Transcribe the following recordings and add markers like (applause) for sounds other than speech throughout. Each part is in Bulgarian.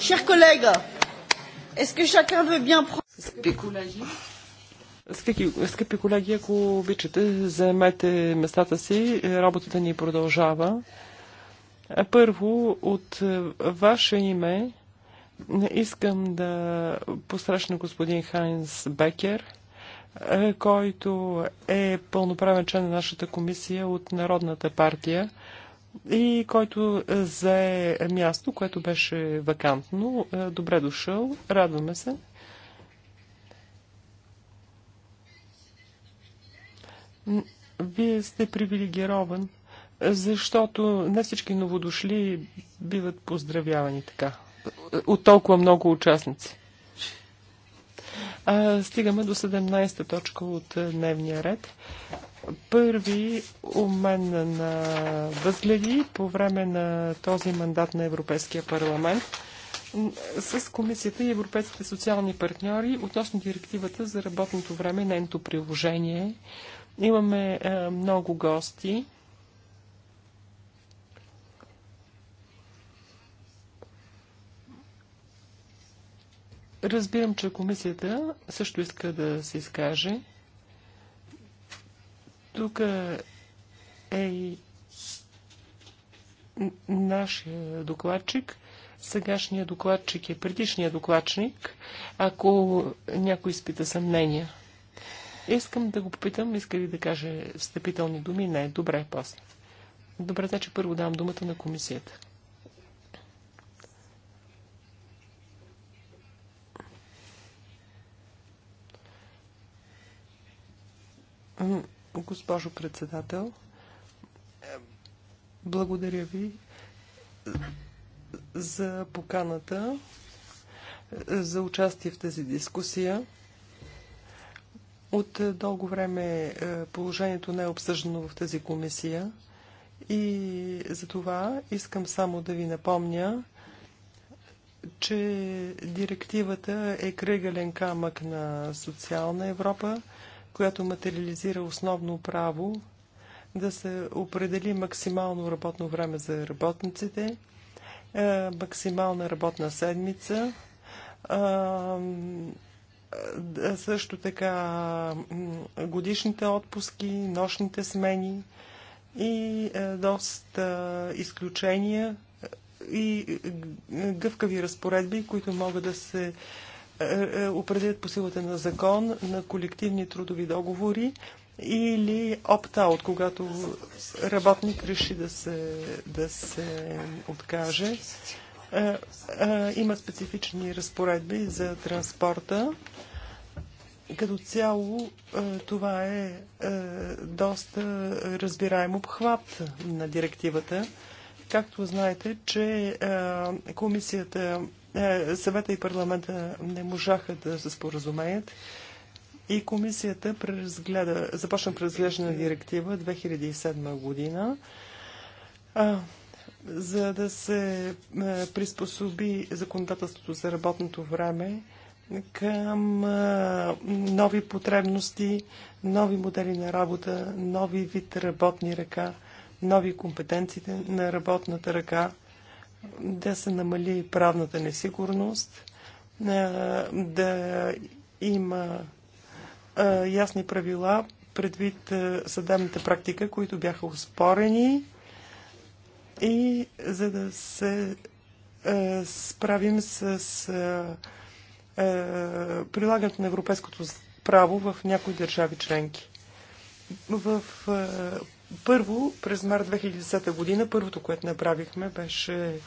Chers collègues, est-ce que chacun veut bien prendre... Скъпи, скъпи колеги, ако обичате, заемете местата си. Работата ни продължава. Първо, от ваше име искам да посрещна господин Хайнс Бекер, който е пълноправен член на нашата комисия от Народната партия и който е, зае място, което беше вакантно. Е, добре дошъл, радваме се. Вие сте привилегирован, защото не всички новодошли биват поздравявани така е, от толкова много участници. А, стигаме до 17-та точка от е, дневния ред. Първи умен на възгледи по време на този мандат на Европейския парламент с Комисията и Европейските социални партньори относно директивата за работното време и нейното приложение. Имаме е, много гости. Разбирам, че комисията също иска да се изкаже. Тук е и нашия докладчик. Сегашният докладчик е предишният докладчик, ако някой изпита съмнения. Искам да го попитам, иска ли да каже встъпителни думи? Не, добре, после. Добре, значи първо давам думата на комисията. Госпожо председател, благодаря ви за поканата, за участие в тази дискусия. От дълго време е, положението не е обсъждано в тази комисия и за това искам само да ви напомня, че директивата е кръгален камък на социална Европа, която материализира основно право да се определи максимално работно време за работниците, е, максимална работна седмица, е, е, също така годишните отпуски, нощните смени и доста изключения и гъвкави разпоредби, които могат да се е, е, определят по силата на закон на колективни трудови договори или опт-аут, когато работник реши да се, да се откаже. Е, има специфични разпоредби за транспорта. Като цяло това е доста разбираем обхват на директивата. Както знаете, че комисията е, съвета и парламента не можаха да се споразумеят и комисията преразгледа, започна преразглеждане на директива 2007 година, а, за да се а, е, приспособи законодателството за работното време към а, е, нови потребности, нови модели на работа, нови вид работни ръка, нови компетенции на работната ръка – да се намали правната несигурност, да има ясни правила предвид съдебната практика, които бяха успорени и за да се справим с прилагането на европейското право в някои държави членки. В първо, през март 2010 година, първото, което направихме, беше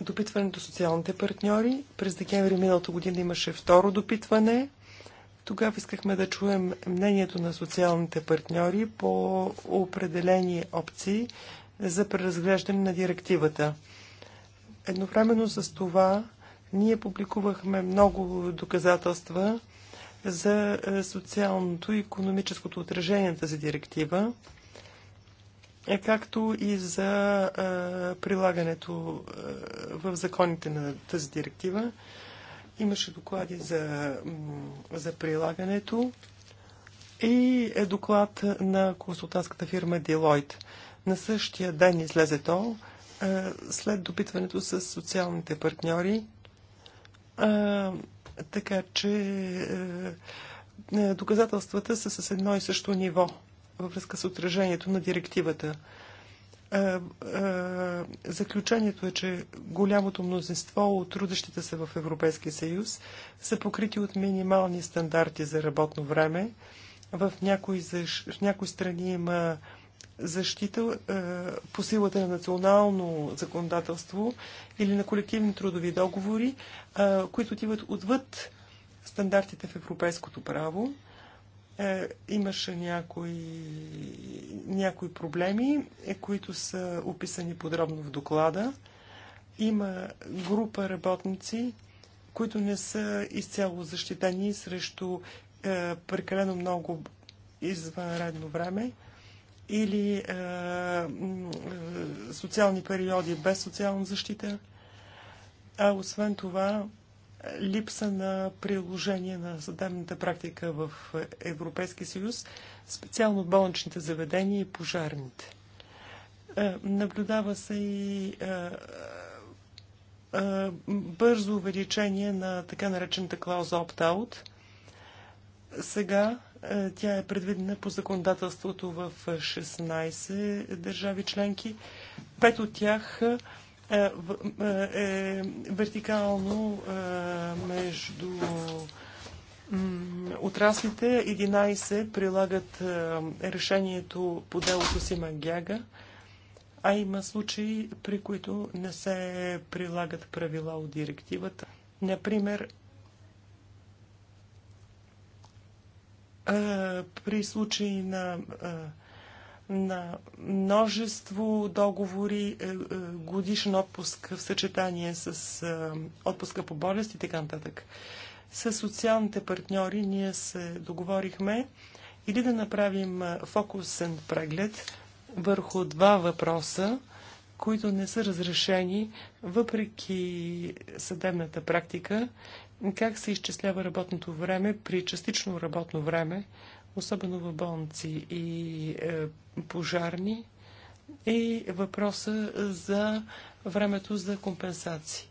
допитване до социалните партньори. През декември миналата година имаше второ допитване. Тогава искахме да чуем мнението на социалните партньори по определени опции за преразглеждане на директивата. Едновременно с това ние публикувахме много доказателства за е, социалното и економическото отражение на тази директива е както и за а, прилагането а, в законите на тази директива. Имаше доклади за, за прилагането и е доклад на консултантската фирма Deloitte. На същия ден излезе то, а, след допитването с социалните партньори. А, така че а, е, е, доказателствата са с едно и също ниво във връзка с отражението на директивата. Заключението е, че голямото мнозинство от трудещите се в Европейския съюз са покрити от минимални стандарти за работно време. В някои, в някои страни има защита по силата на национално законодателство или на колективни трудови договори, които отиват отвъд стандартите в европейското право е, имаше някои, някои проблеми, е, които са описани подробно в доклада. Има група работници, които не са изцяло защитени срещу е, прекалено много извънредно време или е, е, социални периоди без социална защита. А освен това, липса на приложение на съдебната практика в Европейския съюз, специално болничните заведения и пожарните. Е, наблюдава се и е, е, бързо увеличение на така наречената клауза опт-аут. Сега тя е предвидена по законодателството в 16 държави членки. Пет от тях е, е, е вертикално е, между отраслите. 11 прилагат решението по делото си Магяга, а има случаи, при които не се прилагат правила от директивата. Например, при случаи на на множество договори, е, е, годишен отпуск в съчетание с е, отпуска по болест и така нататък. С социалните партньори ние се договорихме или да направим фокусен преглед върху два въпроса, които не са разрешени въпреки съдебната практика, как се изчислява работното време при частично работно време, особено в болници и е, пожарни, и е въпроса за времето за компенсации.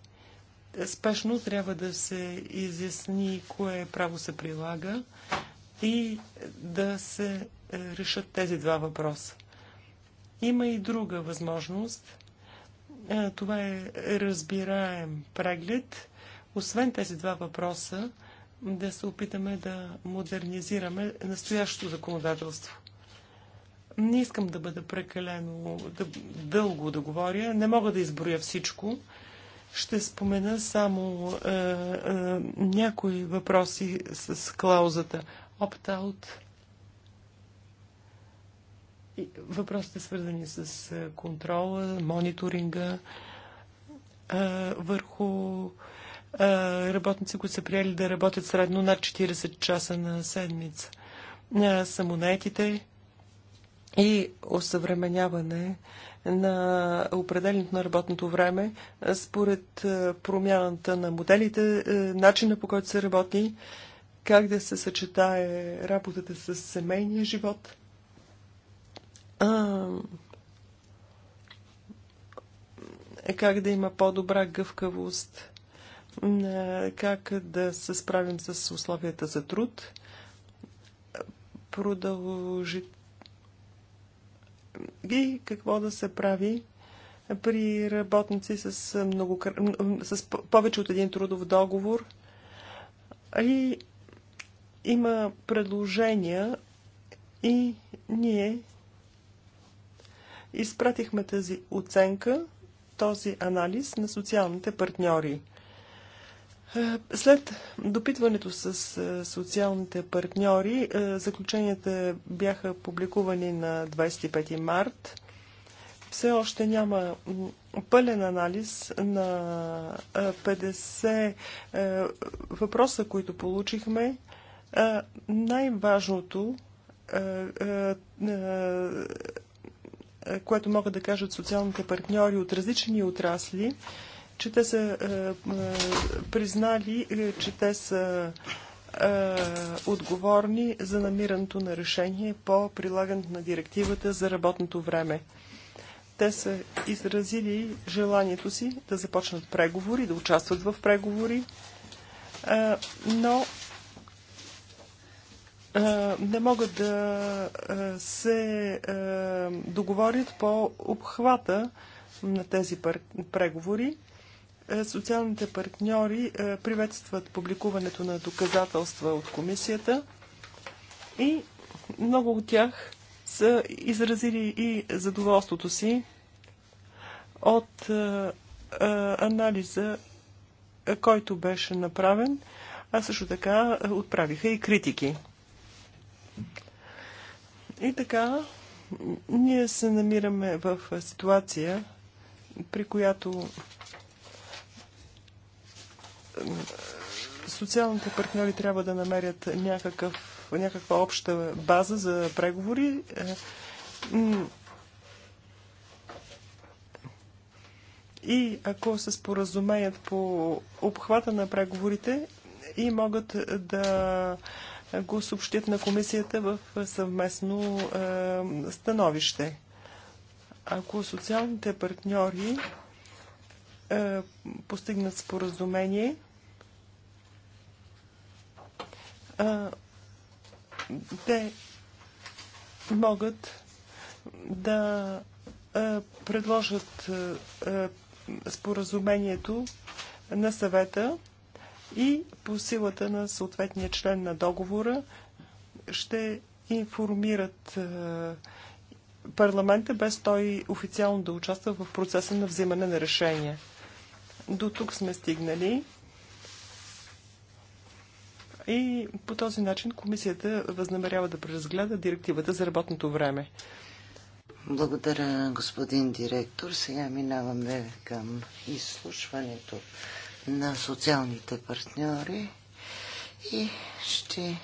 Спешно трябва да се изясни кое право се прилага и да се е, решат тези два въпроса. Има и друга възможност. Това е разбираем преглед. Освен тези два въпроса, да се опитаме да модернизираме настоящото законодателство. Не искам да бъда прекалено да, дълго да говоря. Не мога да изброя всичко. Ще спомена само е, е, някои въпроси с, клаузата opt-out. Въпросите свързани с е, контрола, мониторинга е, върху е, работници, които са приели да работят средно над 40 часа на седмица. Самонетите и осъвременяване на определенето на работното време според промяната на моделите, начина по който се работи, как да се съчетае работата с семейния живот. А, е, как да има по-добра гъвкавост как да се справим с условията за труд. Продължи и какво да се прави при работници с, много, с повече от един трудов договор. И има предложения и ние изпратихме тази оценка, този анализ на социалните партньори. Е, след допитването с е, социалните партньори, е, заключенията бяха публикувани на 25 март. Все още няма пълен анализ на 50 въпроса, които получихме. Най-важното, което могат да кажат социалните партньори от различни отрасли, че те са е, е, признали, е, че те са отговорни за намирането на решение по прилагането на директивата за работното време. Те са изразили желанието си да започнат преговори, да участват в преговори, но не могат да се договорят по обхвата на тези преговори. Е, социалните партньори е, приветстват публикуването на доказателства от комисията и много от тях са изразили и задоволството си от е, анализа, който беше направен, а също така отправиха и критики. И така, ние се намираме в ситуация, при която социалните партньори трябва да намерят някакъв, някаква обща база за преговори. И ако се споразумеят по обхвата на преговорите и могат да го съобщят на комисията в съвместно е, становище. Ако социалните партньори е, постигнат споразумение. Е, те могат да е, предложат споразумението на съвета и по силата на съответния член на договора ще информират парламента, без той официално да участва в процеса на взимане на решения. До тук сме стигнали. И по този начин комисията възнамерява да преразгледа директивата за работното време. Благодаря, господин директор. Сега минаваме към изслушването на социалните партньори и ще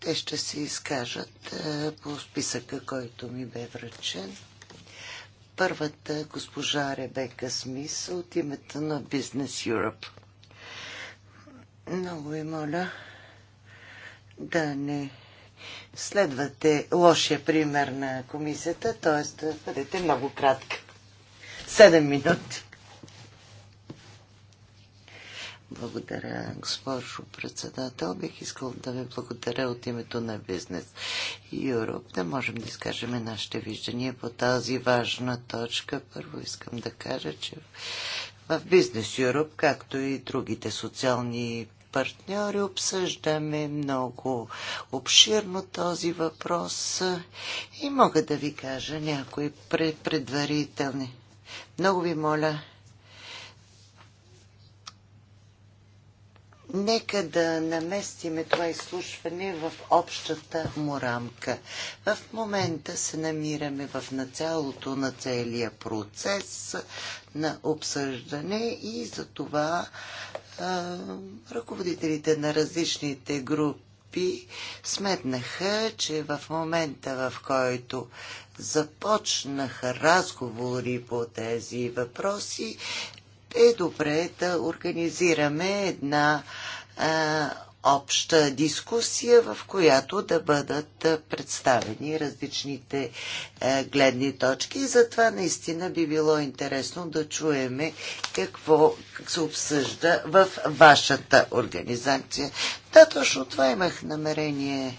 те ще се изкажат е, по списъка, който ми бе връчен. Първата госпожа Ребека Смис от името на Business Europe. Много ви моля да не следвате лошия пример на комисията, т.е. да бъдете много кратка. Седем минути. Благодаря, госпожо председател. Бих искал да ви благодаря от името на Бизнес Европ. Да можем да изкажем нашите виждания по тази важна точка. Първо искам да кажа, че в Бизнес Европ, както и другите социални партньори обсъждаме много обширно този въпрос и мога да ви кажа някои предварителни. Много ви моля, Нека да наместиме това изслушване в общата му рамка. В момента се намираме в началото на целия процес на обсъждане и за това а, ръководителите на различните групи сметнаха, че в момента в който започнаха разговори по тези въпроси, е добре да организираме една а, обща дискусия, в която да бъдат представени различните а, гледни точки. И затова наистина би било интересно да чуеме какво се обсъжда в вашата организация. Да, точно това имах намерение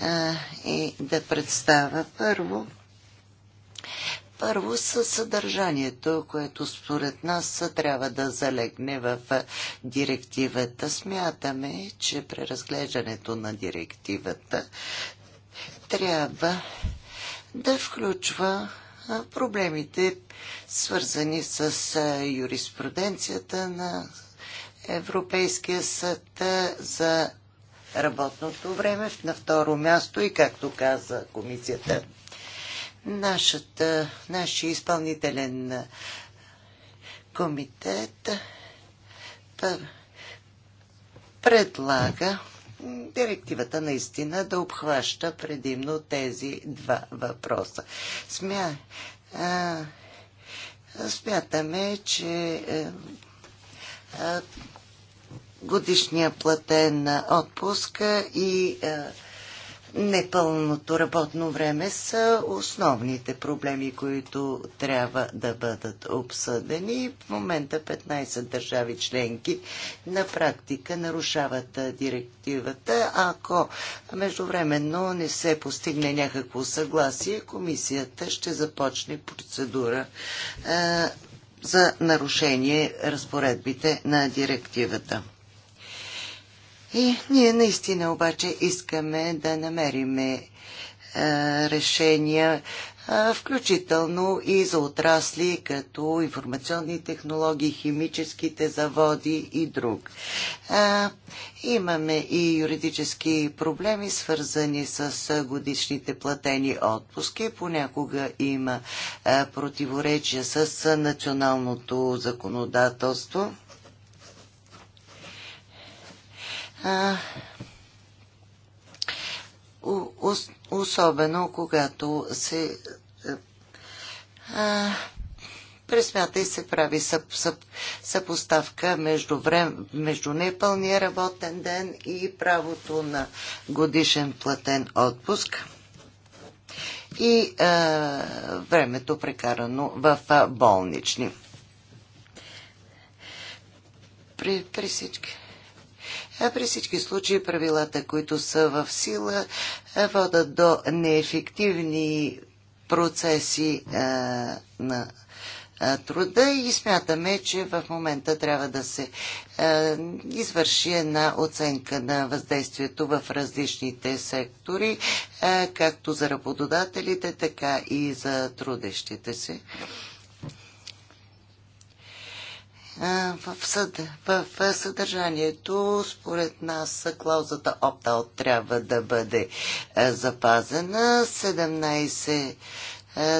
а, и да представя. Първо, първо със съдържанието, което според нас трябва да залегне в директивата. Смятаме, че преразглеждането на директивата трябва да включва проблемите, свързани с юриспруденцията на Европейския съд за работното време. На второ място и както каза комисията Нашата, нашия изпълнителен комитет предлага директивата наистина да обхваща предимно тези два въпроса. Смя, а, смятаме, че е, а, годишния платен отпуск и а, е, непълното работно време са основните проблеми, които трябва да бъдат обсъдени. В момента 15 държави членки на практика нарушават директивата. Ако междувременно не се постигне някакво съгласие, комисията ще започне процедура за нарушение разпоредбите на директивата. И е, ние наистина обаче искаме да намериме е, решения, е, включително и за отрасли като информационни технологии, химическите заводи и друг. Имаме и юридически проблеми, свързани с годишните платени отпуски. Понякога има противоречия с националното законодателство. а, особено когато се е, а, пресмята и се прави съп, съп, съпоставка между, врем, между непълния работен ден и правото на годишен платен отпуск и а, времето прекарано в а, болнични. При, при всички при всички случаи правилата, които са в сила, е, водат до неефективни процеси е, на е, труда и смятаме, че в момента трябва да се е, извърши една оценка на въздействието в различните сектори, е, както за работодателите, така и за трудещите се в, съд, в, в съдържанието, според нас, клаузата opt-out трябва да бъде запазена. 17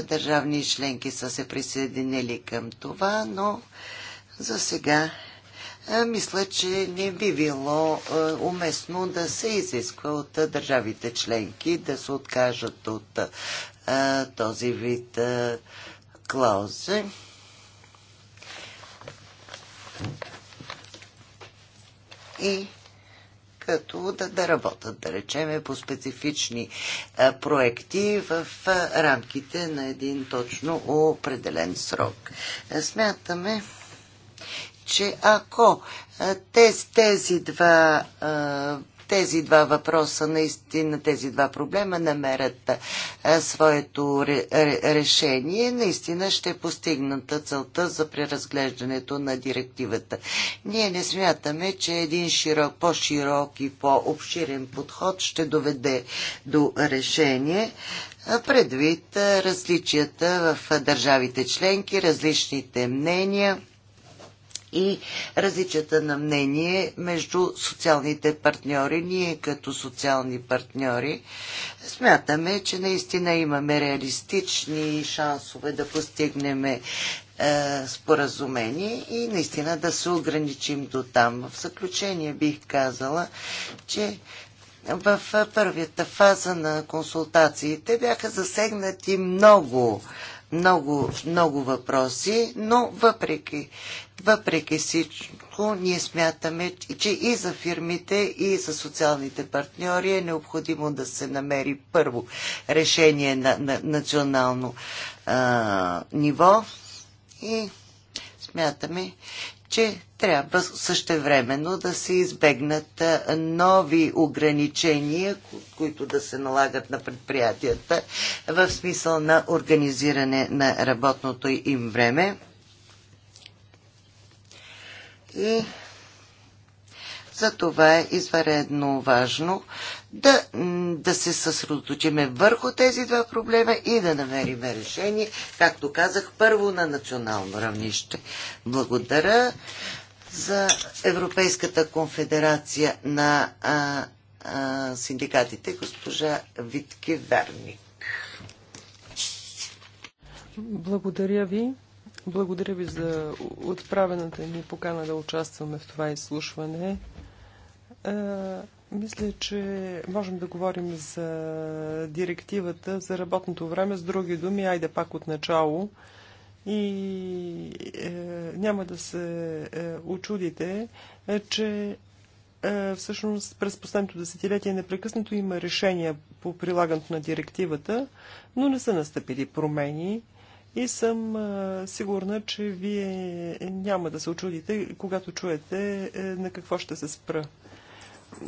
държавни членки са се присъединили към това, но за сега мисля, че не би било уместно да се изисква от държавите членки да се откажат от този вид клаузи и като да, да работят, да речеме, по специфични а, проекти в а, рамките на един точно определен срок. А, смятаме, че ако а, тези, тези два а, тези два въпроса, наистина тези два проблема намерят своето решение, наистина ще постигната целта за преразглеждането на директивата. Ние не смятаме, че един широк, по-широк и по-обширен подход ще доведе до решение предвид различията в държавите членки, различните мнения и различията на мнение между социалните партньори. Ние като социални партньори смятаме, че наистина имаме реалистични шансове да постигнем е, споразумение и наистина да се ограничим до там. В заключение бих казала, че в първата фаза на консултациите бяха засегнати много много, много въпроси, но въпреки, въпреки всичко, ние смятаме, че и за фирмите, и за социалните партньори е необходимо да се намери първо решение на, на национално а, ниво и смятаме, че трябва същевременно да се избегнат нови ограничения, които да се налагат на предприятията в смисъл на организиране на работното им време. И за това е изваредно важно да, да се съсредоточиме върху тези два проблема и да намерим решение, както казах, първо на национално равнище. Благодаря за Европейската конфедерация на а, а, синдикатите, госпожа Витки Верник. Благодаря ви. Благодаря ви за отправената ни покана да участваме в това изслушване. Е, мисля, че можем да говорим за директивата за работното време. С други думи, айде пак от начало. И е, няма да се е, очудите, е, че е, всъщност през последното десетилетие непрекъснато има решения по прилагането на директивата, но не са настъпили промени. И съм е, сигурна, че вие няма да се очудите, когато чуете е, на какво ще се спра.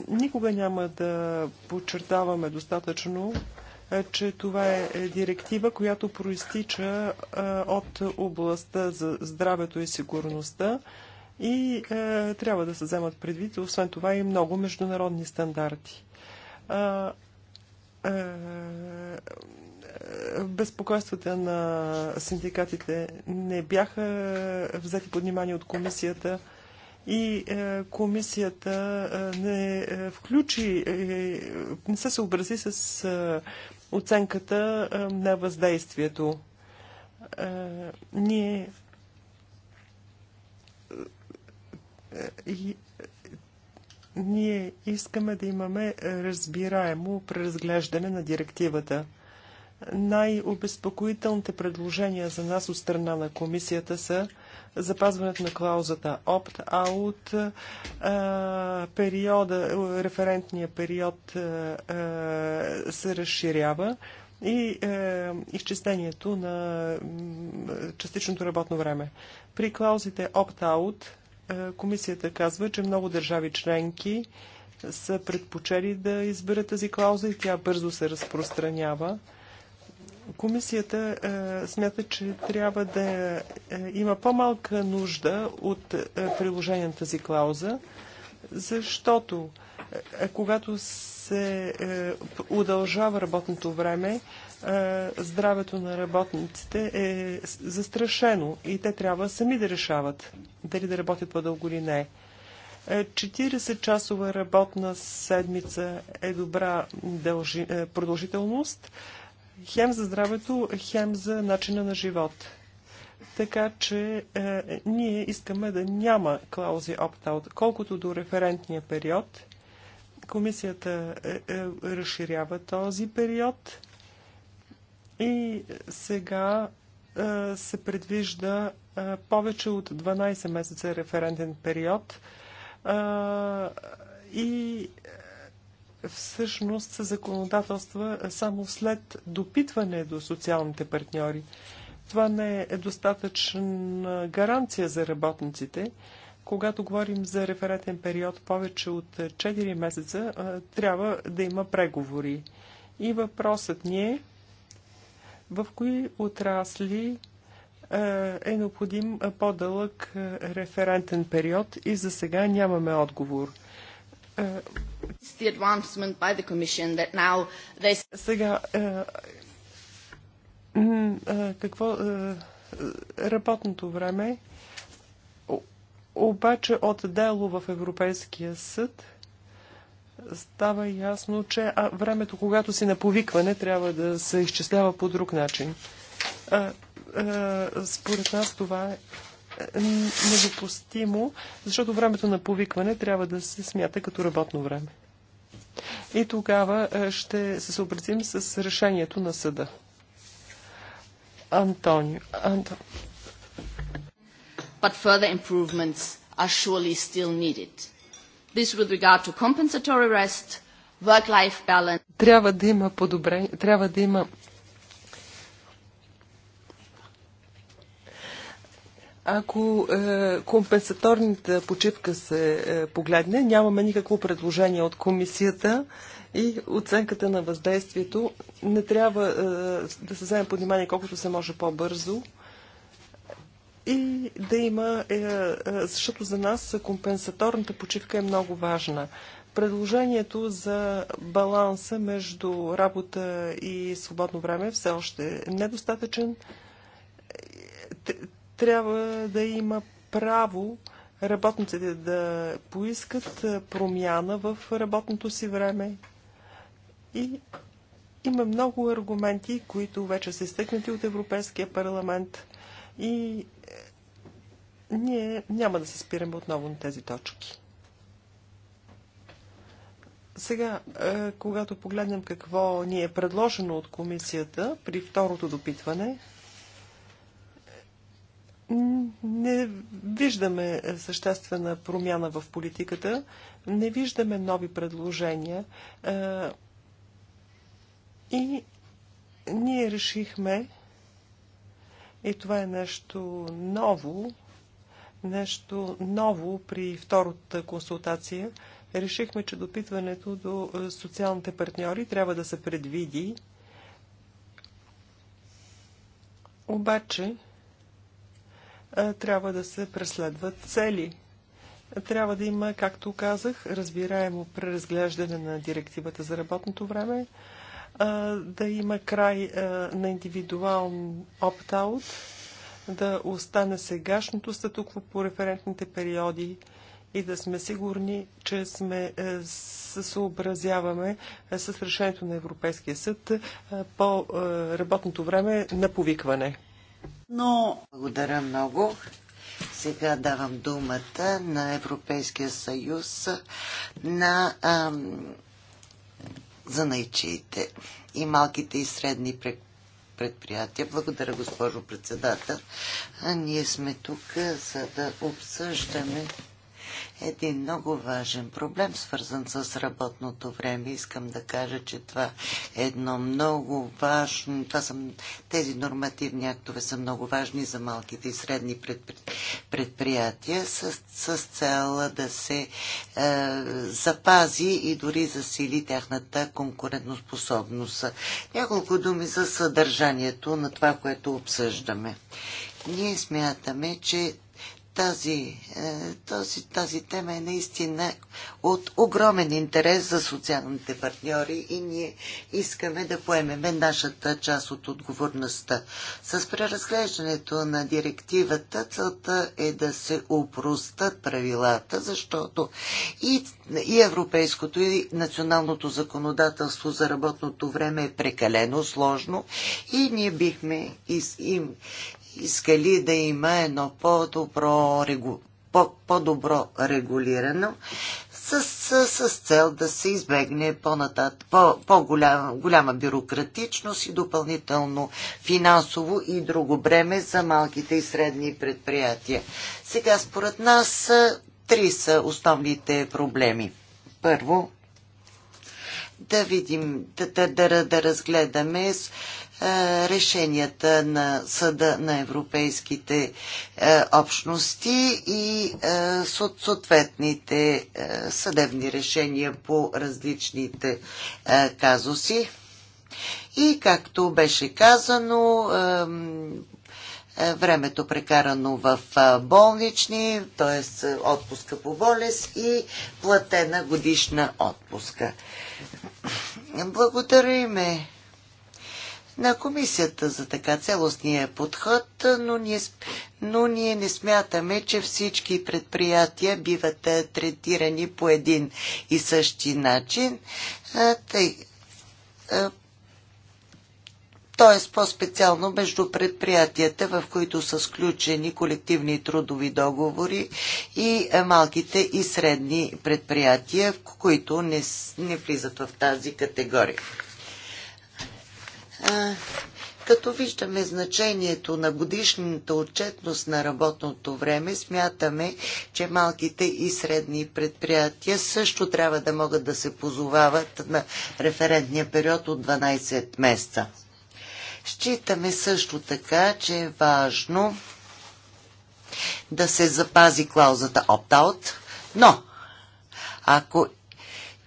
Никога няма да подчертаваме достатъчно е, че това е, е директива, която проистича е, от областта за здравето и сигурността и трябва да се вземат предвид, освен това и много международни стандарти безпокойствата на синдикатите не бяха взети под внимание от комисията и комисията не включи, не се съобрази с оценката на въздействието. Ние и ние искаме да имаме разбираемо преразглеждане на директивата. Най-обезпокоителните предложения за нас от страна на комисията са запазването на клаузата opt-out, периода, референтния период се разширява и е, изчислението на частичното работно време. При клаузите opt-out е, комисията казва, че много държави членки са предпочели да изберат тази клауза и тя бързо се разпространява комисията е, смята, че трябва да е, има по-малка нужда от е, приложение на тази клауза, защото е, е, когато се е, удължава работното време, е, здравето на работниците е застрашено и те трябва сами да решават дали да работят по-дълго или не. 40-часова е, работна седмица е добра дължи, продължителност, Хем за здравето, хем за начина на живот. Така че е, ние искаме да няма клаузи опт-аут. Колкото до референтния период, комисията е, е, разширява този период и сега е, се предвижда е, повече от 12 месеца референтен период е, и е, всъщност се законодателства само след допитване до социалните партньори. Това не е достатъчна гаранция за работниците. Когато говорим за референтен период повече от 4 месеца, трябва да има преговори. И въпросът ни е в кои отрасли е необходим по-дълъг референтен период и за сега нямаме отговор. Сега, е, е, какво е, работното време, обаче от дело в Европейския съд става ясно, че времето, когато си на повикване, трябва да се изчислява по друг начин. според нас това е е, недопустимо, защото времето на повикване трябва да се смята като работно време. И тогава е, ще се съобразим с решението на съда. Антонио. But further improvements are surely still needed. This with regard to compensatory rest, work-life balance. Трябва да има подобрение, трябва да има Ако е, компенсаторната почивка се е, погледне, нямаме никакво предложение от комисията и оценката на въздействието не трябва е, да се вземе под внимание колкото се може по-бързо и да има, е, е, защото за нас компенсаторната почивка е много важна. Предложението за баланса между работа и свободно време е все още е недостатъчен трябва да има право работниците да поискат промяна в работното си време. И има много аргументи, които вече са изтъкнати от Европейския парламент. И е, ние няма да се спираме отново на тези точки. Сега, е, когато погледнем какво ни е предложено от комисията при второто допитване, не виждаме съществена промяна в политиката, не виждаме нови предложения и ние решихме, и това е нещо ново, нещо ново при втората консултация, решихме, че допитването до социалните партньори трябва да се предвиди. Обаче, трябва да се преследват цели. Трябва да има, както казах, разбираемо преразглеждане на директивата за работното време, да има край на индивидуален опт-аут, да остане сегашното статукво по референтните периоди и да сме сигурни, че сме е, се съобразяваме е, с решението на Европейския съд е, по работното време на повикване. Но... Благодаря много. Сега давам думата на Европейския съюз на ам, занайчиите и малките и средни предприятия. Благодаря, госпожо председател. А ние сме тук, за да обсъждаме един много важен проблем, свързан с работното време. Искам да кажа, че това е едно много важно. Това са, тези нормативни актове са много важни за малките и средни предприятия с, с цел да се е, запази и дори засили тяхната конкурентоспособност. Няколко думи за съдържанието на това, което обсъждаме. Ние смятаме, че тази, е, този, тази тема е наистина от огромен интерес за социалните партньори и ние искаме да поемеме нашата част от отговорността. С преразглеждането на директивата целта е да се упростат правилата, защото и, и европейското, и националното законодателство за работното време е прекалено сложно и ние бихме из, им, искали да има едно по-добро, по-добро регулирано с, с, с цел да се избегне по-натат, по-голяма по голяма бюрократичност и допълнително финансово и друго бреме за малките и средни предприятия. Сега според нас три са основните проблеми. Първо, да видим, да, да, да, да разгледаме е, решенията на Съда на европейските е, общности и е, съответните съдебни решения по различните казуси. И както беше казано, времето прекарано в болнични, т.е. отпуска по болест и платена годишна отпуска. ме на комисията за така целостния подход, но ние, но ние не смятаме, че всички предприятия биват е, третирани по един и същи начин. Тъй, т.е. по-специално между предприятията, в които са сключени колективни трудови договори и малките и средни предприятия, в които не, не влизат в тази категория. Като виждаме значението на годишната отчетност на работното време, смятаме, че малките и средни предприятия също трябва да могат да се позовават на референтния период от 12 месеца. Считаме също така, че е важно да се запази клаузата opt-out, но ако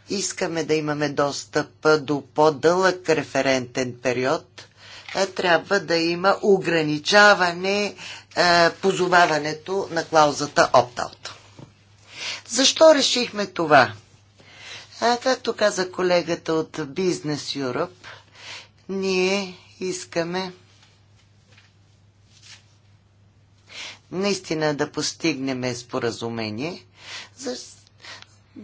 искаме да имаме достъп до по-дълъг референтен период, е, трябва да има ограничаване е, позоваването на клаузата opt-out. Защо решихме това? А, както каза колегата от Business Europe, ние искаме наистина да постигнем споразумение, за,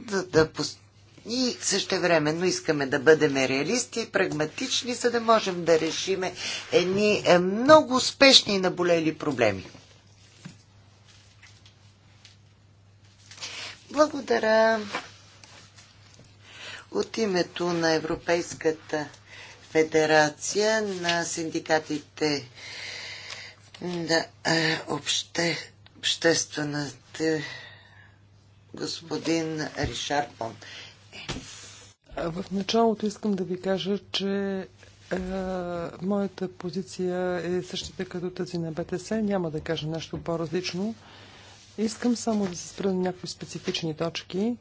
за да постигнем и същевременно искаме да бъдем реалисти и прагматични, за да можем да решиме едни е, много успешни и наболели проблеми. Благодаря от името на Европейската федерация на синдикатите на е, обще, обществената господин Ришар Понт. В началото искам да ви кажа, че моята позиция е същата като тази на БТС. Няма да кажа нещо по-различно. Искам само да се спра на някои специфични точки.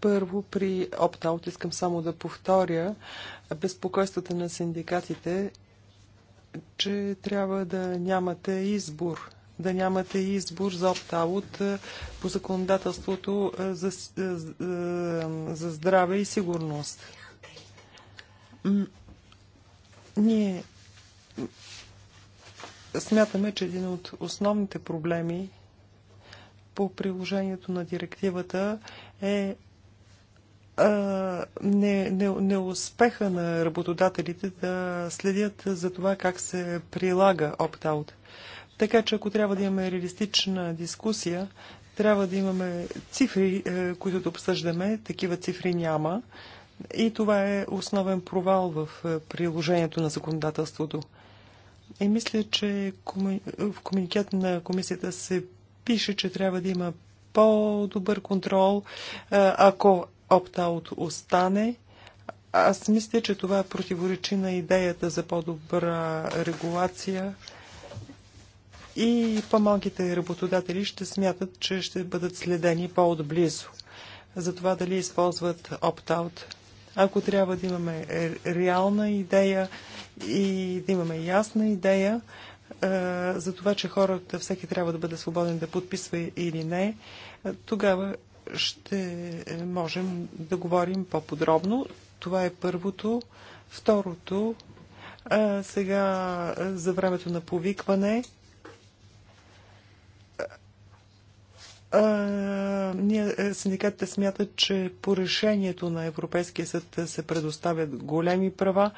Първо, при опт-аут искам само да повторя безпокойствата на синдикатите, че трябва да нямате избор да нямате избор за опт-аут по законодателството за, за здраве и сигурност. Ние смятаме, че един от основните проблеми по приложението на директивата е не, не, не успеха на работодателите да следят за това как се прилага опт-аут. Така че ако трябва да имаме реалистична дискусия, трябва да имаме цифри, е, които да обсъждаме. Такива цифри няма. И това е основен провал в е, приложението на законодателството. И мисля, че в комуникет на комисията се пише, че трябва да има по-добър контрол, е, ако опт-аут остане. Аз мисля, че това противоречи на идеята за по-добра регулация и по-малките работодатели ще смятат, че ще бъдат следени по-отблизо за това дали използват опт-аут. Ако трябва да имаме е, реална идея и да имаме ясна идея е, за това, че хората, всеки трябва да бъде свободен да подписва или не, е, тогава ще можем да говорим по-подробно. Това е първото. Второто, е, сега е, за времето на повикване, А, ние е, синдикатите смятат, че по решението на Европейския съд се предоставят големи права,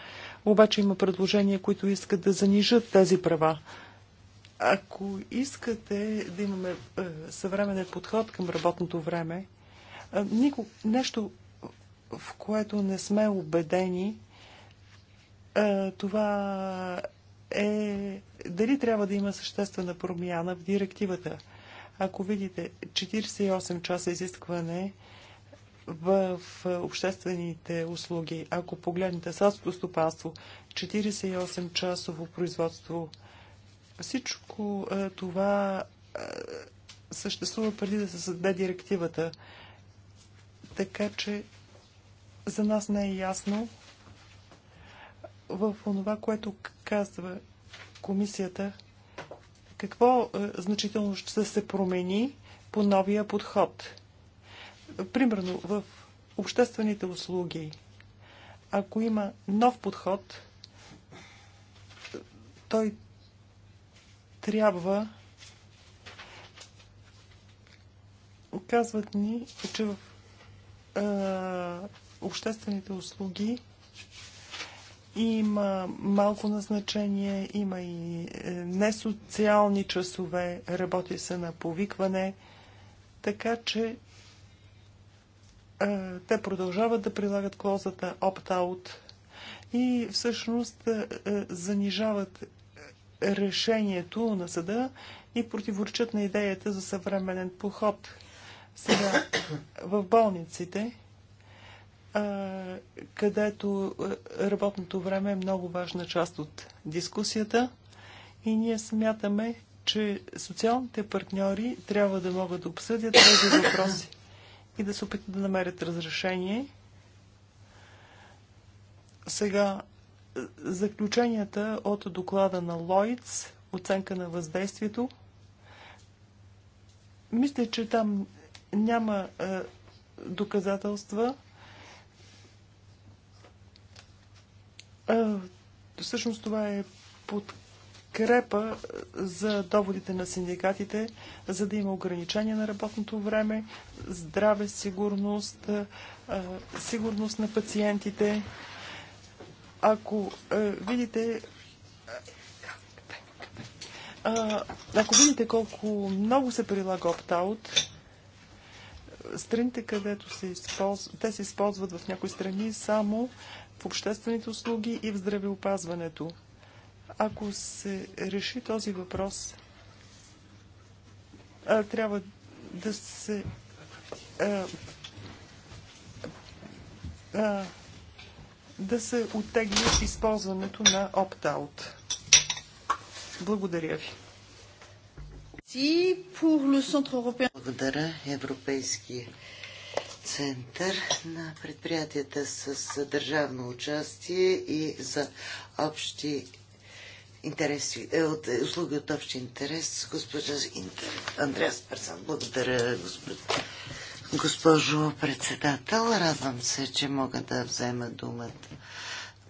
обаче има предложения, които искат да занижат тези права. Ако искате да имаме е, съвременен подход към работното време, е, нико, нещо, в което не сме убедени, това е дали трябва да има съществена промяна в директивата – ако видите 48 часа изискване в обществените услуги, ако погледнете селското стопанство, 48 часово производство, всичко е, това е, съществува преди да се създаде директивата. Така че за нас не е ясно в това, което казва комисията, какво е, значително ще се промени по новия подход? Примерно в обществените услуги, ако има нов подход, той трябва. Казват ни, че в е, обществените услуги има малко назначение, има и е, несоциални часове, работи се на повикване, така че е, те продължават да прилагат клозата opt-out и всъщност е, занижават решението на съда и противоречат на идеята за съвременен поход. Сега в болниците където работното време е много важна част от дискусията и ние смятаме, че социалните партньори трябва да могат да обсъдят тези въпроси и да се опитат да намерят разрешение. Сега, заключенията от доклада на Лойц, оценка на въздействието. Мисля, че там няма е, доказателства, Всъщност това е подкрепа за доводите на синдикатите, за да има ограничения на работното време, здраве, сигурност, сигурност на пациентите. Ако видите ако видите колко много се прилага опт-аут, страните, където се използват, те се използват в някои страни само в обществените услуги и в здравеопазването. Ако се реши този въпрос, а, трябва да се. А, а, да се оттегли използването на опт-аут. Благодаря ви. Благодаря Европейския център на предприятията с държавно участие и за общи интереси, е, от, е, услуги от общи интерес, госпожа Андреас Персан. Благодаря, госпожа. Госпожо председател, радвам се, че мога да взема думата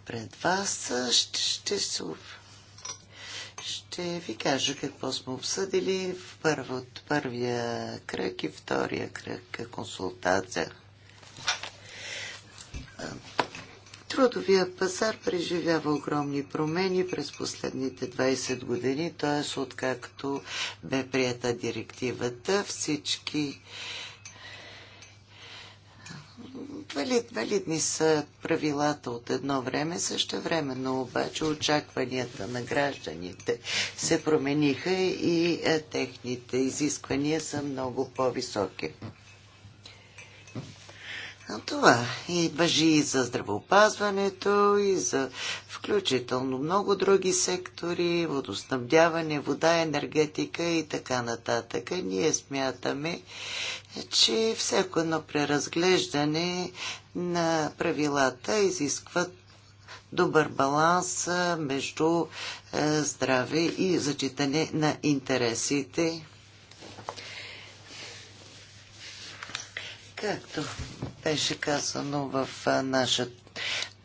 пред вас. Ще, ще се ще ви кажа какво сме обсъдили в първо, от първия кръг и втория кръг е консултация. Трудовия пазар преживява огромни промени през последните 20 години, т.е. откакто бе прията директивата, всички валид, валидни са правилата от едно време, също време, но обаче очакванията на гражданите се промениха и е, техните изисквания са много по-високи. Това и въжи и за здравеопазването, и за включително много други сектори, водоснабдяване, вода, енергетика и така нататък. Ние смятаме, че всяко едно преразглеждане на правилата изискват добър баланс между здраве и зачитане на интересите. Както беше казано в нашата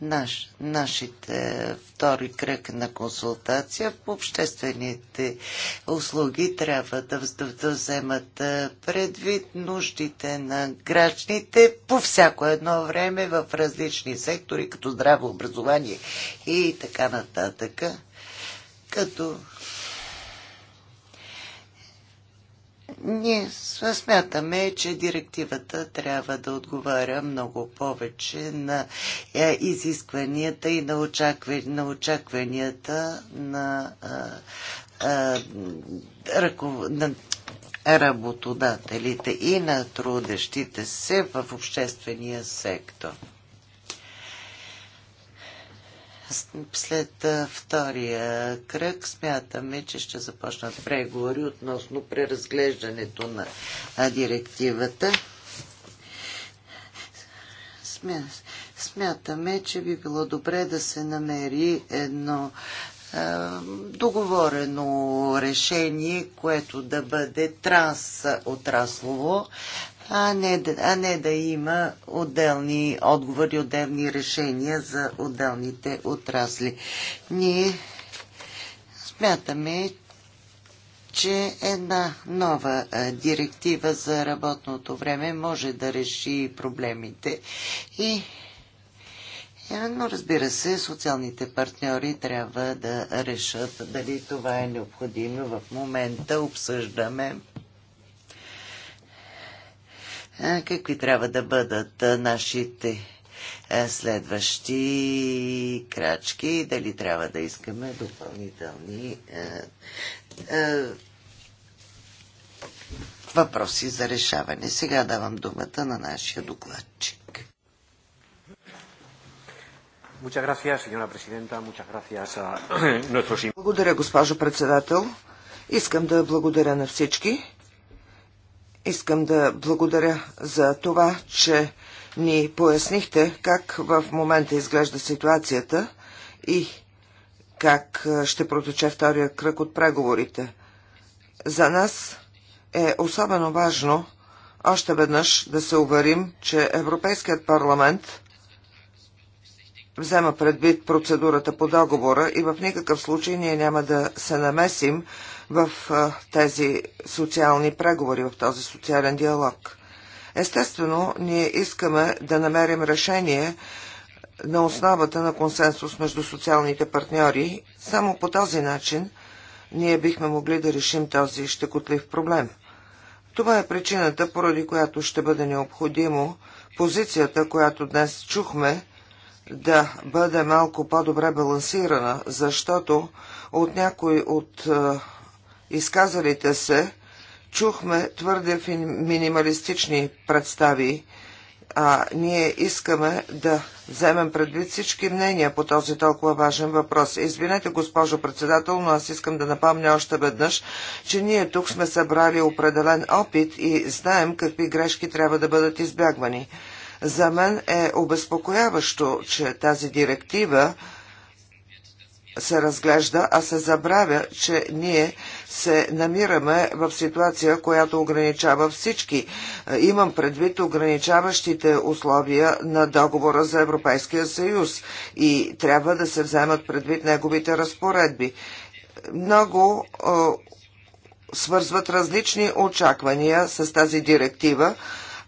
наш, нашите втори кръг на консултация по обществените услуги трябва да, да вземат предвид нуждите на гражданите по всяко едно време в различни сектори, като здраво образование и така нататък. Като Ние смятаме, че директивата трябва да отговаря много повече на е, изискванията и на, очакванията на, на работодателите и на трудещите се в обществения сектор. След втория кръг смятаме, че ще започнат преговори относно преразглеждането на директивата. Смятаме, че би било добре да се намери едно договорено решение, което да бъде трансотраслово, а не, а не да има отделни отговори, отделни решения за отделните отрасли. Ние смятаме, че една нова директива за работното време може да реши проблемите и е, но разбира се, социалните партньори трябва да решат дали това е необходимо. В момента обсъждаме какви трябва да бъдат нашите следващи крачки, дали трябва да искаме допълнителни въпроси за решаване. Сега давам думата на нашия докладчик. (clears throat) Благодаря, госпожо председател. Искам да благодаря на всички. Искам да благодаря за това, че ни пояснихте как в момента изглежда ситуацията и как ще протече втория кръг от преговорите. За нас е особено важно още веднъж да се уверим, че Европейският парламент взема предвид процедурата по договора и в никакъв случай ние няма да се намесим в тези социални преговори, в този социален диалог. Естествено, ние искаме да намерим решение на основата на консенсус между социалните партньори. Само по този начин ние бихме могли да решим този щекотлив проблем. Това е причината, поради която ще бъде необходимо позицията, която днес чухме, да бъде малко по-добре балансирана, защото от някои от изказалите се чухме твърде минималистични представи, а ние искаме да вземем предвид всички мнения по този толкова важен въпрос. Извинете, госпожо председател, но аз искам да напомня още веднъж, че ние тук сме събрали определен опит и знаем какви грешки трябва да бъдат избягвани. За мен е обезпокояващо, че тази директива се разглежда, а се забравя, че ние се намираме в ситуация, която ограничава всички. Е, имам предвид ограничаващите условия на договора за Европейския съюз и трябва да се вземат предвид неговите разпоредби. Много е, свързват различни очаквания с тази директива,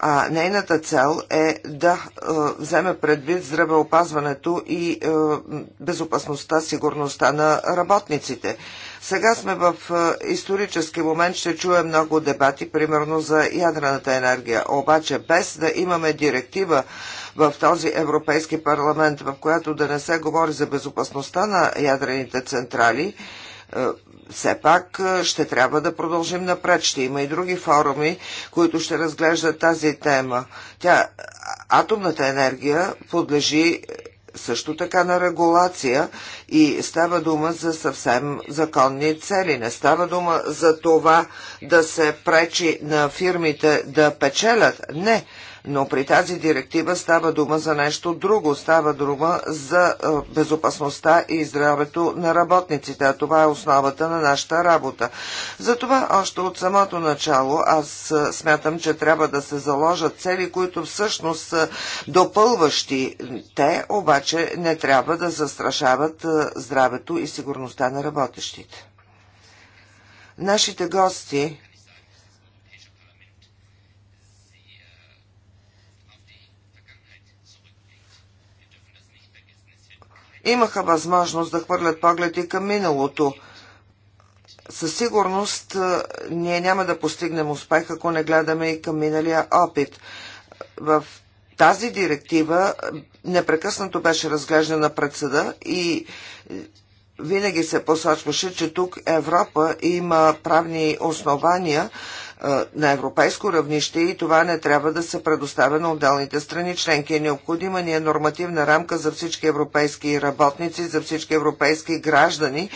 а нейната цел е да е, вземе предвид здравеопазването и е, безопасността, сигурността на работниците. Сега сме в е, исторически момент, ще чуем много дебати, примерно за ядрената енергия. Обаче без да имаме директива в този Европейски парламент, в която да не се говори за безопасността на ядрените централи, е, все пак ще трябва да продължим напред. Ще има и други форуми, които ще разглеждат тази тема. Тя, атомната енергия подлежи е, също така на регулация и става дума за съвсем законни цели. Не става дума за това да се пречи на фирмите да печелят. Не, но при тази директива става дума за нещо друго. Става дума за е, безопасността и здравето на работниците. А това е основата на нашата работа. Затова още от самото начало аз е, смятам, че трябва да се заложат цели, които всъщност са допълващи. Те обаче не трябва да застрашават е, здравето и сигурността на работещите. Нашите гости имаха възможност да хвърлят погледи към миналото. Със сигурност ние няма да постигнем успех, ако не гледаме и към миналия опит. В тази директива непрекъснато беше разглеждана пред съда и винаги се посочваше, че тук Европа има правни основания на европейско равнище и това не трябва да се предоставя на отделните страни членки. Е необходима ни е нормативна рамка за всички европейски работници, за всички европейски граждани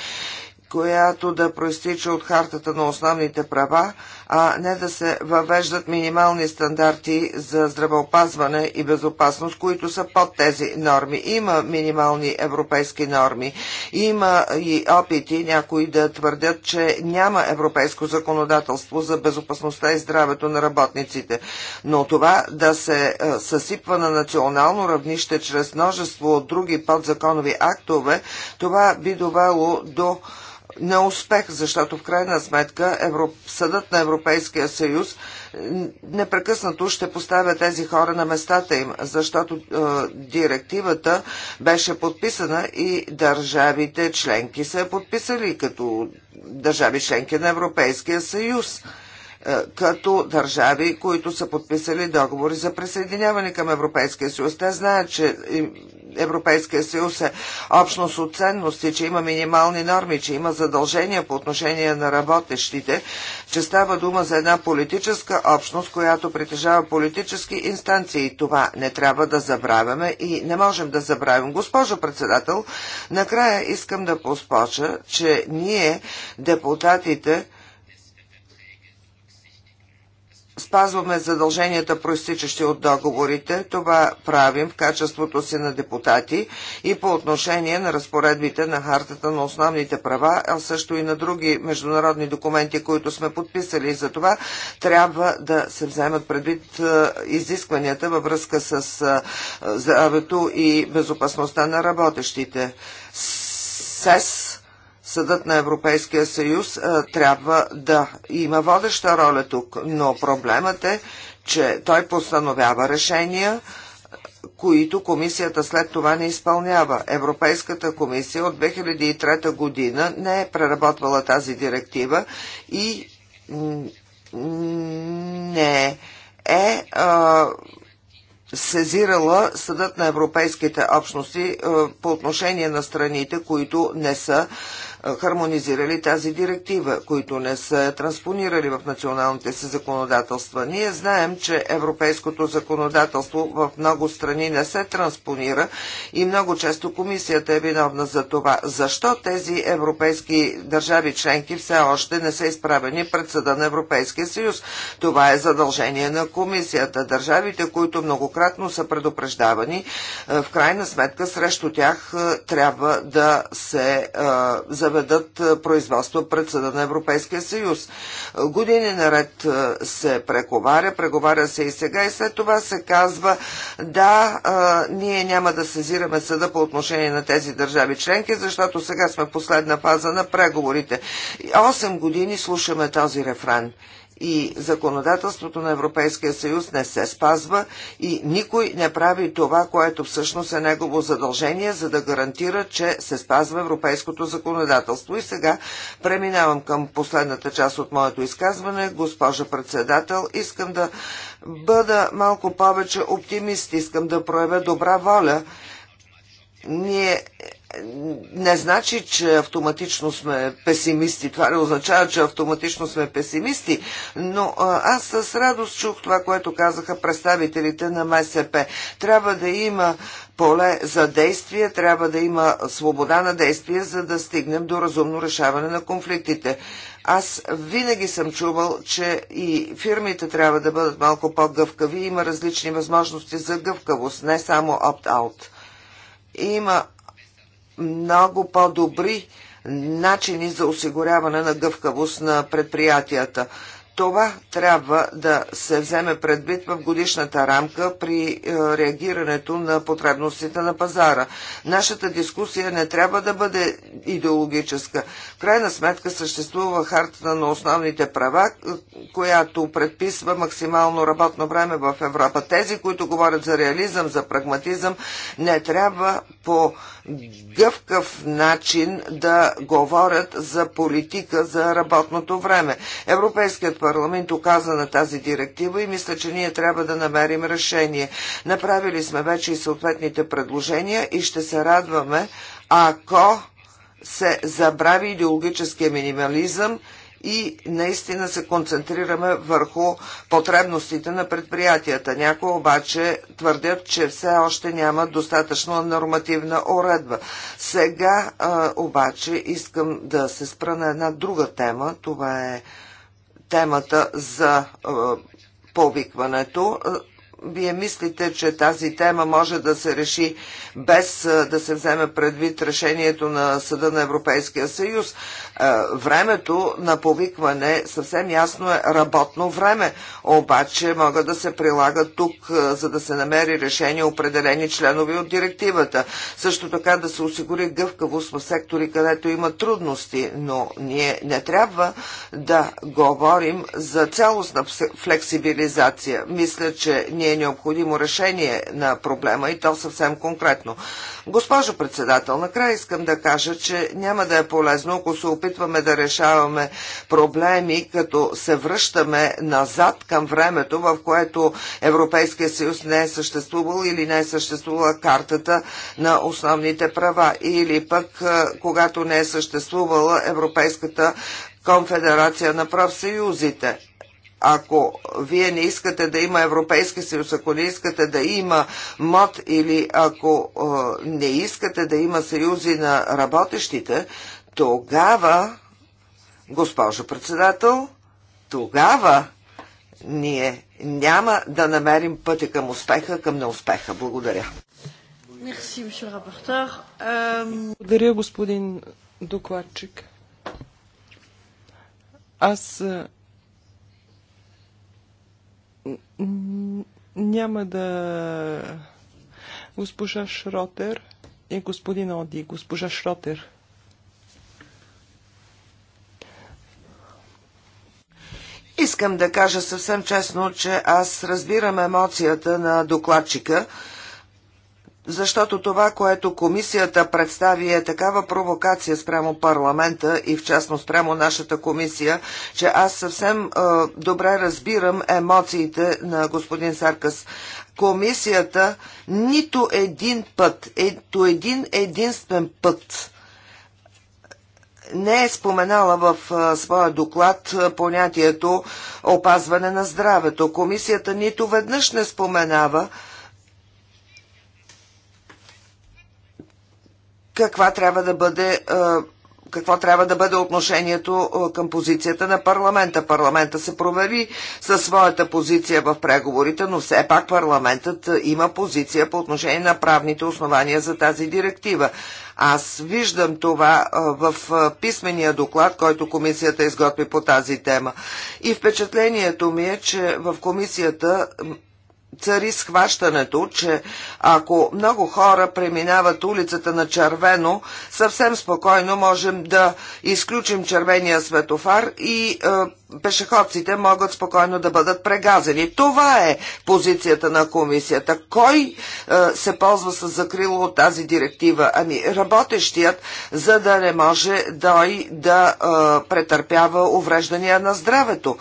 която да проистича от хартата на основните права, а не да се въвеждат минимални стандарти за здравеопазване и безопасност, които са под тези норми. Има минимални европейски норми. Има и опити някои да твърдят, че няма европейско законодателство за безопасността и здравето на работниците. Но това да се е, съсипва на национално равнище чрез множество от други подзаконови актове, това би довело до е, неуспех, защото в крайна сметка Европ... Съдът на Европейския съюз непрекъснато ще поставя тези хора на местата им, защото е, директивата беше подписана и държавите членки са подписали като държави членки на Европейския съюз. Е, като държави, които са подписали договори за присъединяване към Европейския съюз. Те знаят, че Европейския съюз е общност от ценности, че има минимални норми, че има задължения по отношение на работещите, че става дума за една политическа общност, която притежава политически инстанции. Това не трябва да забравяме и не можем да забравим. Госпожо председател, накрая искам да поспоча, че ние, депутатите, спазваме задълженията, проистичащи от договорите. Това правим в качеството си на депутати и по отношение на разпоредбите на Хартата на основните права, а също и на други международни документи, които сме подписали. И за това трябва да се вземат предвид е, изискванията във връзка с е, здравето и безопасността на работещите. СЕС Съдът на Европейския съюз трябва да има водеща роля тук, но проблемът е, че той постановява решения, които комисията след това не изпълнява. Европейската комисия от 2003 година не е преработвала тази директива и не е а, сезирала Съдът на Европейските общности а, по отношение на страните, които не са хармонизирали тази директива, които не са транспонирали в националните си законодателства. Ние знаем, че европейското законодателство в много страни не се транспонира и много често комисията е виновна за това. Защо тези европейски държави членки все още не са изправени пред съда на Европейския съюз? Това е задължение на комисията. Държавите, които многократно са предупреждавани, е, в крайна сметка срещу тях е, трябва да се е, заведе заведат е, производство пред Съда на Европейския съюз. Години наред е, се преговаря, преговаря се и сега и след това се казва да, е, ние няма да сезираме Съда по отношение на тези държави членки, защото сега сме в последна фаза на преговорите. Осем години слушаме този рефрен и законодателството на Европейския съюз не се спазва и никой не прави това, което всъщност е негово задължение, за да гарантира, че се спазва европейското законодателство. И сега преминавам към последната част от моето изказване. Госпожа председател, искам да бъда малко повече оптимист, искам да проявя добра воля. Ние не значи, че автоматично сме песимисти. Това не означава, че автоматично сме песимисти, но аз с радост чух това, което казаха представителите на МСП. Трябва да има поле за действие, трябва да има свобода на действие, за да стигнем до разумно решаване на конфликтите. Аз винаги съм чувал, че и фирмите трябва да бъдат малко по-гъвкави. Има различни възможности за гъвкавост, не само опт-аут. Има много по-добри начини за осигуряване на гъвкавост на предприятията. Това трябва да се вземе предвид в годишната рамка при е, реагирането на потребностите на пазара. Нашата дискусия не трябва да бъде идеологическа. В крайна сметка съществува хартата на основните права, е, която предписва максимално работно време в Европа. Тези, които говорят за реализъм, за прагматизъм, не трябва по гъвкав начин да говорят за политика за работното време. Европейският парламент оказа на тази директива и мисля, че ние трябва да намерим решение. Направили сме вече и съответните предложения и ще се радваме, ако се забрави идеологическия минимализъм и наистина се концентрираме върху потребностите на предприятията. Някои обаче твърдят, че все още няма достатъчно нормативна уредба. Сега а, обаче искам да се спра на една друга тема. Това е темата за а, повикването вие мислите, че тази тема може да се реши без да се вземе предвид решението на Съда на Европейския съюз. Времето на повикване съвсем ясно е работно време, обаче могат да се прилагат тук, за да се намери решение определени членови от директивата. Също така да се осигури гъвкавост в сектори, където има трудности, но ние не трябва да говорим за цялостна флексибилизация. Мисля, че ние е необходимо решение на проблема и то съвсем конкретно. Госпожо председател, накрая искам да кажа, че няма да е полезно, ако се опитваме да решаваме проблеми, като се връщаме назад към времето, в което Европейския съюз не е съществувал или не е съществувала картата на основните права, или пък е, когато не е съществувала Европейската конфедерация на профсъюзите. Ако вие не искате да има Европейски съюз, ако не искате да има МОД или ако а, не искате да има съюзи на работещите, тогава, госпожо председател, тогава ние няма да намерим пътя към успеха, към неуспеха. Благодаря. Благодаря, господин докладчик. Аз няма да... Госпожа Шротер и господин Оди. Госпожа Шротер. Искам да кажа съвсем честно, че аз разбирам емоцията на докладчика – защото това, което комисията представи е такава провокация спрямо парламента и в частност спрямо нашата комисия, че аз съвсем е, добре разбирам емоциите на господин Саркас. Комисията нито един път, ето един единствен път не е споменала в своя доклад понятието опазване на здравето. Комисията нито веднъж не споменава каква трябва да бъде какво трябва да бъде отношението към позицията на парламента. Парламента се провери със своята позиция в преговорите, но все пак парламентът има позиция по отношение на правните основания за тази директива. Аз виждам това в писмения доклад, който комисията изготви по тази тема. И впечатлението ми е, че в комисията цари схващането, че ако много хора преминават улицата на червено, съвсем спокойно можем да изключим червения светофар и е, пешеходците могат спокойно да бъдат прегазени. Това е позицията на комисията. Кой е, се ползва с закрило от тази директива? Ами работещият, за да не може дой да е, претърпява увреждания на здравето.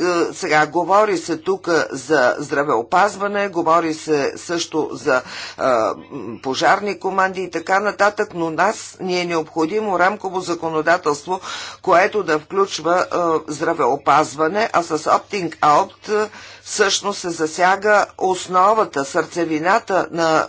Е, сега говори се тук за здравеопазване, говори се също за а, е, пожарни команди и така нататък, но нас ни е необходимо рамково законодателство, което да включва а, е, здравеопазване, а с оптинг out всъщност се засяга основата, сърцевината на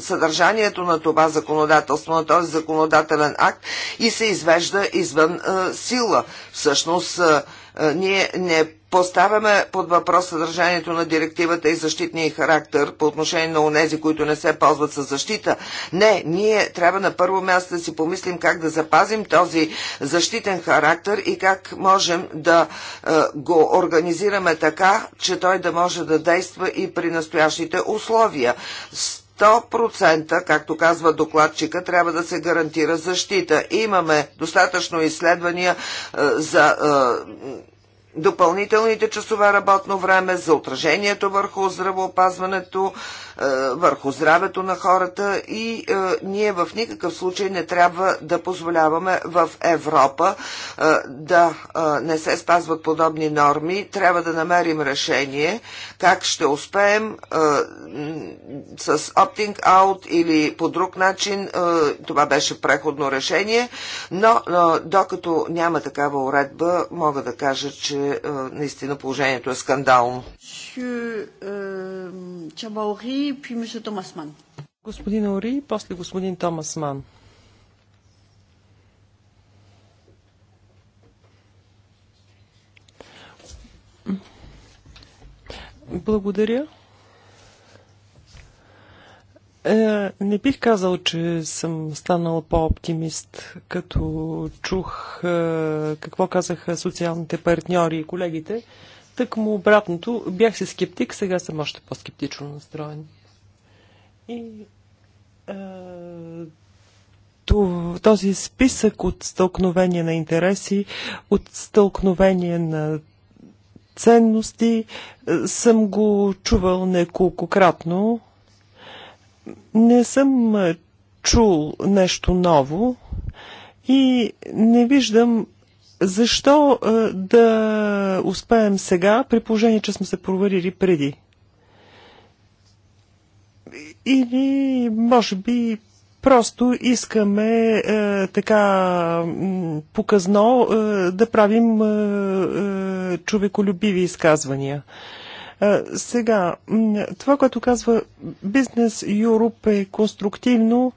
съдържанието на това законодателство, на този законодателен акт и се извежда извън а, сила. Всъщност а, е, ние не Поставяме под въпрос съдържанието на директивата и защитния характер по отношение на онези, които не се ползват с защита. Не, ние трябва на първо място да си помислим как да запазим този защитен характер и как можем да е, го организираме така, че той да може да действа и при настоящите условия. 100%, както казва докладчика, трябва да се гарантира защита. Имаме достатъчно изследвания е, за е, допълнителните часове работно време, за отражението върху здравоопазването, е, върху здравето на хората и е, ние в никакъв случай не трябва да позволяваме в Европа е, да не се спазват подобни норми. Трябва да намерим решение как ще успеем с оптинг-аут или по друг начин. Това беше преходно решение, но докато няма такава уредба, мога да кажа, че наистина положението е скандално. Monsieur euh, Чабаури, puis Monsieur Господин Ори, после господин Томасман. Благодаря. Е, не бих казал, че съм станал по-оптимист, като чух е, какво казаха социалните партньори и колегите. Тък му обратното, бях се скептик, сега съм още по-скептично настроен. И този списък от стълкновения на интереси, от стълкновения на ценности, съм го чувал неколкократно. Не съм чул нещо ново и не виждам защо е, да успеем сега, при положение, че сме се проверили преди? Или, може би, просто искаме е, така показно е, да правим е, е, човеколюбиви изказвания. Е, сега, това, което казва Бизнес Юруп е конструктивно.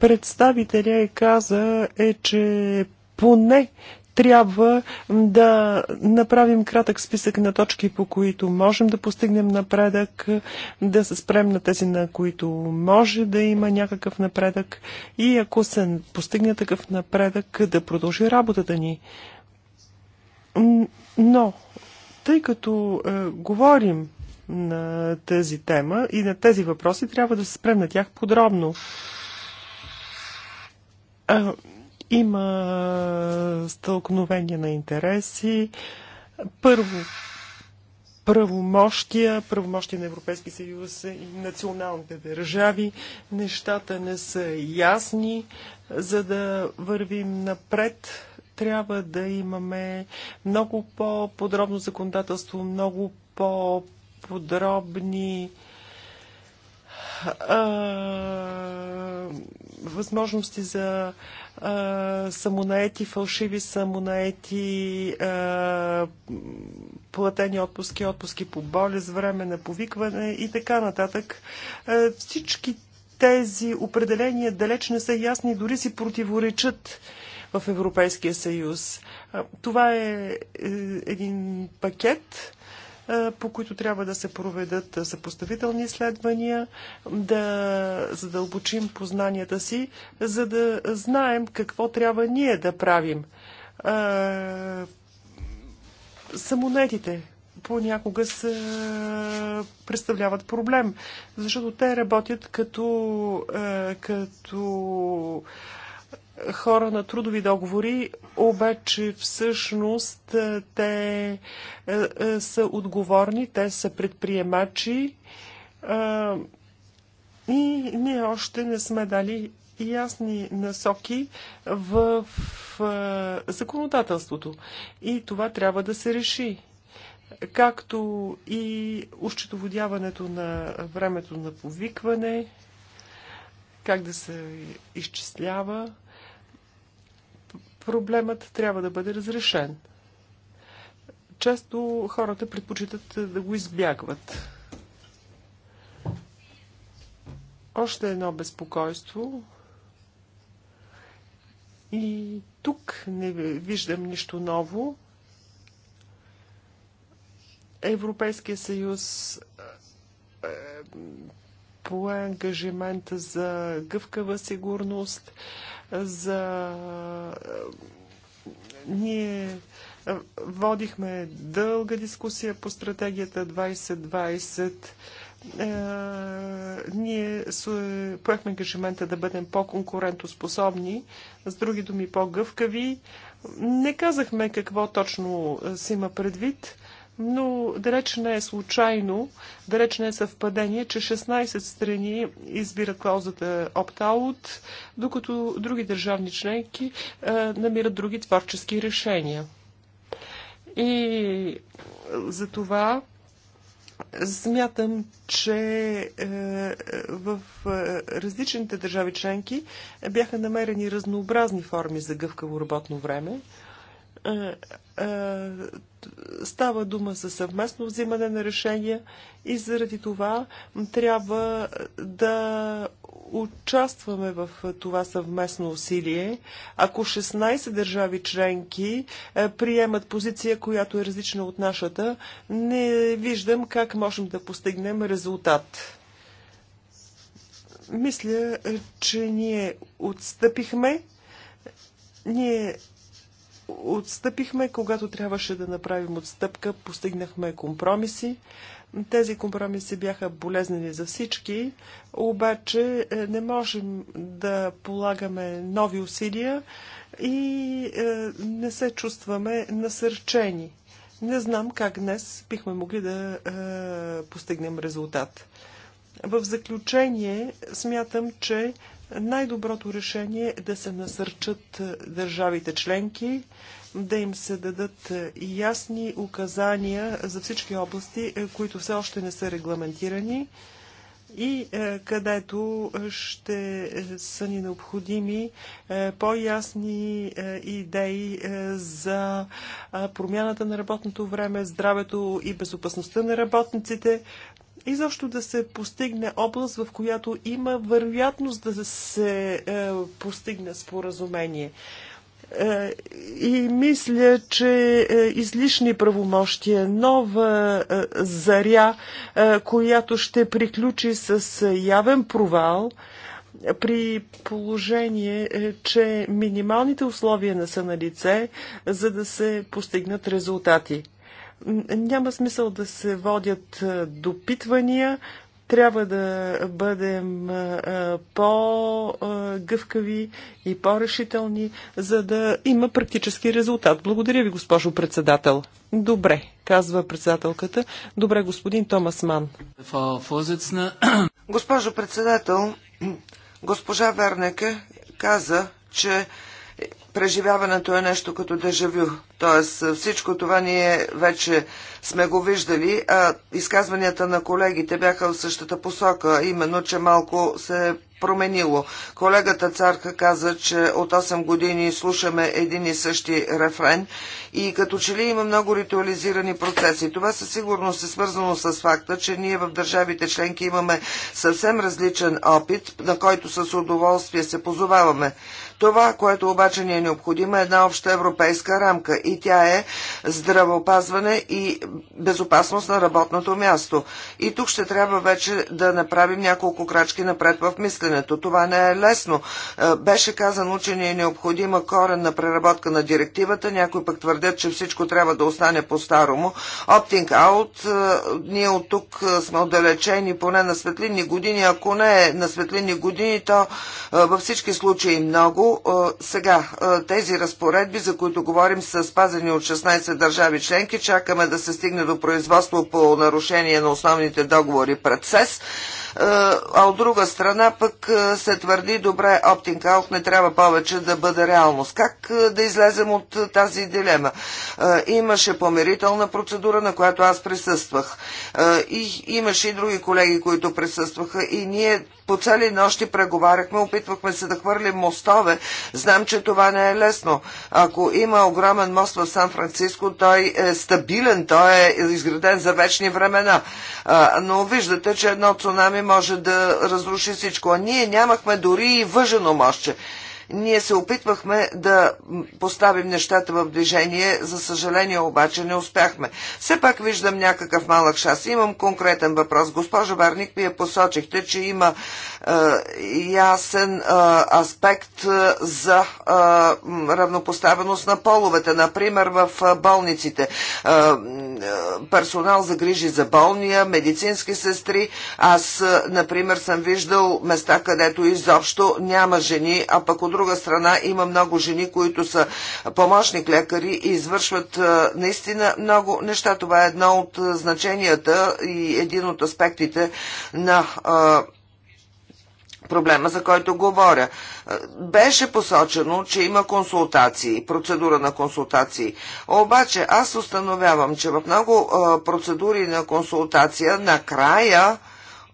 Представителя е каза е, че поне трябва да направим кратък списък на точки, по които можем да постигнем напредък, да се спрем на тези, на които може да има някакъв напредък и ако се постигне такъв напредък, да продължи работата ни. Но, тъй като е, говорим на тази тема и на тези въпроси, трябва да се спрем на тях подробно. Има стълкновение на интереси. Първо, правомощия, правомощия на Европейски съюз и националните държави. Нещата не са ясни. За да вървим напред, трябва да имаме много по-подробно законодателство, много по-подробни възможности за самонаети, фалшиви самонаети, платени отпуски, отпуски по болест, време на повикване и така нататък. Всички тези определения далеч не са ясни, дори си противоречат в Европейския съюз. Това е, е един пакет, е, по които трябва да се проведат е, съпоставителни изследвания, да задълбочим познанията си, за да знаем какво трябва ние да правим. Е, самонетите, понякога се представляват проблем, защото те работят като, като хора на трудови договори, обаче всъщност е, те е, е, са отговорни, те са предприемачи и ние още не сме дали ясни насоки в законодателството. И това трябва да се реши както и ущетоводяването на времето на повикване, как да се изчислява, проблемът трябва да бъде разрешен. Често хората предпочитат да го избягват. Още едно безпокойство. И тук не виждам нищо ново. Европейския съюз е, е, пое ангажимента за гъвкава сигурност за... Е, ние водихме дълга дискусия по стратегията 2020 е, ние поехме ангажимента да бъдем по-конкурентоспособни, с други думи по-гъвкави. Не казахме какво точно е, си има предвид, но далеч не е случайно, далеч не е съвпадение, че 16 страни избират клаузата opt-out, докато други държавни членки е, намират други творчески решения. И за това Смятам, че е, в е, различните държави членки бяха намерени разнообразни форми за гъвкаво работно време. Е, е, става дума за съвместно взимане на решения и заради това трябва да участваме в това съвместно усилие. Ако 16 държави членки е, приемат позиция, която е различна от нашата, не виждам как можем да постигнем резултат. Мисля, че ние отстъпихме. Ние отстъпихме, когато трябваше да направим отстъпка, постигнахме компромиси. Тези компромиси бяха болезнени за всички, обаче е, не можем да полагаме нови усилия и е, не се чувстваме насърчени. Не знам как днес бихме могли да е, постигнем резултат. В заключение смятам, че най-доброто решение е да се насърчат е, държавите членки, да им се дадат е, ясни указания за всички области, е, които все още не са регламентирани и където ще са ни необходими по-ясни идеи за промяната на работното време, здравето и безопасността на работниците, изобщо да се постигне област, в която има вероятност да се е, постигне споразумение. Е, и мисля, че е, излишни правомощия, нова е, заря, която ще приключи с явен провал, при положение, че минималните условия не са на лице, за да се постигнат резултати. Няма смисъл да се водят допитвания. Трябва да бъдем по-гъвкави и по-решителни, за да има практически резултат. Благодаря ви, госпожо председател. Добре, казва председателката. Добре, господин Томас Ман. Госпожо председател, госпожа Вернеке каза, че преживяването е нещо като дежавю. Тоест всичко това ние вече сме го виждали, а изказванията на колегите бяха в същата посока, именно, че малко се е променило. Колегата Царка каза, че от 8 години слушаме един и същи рефрен и като че ли има много ритуализирани процеси. Това със сигурност е свързано с факта, че ние в държавите членки имаме съвсем различен опит, на който с удоволствие се позоваваме. Това, което обаче ни е необходимо е една обща европейска рамка и тя е здравеопазване и безопасност на работното място. И тук ще трябва вече да направим няколко крачки напред в мисленето. Това не е лесно. Е, беше казано, че ни е необходима корен на преработка на директивата. Някои пък твърдят, че всичко трябва да остане по-старому. Оптинг аут, е, ние от тук е, сме отдалечени поне на светлинни години. Ако не е на светлинни години, то във всички случаи много е, сега, е, тези разпоредби, за които говорим, са спазени от 16 държави членки. Чакаме да се стигне до производство по нарушение на основните договори пред СЕС. Е, а от друга страна пък е, се твърди, добре, оптинг аут не трябва повече да бъде реалност. Как е, да излезем от тази дилема? Имаше помирителна процедура, на която аз присъствах. И имаше и други колеги, които присъстваха. И ние по цели нощи преговаряхме, опитвахме се да хвърлим мостове. Знам, че това не е лесно. Ако има огромен мост в Сан-Франциско, той е стабилен, той е изграден за вечни времена. Но виждате, че едно цунами може да разруши всичко. А ние нямахме дори и въжено мощче. Ние се опитвахме да поставим нещата в движение, за съжаление обаче не успяхме. Все пак виждам някакъв малък шанс. Имам конкретен въпрос. Госпожо Барник, вие посочихте, че има е, ясен е, аспект е, за е, равнопоставеност на половете. Например, в е, болниците е, е, персонал за грижи за болния, медицински сестри. Аз, е, например, съм виждал места, където изобщо няма жени, а пък от друга друга страна има много жени, които са помощник лекари и извършват наистина много неща. Това е едно от значенията и един от аспектите на проблема, за който говоря. Беше посочено, че има консултации, процедура на консултации. Обаче аз установявам, че в много процедури на консултация накрая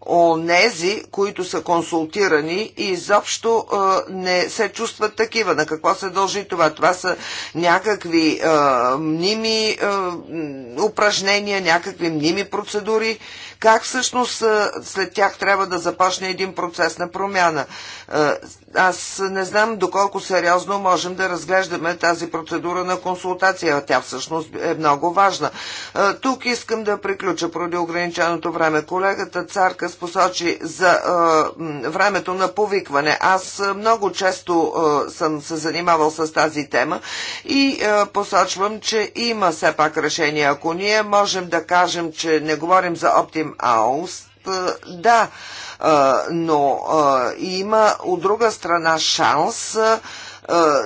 онези, които са консултирани и изобщо а, не се чувстват такива. На какво се дължи това? Това са някакви а, мними а, упражнения, някакви мними процедури. Как всъщност а, след тях трябва да започне един процес на промяна? А, аз не знам доколко сериозно можем да разглеждаме тази процедура на консултация. Тя всъщност е много важна. А, тук искам да приключа поради ограниченото време. Колегата Царка Феркас посочи за е, времето на повикване. Аз много често е, съм се занимавал с тази тема и е, посочвам, че има все пак решение. Ако ние можем да кажем, че не говорим за оптим-аус, да, но има от друга страна шанс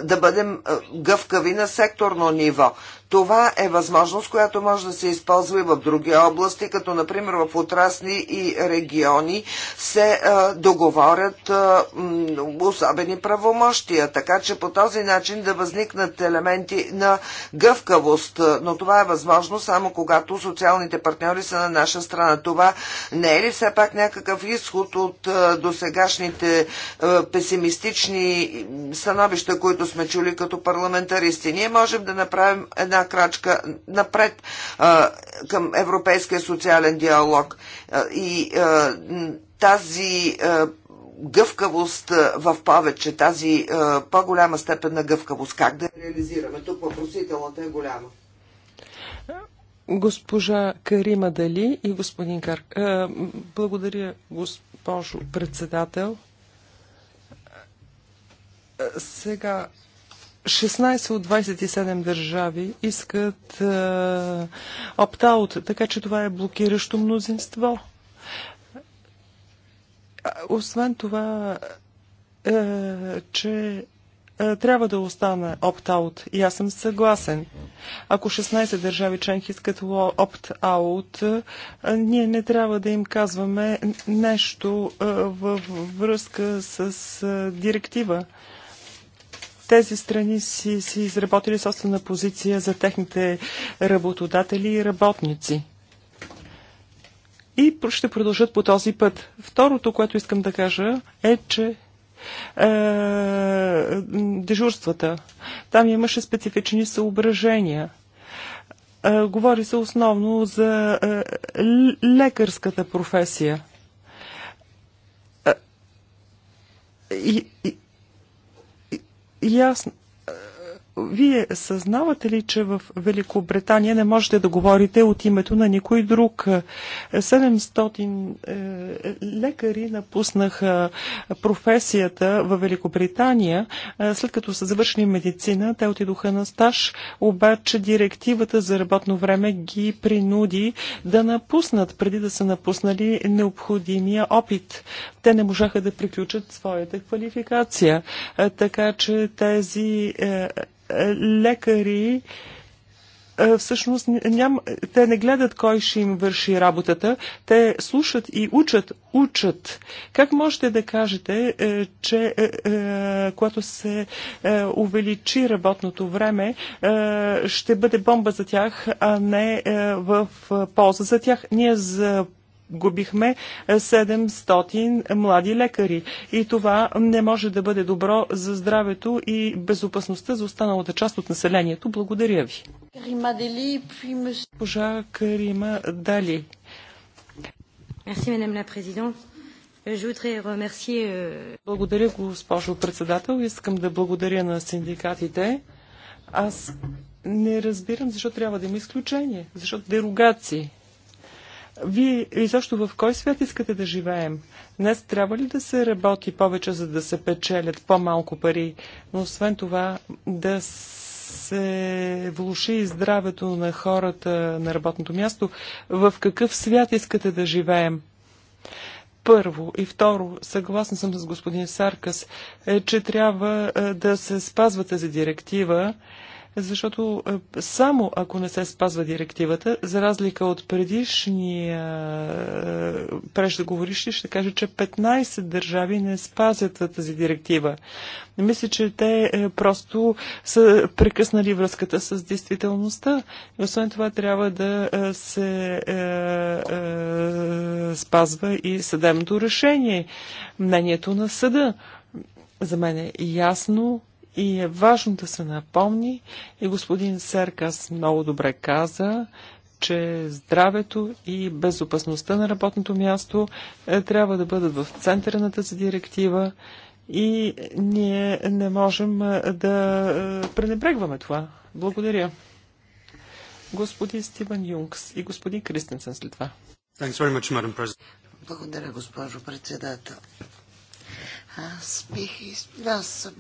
да бъдем гъвкави на секторно ниво. Това е възможност, която може да се използва и в други области, като например в отрасли и региони се договорят особени правомощия, така че по този начин да възникнат елементи на гъвкавост. Но това е възможно само когато социалните партньори са на наша страна. Това не е ли все пак някакъв изход от досегашните песимистични становища, които сме чули като парламентаристи? Ние можем да направим една крачка напред към европейския социален диалог. И тази гъвкавост в повече, тази по-голяма степен на гъвкавост, как да реализираме? Тук въпросителната е голяма. Госпожа Карима Дали и господин Кар... Благодаря, госпожо председател. Сега 16 от 27 държави искат е, опт-аут, така че това е блокиращо мнозинство. Освен това, е, че е, трябва да остане опт-аут и аз съм съгласен. Ако 16 държави членки искат опт-аут, е, ние не трябва да им казваме нещо е, във връзка с е, директива. Тези страни си, си изработили собствена позиция за техните работодатели и работници. И ще продължат по този път. Второто, което искам да кажа е, че е, дежурствата. Там имаше специфични съображения. Е, говори се основно за е, лекарската професия. Е, и, и, Ясно. Вие съзнавате ли, че в Великобритания не можете да говорите от името на никой друг? 700 е, лекари напуснаха професията в Великобритания. Е, след като са завършили медицина, те отидоха на стаж, обаче директивата за работно време ги принуди да напуснат, преди да са напуснали необходимия опит. Те не можаха да приключат своята квалификация. Е, така че тези лекари всъщност ням, те не гледат кой ще им върши работата, те слушат и учат, учат. Как можете да кажете, е, че е, е, когато се увеличи работното време, ще бъде бомба за тях, а не в полза за тях? Ние за загубихме 700 е, млади лекари. И това не може да бъде добро за здравето и безопасността за останалата част от населението. Благодаря ви. Карима Дели, Пожа Карима Дали. Merci, Madame la Présidente. Euh, euh, благодаря, госпожо председател. Искам да благодаря на синдикатите. Аз не разбирам защо трябва да има изключение, защо дерогации. Вие изобщо в кой свят искате да живеем? Днес трябва ли да се работи повече, за да се печелят по-малко пари, но освен това да се влуши здравето на хората на работното място? В какъв свят искате да живеем? Първо и второ, съгласна съм с господин Саркас, е, че трябва е, да се спазва тази директива защото е, само ако не се спазва директивата, за разлика от предишния е, преждеговорище, ще кажа, че 15 държави не спазят тази директива. Мисля, че те е, просто са прекъснали връзката с действителността. И освен това трябва да се спазва и съдебното решение, мнението на съда. За мен е ясно, и е важно да се напомни, и господин Серкас много добре каза, че здравето и безопасността на работното място е, трябва да бъдат в центъра на тази директива и ние не можем е, да е, пренебрегваме това. Благодаря. Господин Стивен Юнгс и господин Кристенсен след това. Благодаря, госпожо председател. Аз бих... Из... съм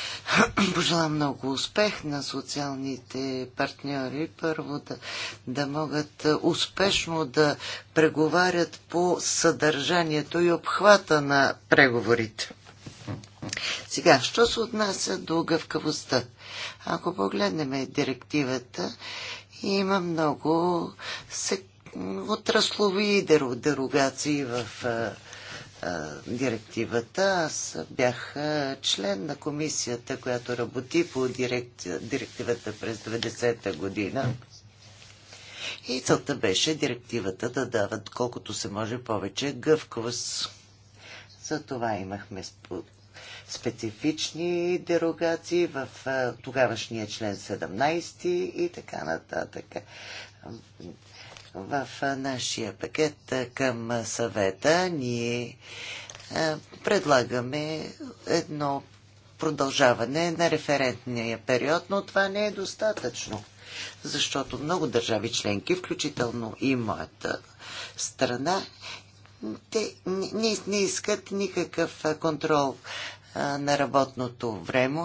(clears throat) пожелавам много успех на социалните партньори. Първо да, да могат успешно да преговарят по съдържанието и обхвата на преговорите. Сега, що се отнася до гъвкавостта? Ако погледнем директивата, има много сек... отраслови дерогации в директивата. Аз бях член на комисията, която работи по директ, директивата през 90-та година. И целта беше директивата да дават колкото се може повече гъвкавост. За това имахме специфични дерогации в тогавашния член 17 и така нататък в нашия пакет към съвета ние предлагаме едно продължаване на референтния период, но това не е достатъчно, защото много държави членки, включително и моята страна, те не, не искат никакъв контрол на работното време,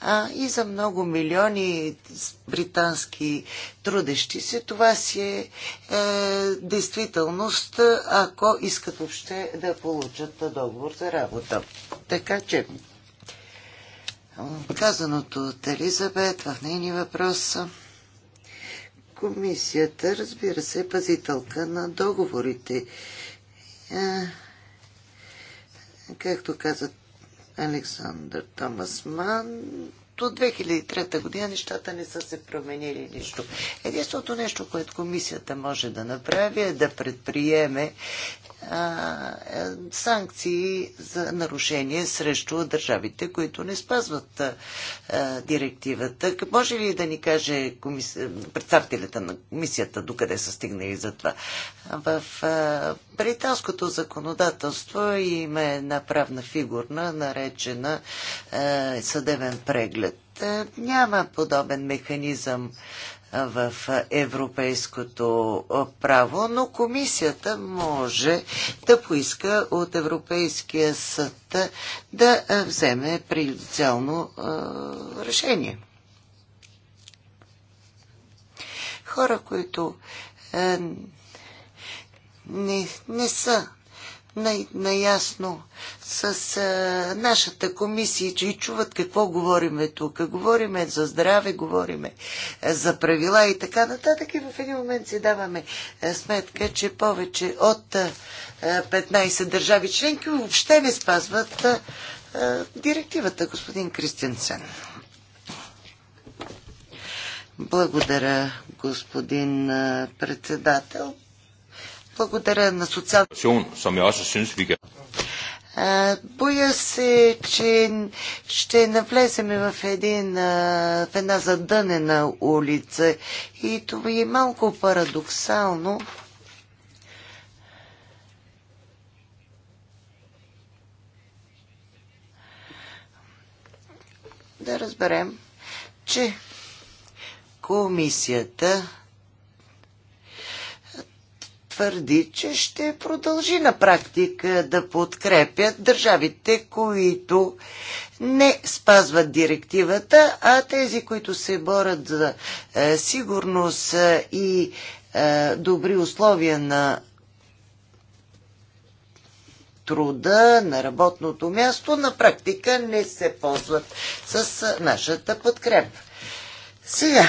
а и за много милиони британски трудещи се. Това си е, е действителност, ако искат въобще да получат договор за работа. Така че, казаното от Елизабет в нейни въпроса, комисията, разбира се, е пазителка на договорите. Е, както казат Александър Томас Ман. До 2003 година нещата не са се променили нищо. Единственото нещо, което комисията може да направи е да предприеме а, е, санкции за нарушение срещу държавите, които не спазват а, директивата. Може ли да ни каже комис... представителята на комисията докъде са стигнали за това? В а, британското законодателство има една правна фигурна, наречена е, съдебен преглед. Е, няма подобен механизъм е, в европейското е, право, но комисията може да поиска от Европейския съд да вземе приоритетно решение. Хора, които не, не са наясно с а, нашата комисия, че и чуват какво говориме тук. Говориме за здраве, говориме за правила и така нататък. И в един момент си даваме сметка, че повече от а, 15 държави членки въобще не спазват а, а, директивата, господин Кристенсен. Благодаря, господин председател. Благодаря на социалната. Боя се, че ще навлеземе в, един, в една задънена улица и това е малко парадоксално. Да разберем, че комисията твърди, че ще продължи на практика да подкрепят държавите, които не спазват директивата, а тези, които се борят за е, сигурност е, и е, добри условия на труда, на работното място, на практика не се ползват с нашата подкрепа. Сега,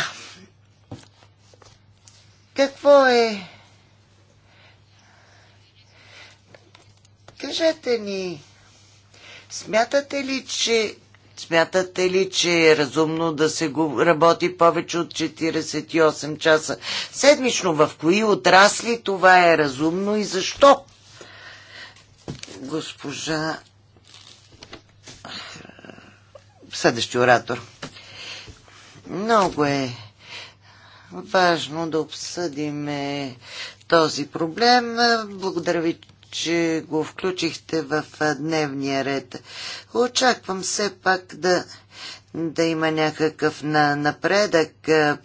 какво е Кажете ни, смятате ли, че Смятате ли, че е разумно да се го работи повече от 48 часа седмично? В кои отрасли това е разумно и защо? Госпожа... Съдещи оратор. Много е важно да обсъдим този проблем. Благодаря ви, че го включихте в дневния ред. Очаквам все пак да, да има някакъв на, напредък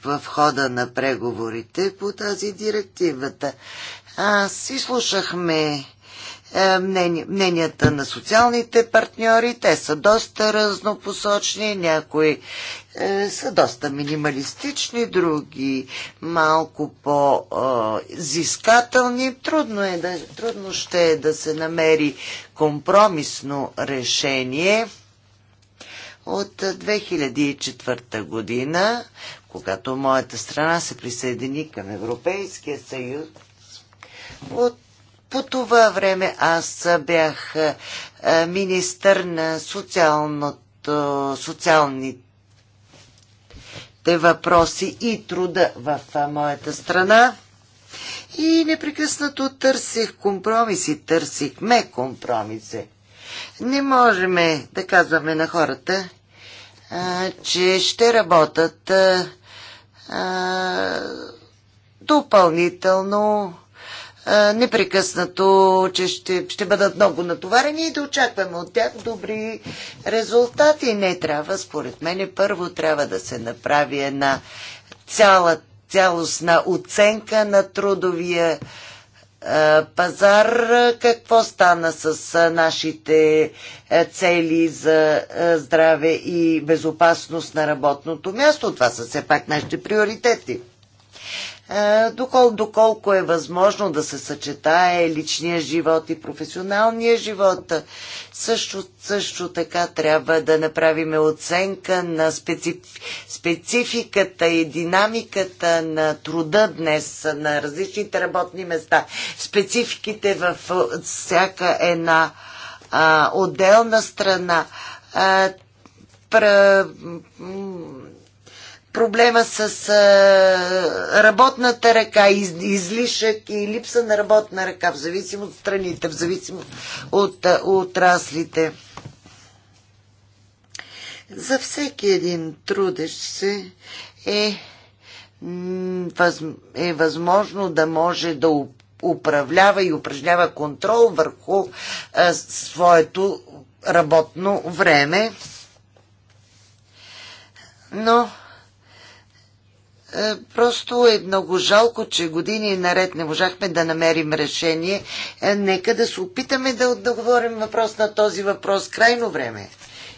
в хода на преговорите по тази директивата. Аз изслушахме е, мненията на социалните партньори. Те са доста разнопосочни, някои е, са доста минималистични, други малко по-зискателни. Е, трудно, е да, трудно ще е да се намери компромисно решение. От 2004 година, когато моята страна се присъедини към Европейския съюз, от по това време аз бях е, министър на социалното, социалните въпроси и труда в е, моята страна. И непрекъснато търсих компромиси, търсихме компромиси. Не можем да казваме на хората, а, е, че ще работят а, а, допълнително непрекъснато, че ще, ще бъдат много натоварени и да очакваме от тях добри резултати. Не трябва, според мен, първо трябва да се направи една цяла, цялостна оценка на трудовия пазар, какво стана с нашите цели за здраве и безопасност на работното място. Това са все пак нашите приоритети. Е, докол, доколко е възможно да се съчетае личния живот и професионалния живот. Също, също така трябва да направим оценка на специф, спецификата и динамиката на труда днес на различните работни места, спецификите в всяка една а, отделна страна. А, пра, проблема с а, работната ръка, из, излишък и липса на работна ръка, в зависимост от страните, в зависимост от а, отраслите. За всеки един трудещ се е, е възможно да може да управлява и упражнява контрол върху а, своето работно време. Но е, просто е много жалко, че години наред не можахме да намерим решение. Е, нека да се опитаме да отговорим въпрос на този въпрос. Крайно време.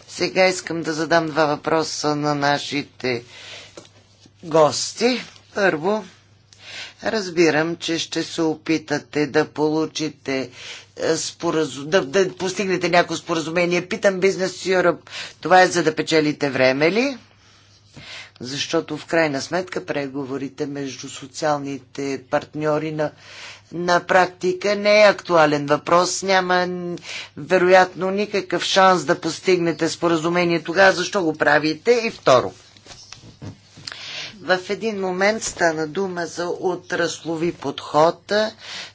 Сега искам да задам два въпроса на нашите гости. Първо, разбирам, че ще се опитате да получите е, да, да постигнете някакво споразумение. Питам бизнес Europe, това е за да печелите време ли? защото в крайна сметка преговорите между социалните партньори на, на практика не е актуален въпрос. Няма вероятно никакъв шанс да постигнете споразумение тогава. Защо го правите? И второ. В един момент стана дума за отраслови подход.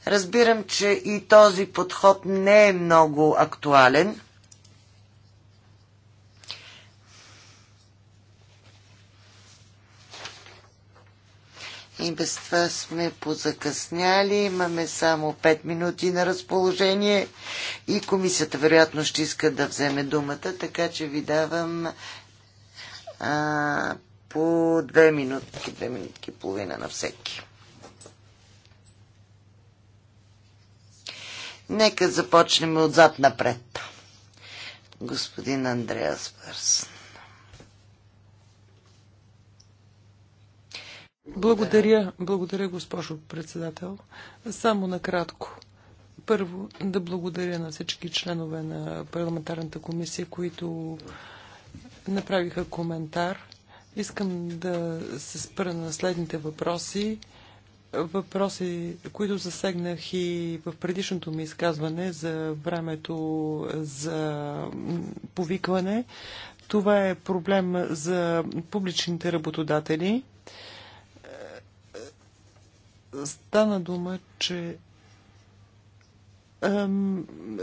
Разбирам, че и този подход не е много актуален. И без това сме позакъсняли. Имаме само 5 минути на разположение и комисията вероятно ще иска да вземе думата, така че ви давам а, по 2 минутки, 2 минутки и половина на всеки. Нека започнем отзад напред. Господин Андреас Бърсен. Благодаря, благодаря, госпожо председател. Само накратко. Първо, да благодаря на всички членове на парламентарната комисия, които направиха коментар. Искам да се спра на следните въпроси. Въпроси, които засегнах и в предишното ми изказване за времето за повикване. Това е проблем за публичните работодатели стана дума, че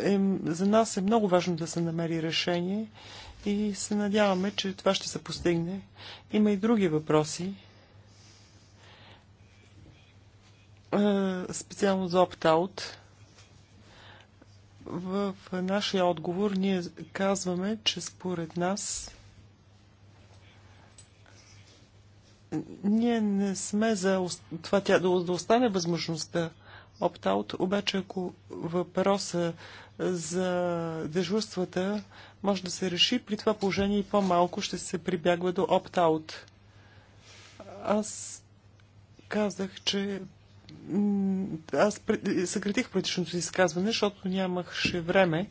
е, за нас е много важно да се намери решение и се надяваме, че това ще се постигне. Има и други въпроси. специално за опт-аут. В нашия отговор ние казваме, че според нас Ние не сме за това тя да, да остане възможността опт-аут, обаче ако въпроса за дежурствата може да се реши, при това положение и по-малко ще се прибягва до опт-аут. Аз казах, че аз съкратих предишното изказване, защото нямаше време.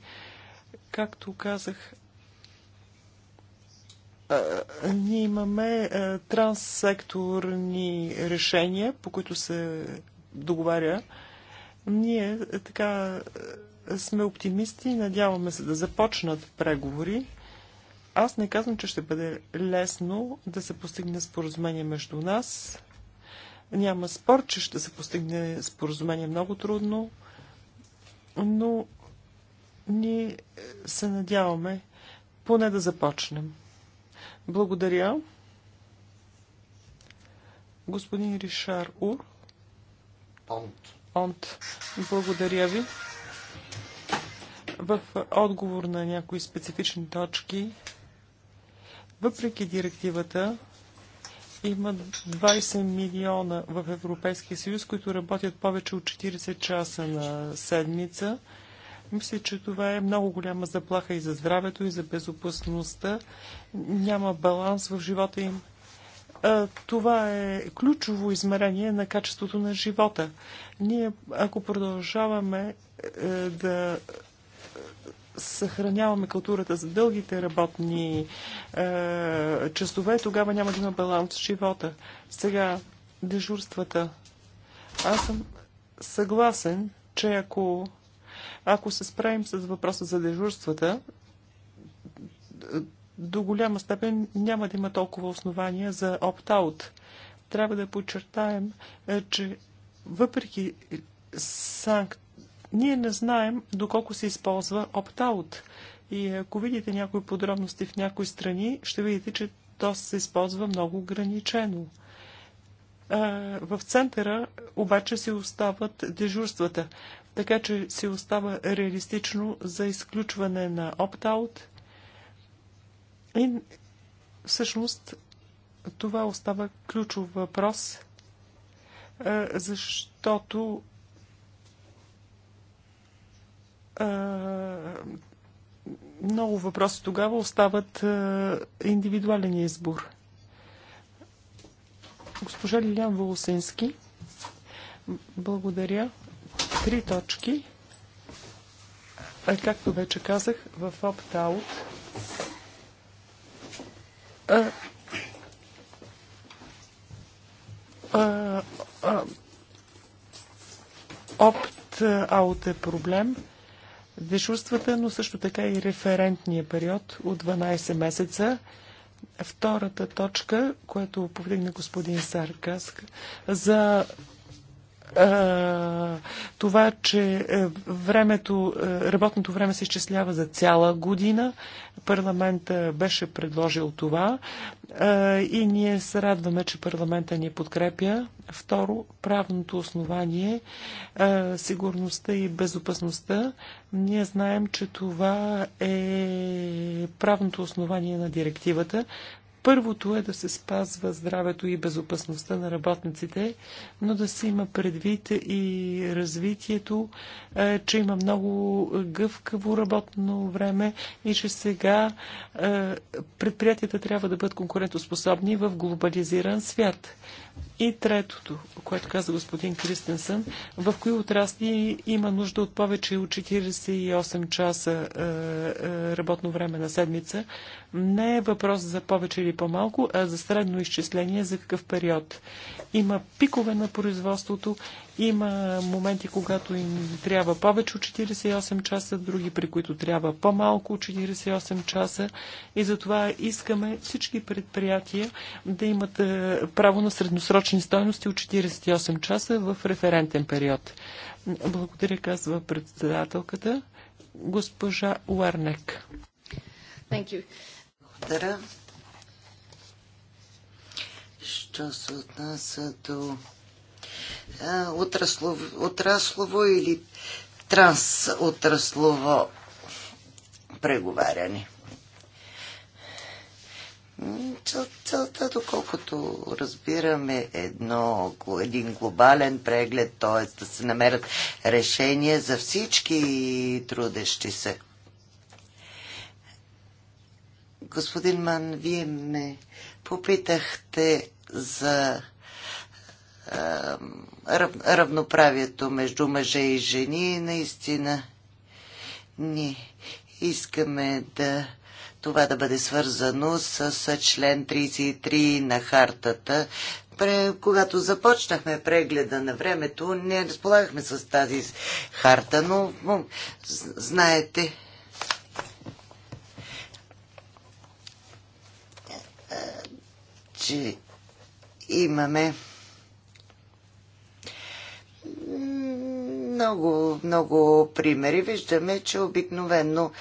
Както казах, ние имаме транссекторни решения, по които се договаря. Ние така сме оптимисти, надяваме се да започнат преговори. Аз не казвам, че ще бъде лесно да се постигне споразумение между нас. Няма спор, че ще се постигне споразумение много трудно, но ние се надяваме поне да започнем. Благодаря. Господин Ришар Ур. Онт. Онт. Благодаря ви. В отговор на някои специфични точки, въпреки директивата, има 20 милиона в Европейския съюз, които работят повече от 40 часа на седмица. Мисля, че това е много голяма заплаха и за здравето, и за безопасността. Няма баланс в живота им. Това е ключово измерение на качеството на живота. Ние, ако продължаваме е, да съхраняваме културата за дългите работни е, часове, тогава няма да има баланс в живота. Сега, дежурствата. Аз съм съгласен, че ако ако се справим с въпроса за дежурствата, до голяма степен няма да има толкова основания за опт-аут. Трябва да подчертаем, е, че въпреки санк... ние не знаем доколко се използва опт-аут. И ако видите някои подробности в някои страни, ще видите, че то се използва много ограничено. Е, в центъра обаче си остават дежурствата така че си остава реалистично за изключване на опт-аут. И всъщност това остава ключов въпрос, е, защото е, много въпроси тогава остават е, индивидуален избор. Госпожа Лилян Волосински, благодаря три точки. Е, както вече казах, в опт-аут опт-аут е проблем. Дежурствата, но също така и референтния период от 12 месеца. Втората точка, която повдигна господин Саркаск, за това, че е, времето, е, работното време се изчислява за цяла година. Парламента беше предложил това и ние се радваме, че парламента ни подкрепя. Второ, правното основание, сигурността и безопасността. Ние знаем, че това е правното основание на директивата. Първото е да се спазва здравето и безопасността на работниците, но да се има предвид и развитието, е, че има много гъвкаво работно време и че сега е, предприятията трябва да бъдат конкурентоспособни в глобализиран свят. И третото, което каза господин Кристенсън, в кои отрасли има нужда от повече от 48 часа е, е, работно време на седмица, не е въпрос за повече или по-малко, а за средно изчисление за какъв период. Има пикове на производството, има моменти, когато им трябва повече от 48 часа, други при които трябва по-малко от 48 часа и затова искаме всички предприятия да имат е, право на средносрочни стойности от 48 часа в референтен период. Благодаря, казва председателката госпожа Уарнек. Благодаря. Що се отнася до отраслово, отраслово или трансотраслово преговаряне. целта, доколкото разбираме, е едно, един глобален преглед, т.е. да се намерят решения за всички трудещи се. Господин Ман, вие ме попитахте за равноправието между мъже и жени. Наистина ни искаме да това да бъде свързано с, с член 33 на хартата. Пре, когато започнахме прегледа на времето, не разполагахме с тази харта, но знаете, че имаме много, много примери виждаме, че обикновено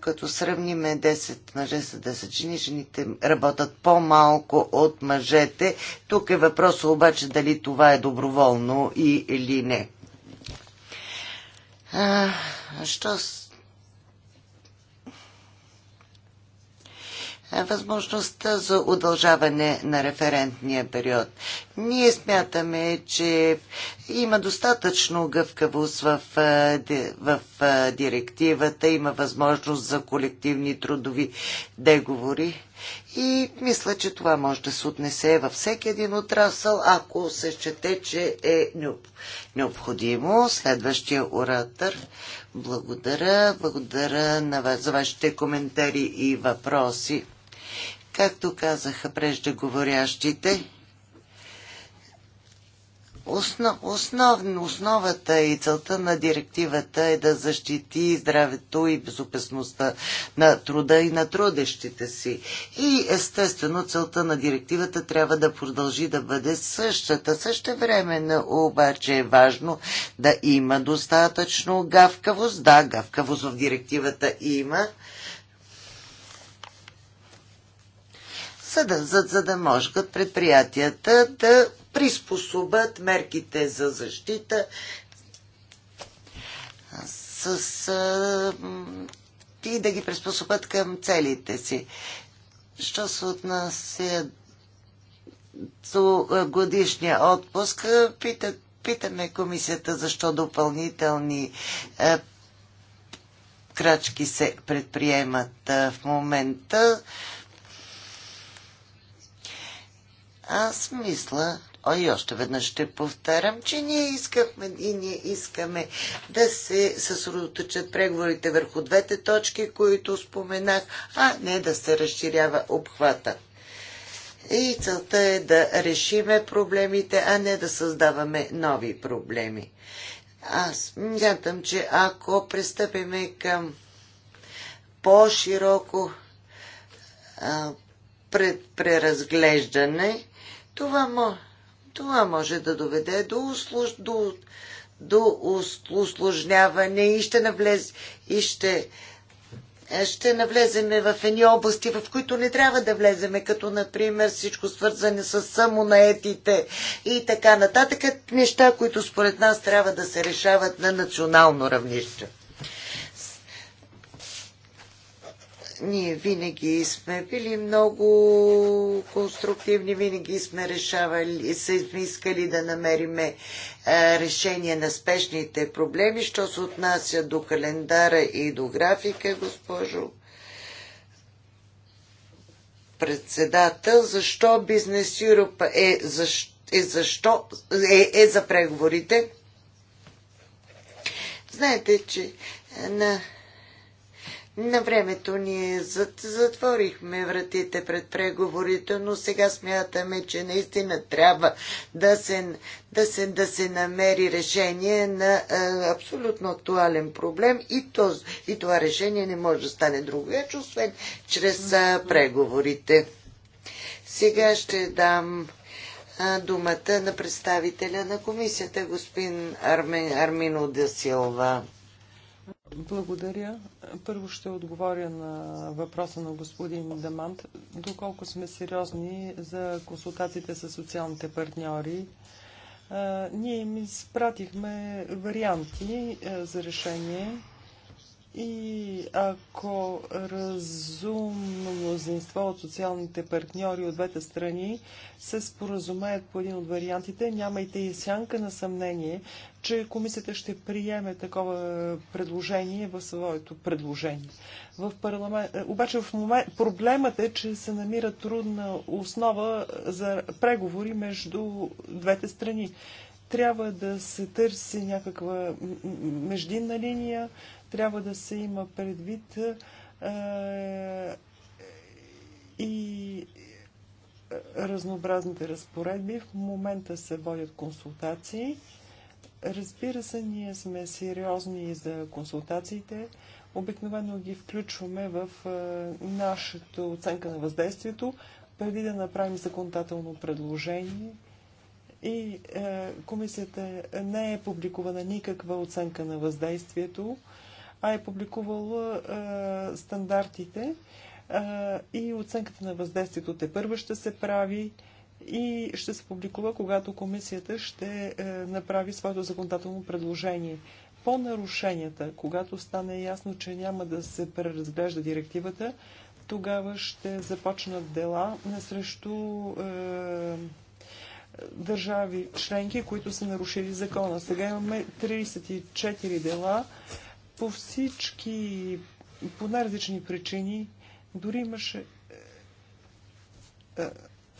като сравниме 10 мъже с 10 жени, жените работят по-малко от мъжете. Тук е въпросът обаче дали това е доброволно и, или не. А, що с Е, възможността за удължаване на референтния период. Ние смятаме, че има достатъчно гъвкавост в, е, в е, директивата, има възможност за колективни трудови деговори. И мисля, че това може да се отнесе във всеки един отрасъл, ако се счете, че е необходимо. Следващия оратор. Благодаря. Благодаря на вас за вашите коментари и въпроси. Както казаха преждеговорящите, Основ, основ, основата и целта на директивата е да защити здравето и безопасността на труда и на трудещите си. И естествено целта на директивата трябва да продължи да бъде същата. Също време обаче е важно да има достатъчно гавкавост. Да, гавкавост в директивата има, да, за, за да можат предприятията да приспособят мерките за защита с, с, и да ги приспособят към целите си. Що се отнася до годишния отпуск, питат, питаме комисията защо допълнителни е, крачки се предприемат е, в момента. Аз мисля, а и още веднъж ще повтарям, че ние искахме и ние искаме да се съсредоточат преговорите върху двете точки, които споменах, а не да се разширява обхвата. И целта е да решиме проблемите, а не да създаваме нови проблеми. Аз мятам, че ако пристъпиме към по-широко преразглеждане, това, това може да доведе до, услуж, до, до усложняване и ще навлез, и ще, ще навлеземе в едни области, в които не трябва да влеземе, като например всичко свързане с самонаетите и така нататък. Неща, които според нас трябва да се решават на национално равнище. ние винаги сме били много конструктивни, винаги сме решавали, се искали да намериме решение на спешните проблеми. Що се отнася до календара и до графика, госпожо председател, защо Бизнес Европа е, защо, е, защо, е, е за преговорите? Знаете, че е, на на времето ние затворихме вратите пред преговорите, но сега смятаме, че наистина трябва да се, да се, да се намери решение на а, абсолютно актуален проблем и, то, и това решение не може да стане друго вече, освен чрез а, преговорите. Сега ще дам а, думата на представителя на комисията, господин Армин, Армино Дасилва. Благодаря. Първо ще отговоря на въпроса на господин Дамант. Доколко сме сериозни за консултациите с социалните партньори, ние им изпратихме варианти за решение и ако разумно мнозинство от социалните партньори от двете страни се споразумеят по един от вариантите, нямайте и сянка на съмнение, че комисията ще приеме такова предложение в своето предложение. В парламент... Е, обаче в момент... проблемът е, че се намира трудна основа за преговори между двете страни трябва да се търси някаква междинна линия, трябва да се има предвид и разнообразните разпоредби. В момента се водят консултации. Разбира се, ние сме сериозни за консултациите. Обикновено ги включваме в нашата оценка на въздействието, преди да направим законодателно предложение. И комисията не е публикувана никаква оценка на въздействието а е публикувала е, стандартите е, и оценката на въздействието те първа ще се прави и ще се публикува, когато комисията ще е, направи своето законодателно предложение. По нарушенията, когато стане ясно, че няма да се преразглежда директивата, тогава ще започнат дела срещу е, държави членки, които са нарушили закона. Сега имаме 34 дела по всички, по най-различни причини, дори имаше е, е,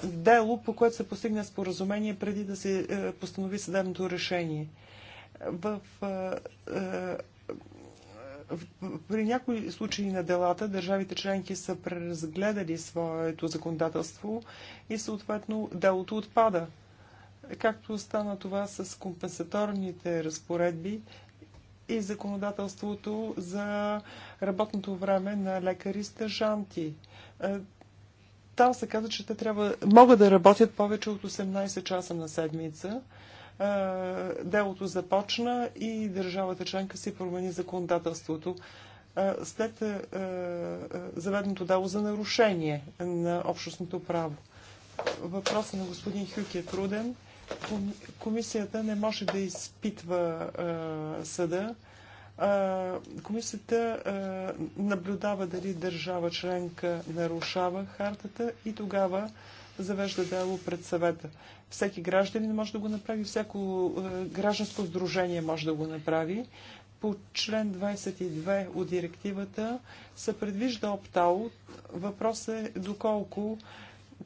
дело, по което се постигна споразумение преди да се е, постанови съдебното решение. В, при някои случаи на делата държавите членки са преразгледали своето законодателство и съответно делото отпада. Както стана това с компенсаторните разпоредби, и законодателството за работното време на лекари стъжанти. Е, там се каза, че те трябва, могат да работят повече от 18 часа на седмица. Е, делото започна и държавата членка си промени законодателството е, след заведеното дело за нарушение на общностното право. Въпросът на господин Хюк е труден комисията не може да изпитва съда. комисията наблюдава дали държава членка нарушава хартата и тогава завежда дело пред съвета. Всеки гражданин може да го направи, всяко гражданско сдружение може да го направи. По член 22 от директивата се предвижда опт-аут. Въпрос е доколко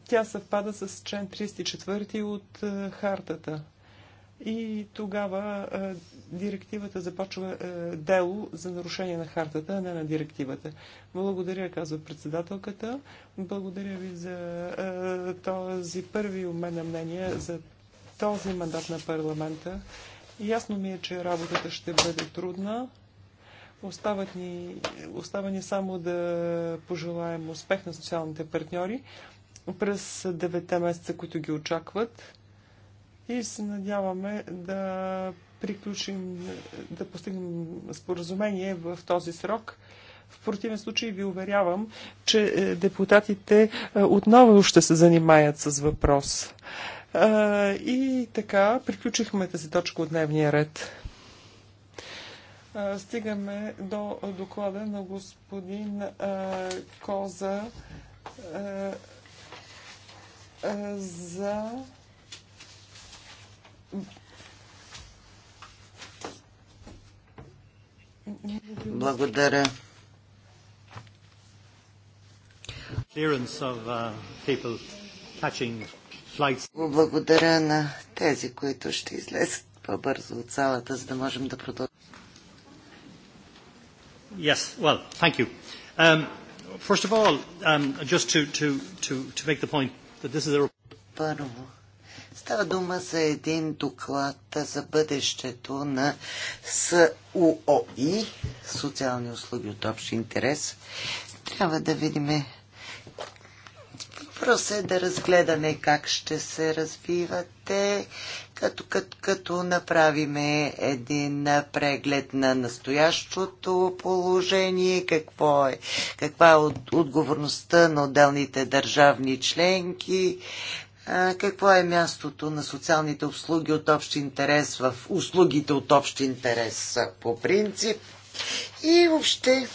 тя съвпада с член 34 от е, хартата. И тогава е, директивата започва е, дело за нарушение на хартата, а не на директивата. Благодаря, казва председателката. Благодаря ви за е, този първи обмен на мнение за този мандат на парламента. Ясно ми е, че работата ще бъде трудна. Остават ни, остава ни само да пожелаем успех на социалните партньори през 9 месеца, които ги очакват. И се надяваме да приключим, да постигнем споразумение в този срок. В противен случай ви уверявам, че е, депутатите е, отново ще се занимаят с въпрос. Е, и така, приключихме тази точка от дневния ред. Стигаме до доклада на господин Коза за благодаря. Uh, благодаря на тези, които ще излезат по-бързо от залата, за да можем да продължим. Yes, well, thank you. Um, first of all, um, just to, to, to, to make the point първо, става дума за един доклад за бъдещето на СУОИ, социални услуги от общ интерес. Трябва да видим Въпросът е да разгледаме как ще се развивате, като, като, като направиме един преглед на настоящото положение, какво е, каква е от, отговорността на отделните държавни членки, какво е мястото на социалните услуги от общ интерес в услугите от общ интерес по принцип и въобще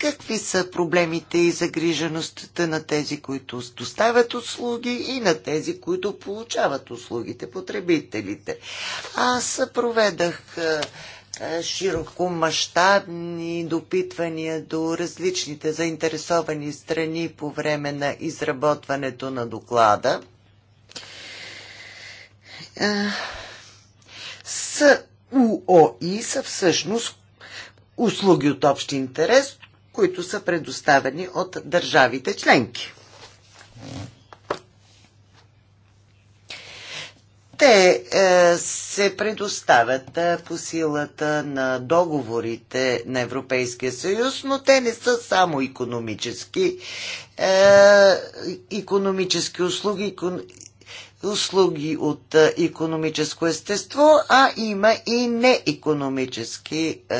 какви са проблемите и загрижеността на тези, които доставят услуги и на тези, които получават услугите, потребителите. Аз проведах широкомащабни допитвания до различните заинтересовани страни по време на изработването на доклада. С УОИ са всъщност услуги от общ интерес, които са предоставени от държавите членки. Те е, се предоставят е, по силата на договорите на Европейския съюз, но те не са само економически, е, економически услуги, услуги от е, економическо естество, а има и неекономически е,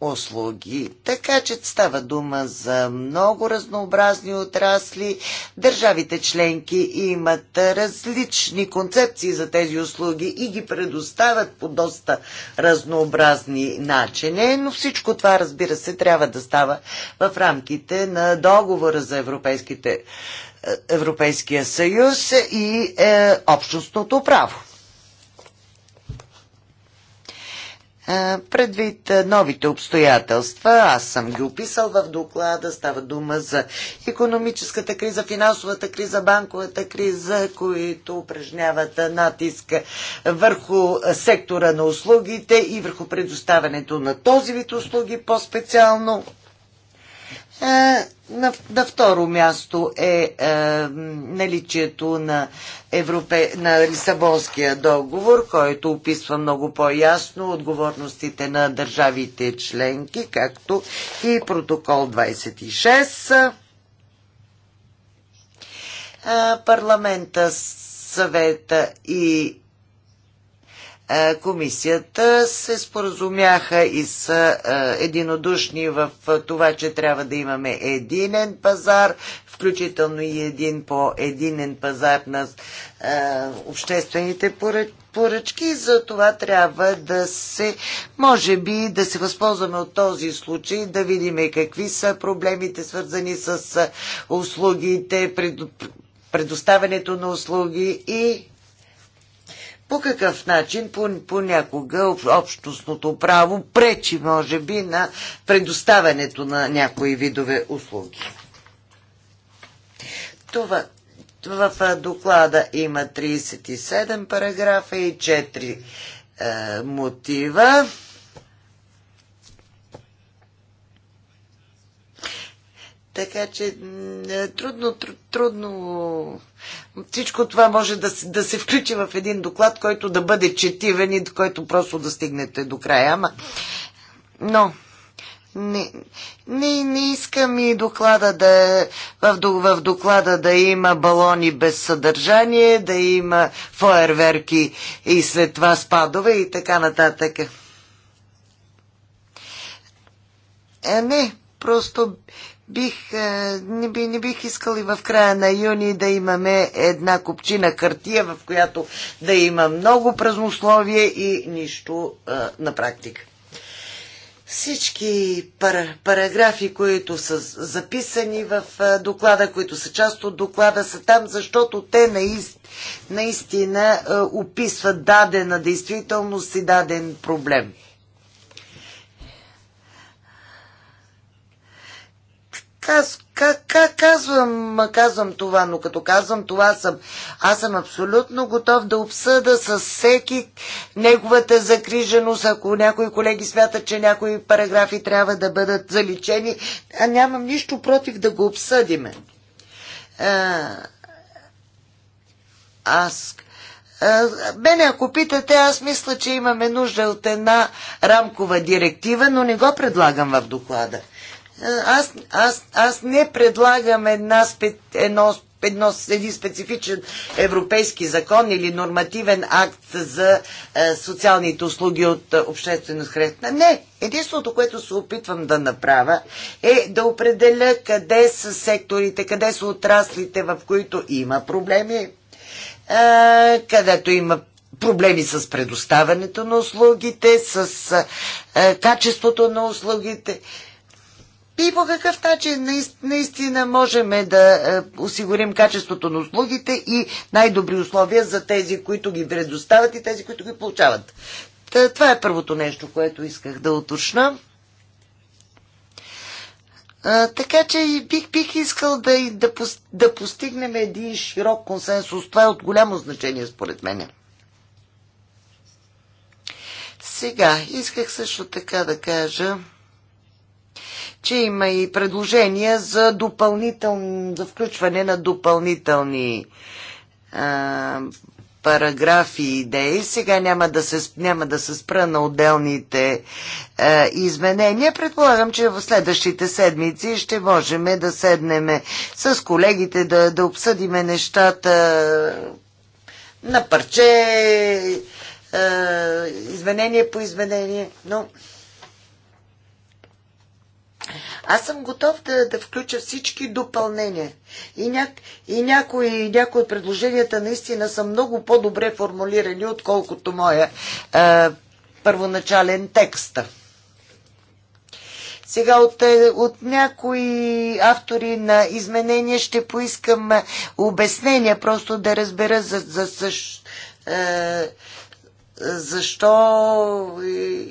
услуги. Така че става дума за много разнообразни отрасли. Държавите членки имат различни концепции за тези услуги и ги предоставят по доста разнообразни начини, но всичко това, разбира се, трябва да става в рамките на договора за европейските, е, Европейския съюз и е, общностното право. Предвид новите обстоятелства, аз съм ги описал в доклада, става дума за економическата криза, финансовата криза, банковата криза, които упражняват натиск върху сектора на услугите и върху предоставянето на този вид услуги, по-специално е, на, на второ място е, е наличието на, Европе, на Лисабонския договор, който описва много по-ясно отговорностите на държавите членки, както и протокол 26. Е, парламента, съвета и е, комисията се споразумяха и са е, единодушни в е, това, че трябва да имаме единен пазар, включително и един по единен пазар на обществените поръчки. За това трябва да се, може би, да се възползваме от този случай, да видим какви са проблемите свързани с услугите, предоставянето на услуги и по какъв начин понякога общностното право пречи, може би, на предоставянето на някои видове услуги. Това, в доклада има 37 параграфа и 4 е, мотива. Така че е, трудно, трудно. Всичко това може да, да се включи в един доклад, който да бъде четивен и който просто да стигнете до края. Ама... Но не, не, не искам и доклада да, в, в доклада да има балони без съдържание, да има фойерверки и след това спадове и така нататък. Е, не, просто Бих, е, не, би, не бих искал и в края на юни да имаме една купчина картия в която да има много празнословие и нищо а, е, на практика. Всички пар, параграфи, които са записани в а, е, доклада, които са част от доклада, са там, защото те наистина, наистина а, описват дадена действителност и даден проблем. Аз как, как казвам, казвам това, но като казвам това съм, аз съм абсолютно готов да обсъда с всеки неговата закриженост, ако някои колеги смятат, че някои параграфи трябва да бъдат заличени, а нямам нищо против да го обсъдиме. А, аз Мене, ако питате, аз мисля, че имаме нужда от една рамкова директива, но не го предлагам в доклада. Аз, аз, аз не предлагам една, едно, едно, един специфичен европейски закон или нормативен акт за е, социалните услуги от е, обществено средство. Не, единството, което се опитвам да направя е да определя къде са секторите, къде са отраслите, в които има проблеми, е, където има проблеми с предоставянето на услугите, с е, качеството на услугите и по какъв начин наистина можем да е, осигурим качеството на услугите и най-добри условия за тези, които ги предоставят и тези, които ги получават. Това е първото нещо, което исках да уточна. А, така че бих, бих искал да, да, да постигнем един широк консенсус. Това е от голямо значение, според мен. Сега, исках също така да кажа, че има и предложения за, допълнител, за включване на допълнителни а, параграфи и идеи. Сега няма да се, няма да се спра на отделните а, изменения. Предполагам, че в следващите седмици ще можем да седнем с колегите, да, да обсъдиме нещата на парче, а, изменение по изменение. Но... Аз съм готов да, да включа всички допълнения. И, ня, и някои, някои от предложенията наистина са много по-добре формулирани, отколкото моя е, първоначален текст. Сега от, е, от някои автори на изменения ще поискам обяснения, просто да разбера за, за, същ, е, защо. Е,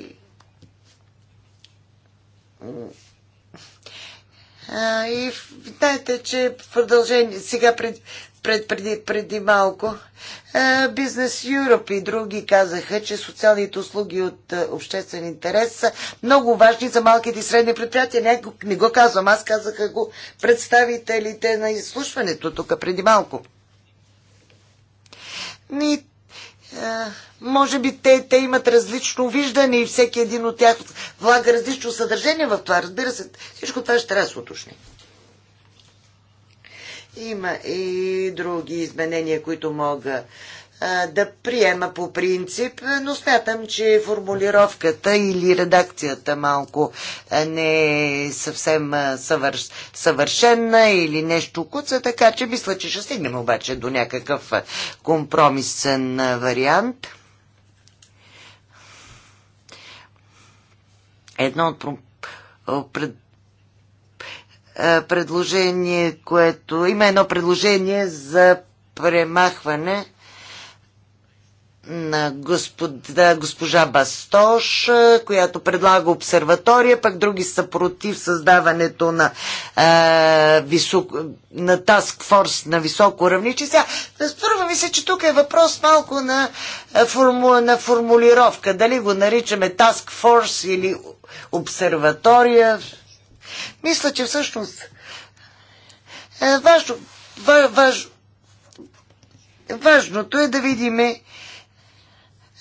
и знаете, че в продължение, сега пред, пред, преди, преди малко, Бизнес Юроп и други казаха, че социалните услуги от обществен интерес са много важни за малките и средни предприятия. Не, не го казвам, аз казаха го представителите на изслушването тук преди малко. И е, може би те, те имат различно виждане и всеки един от тях влага различно съдържание в това. Разбира се, всичко това ще трябва да се уточни. Има и други изменения, които мога да приема по принцип, но смятам, че формулировката или редакцията малко не е съвсем съвърш, съвършена или нещо куца, така че мисля, че ще стигнем обаче до някакъв компромисен вариант. Едно от пред, предложение, което има едно предложение за премахване на господа, госпожа Бастош, която предлага обсерватория, пък други са против създаването на, е, висок, на таскфорс на високо равниче. Сега, струва ми се, че тук е въпрос малко на, форму, на формулировка. Дали го наричаме таскфорс или обсерватория. Мисля, че всъщност е важно, ва, важ, важното е да видиме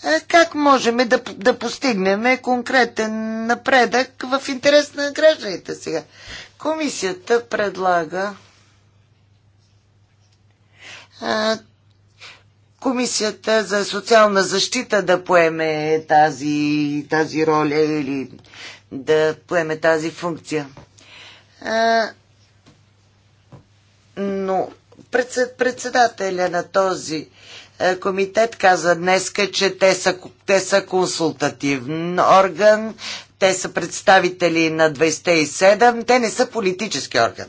е, как можем да, да постигнем конкретен напредък в интерес на гражданите сега. Комисията предлага Комисията за социална защита да поеме тази, тази роля или да поеме тази функция. А, но председателя на този е, комитет каза днеска, че те са, те са консултативен орган, те са представители на 27, те не са политически орган.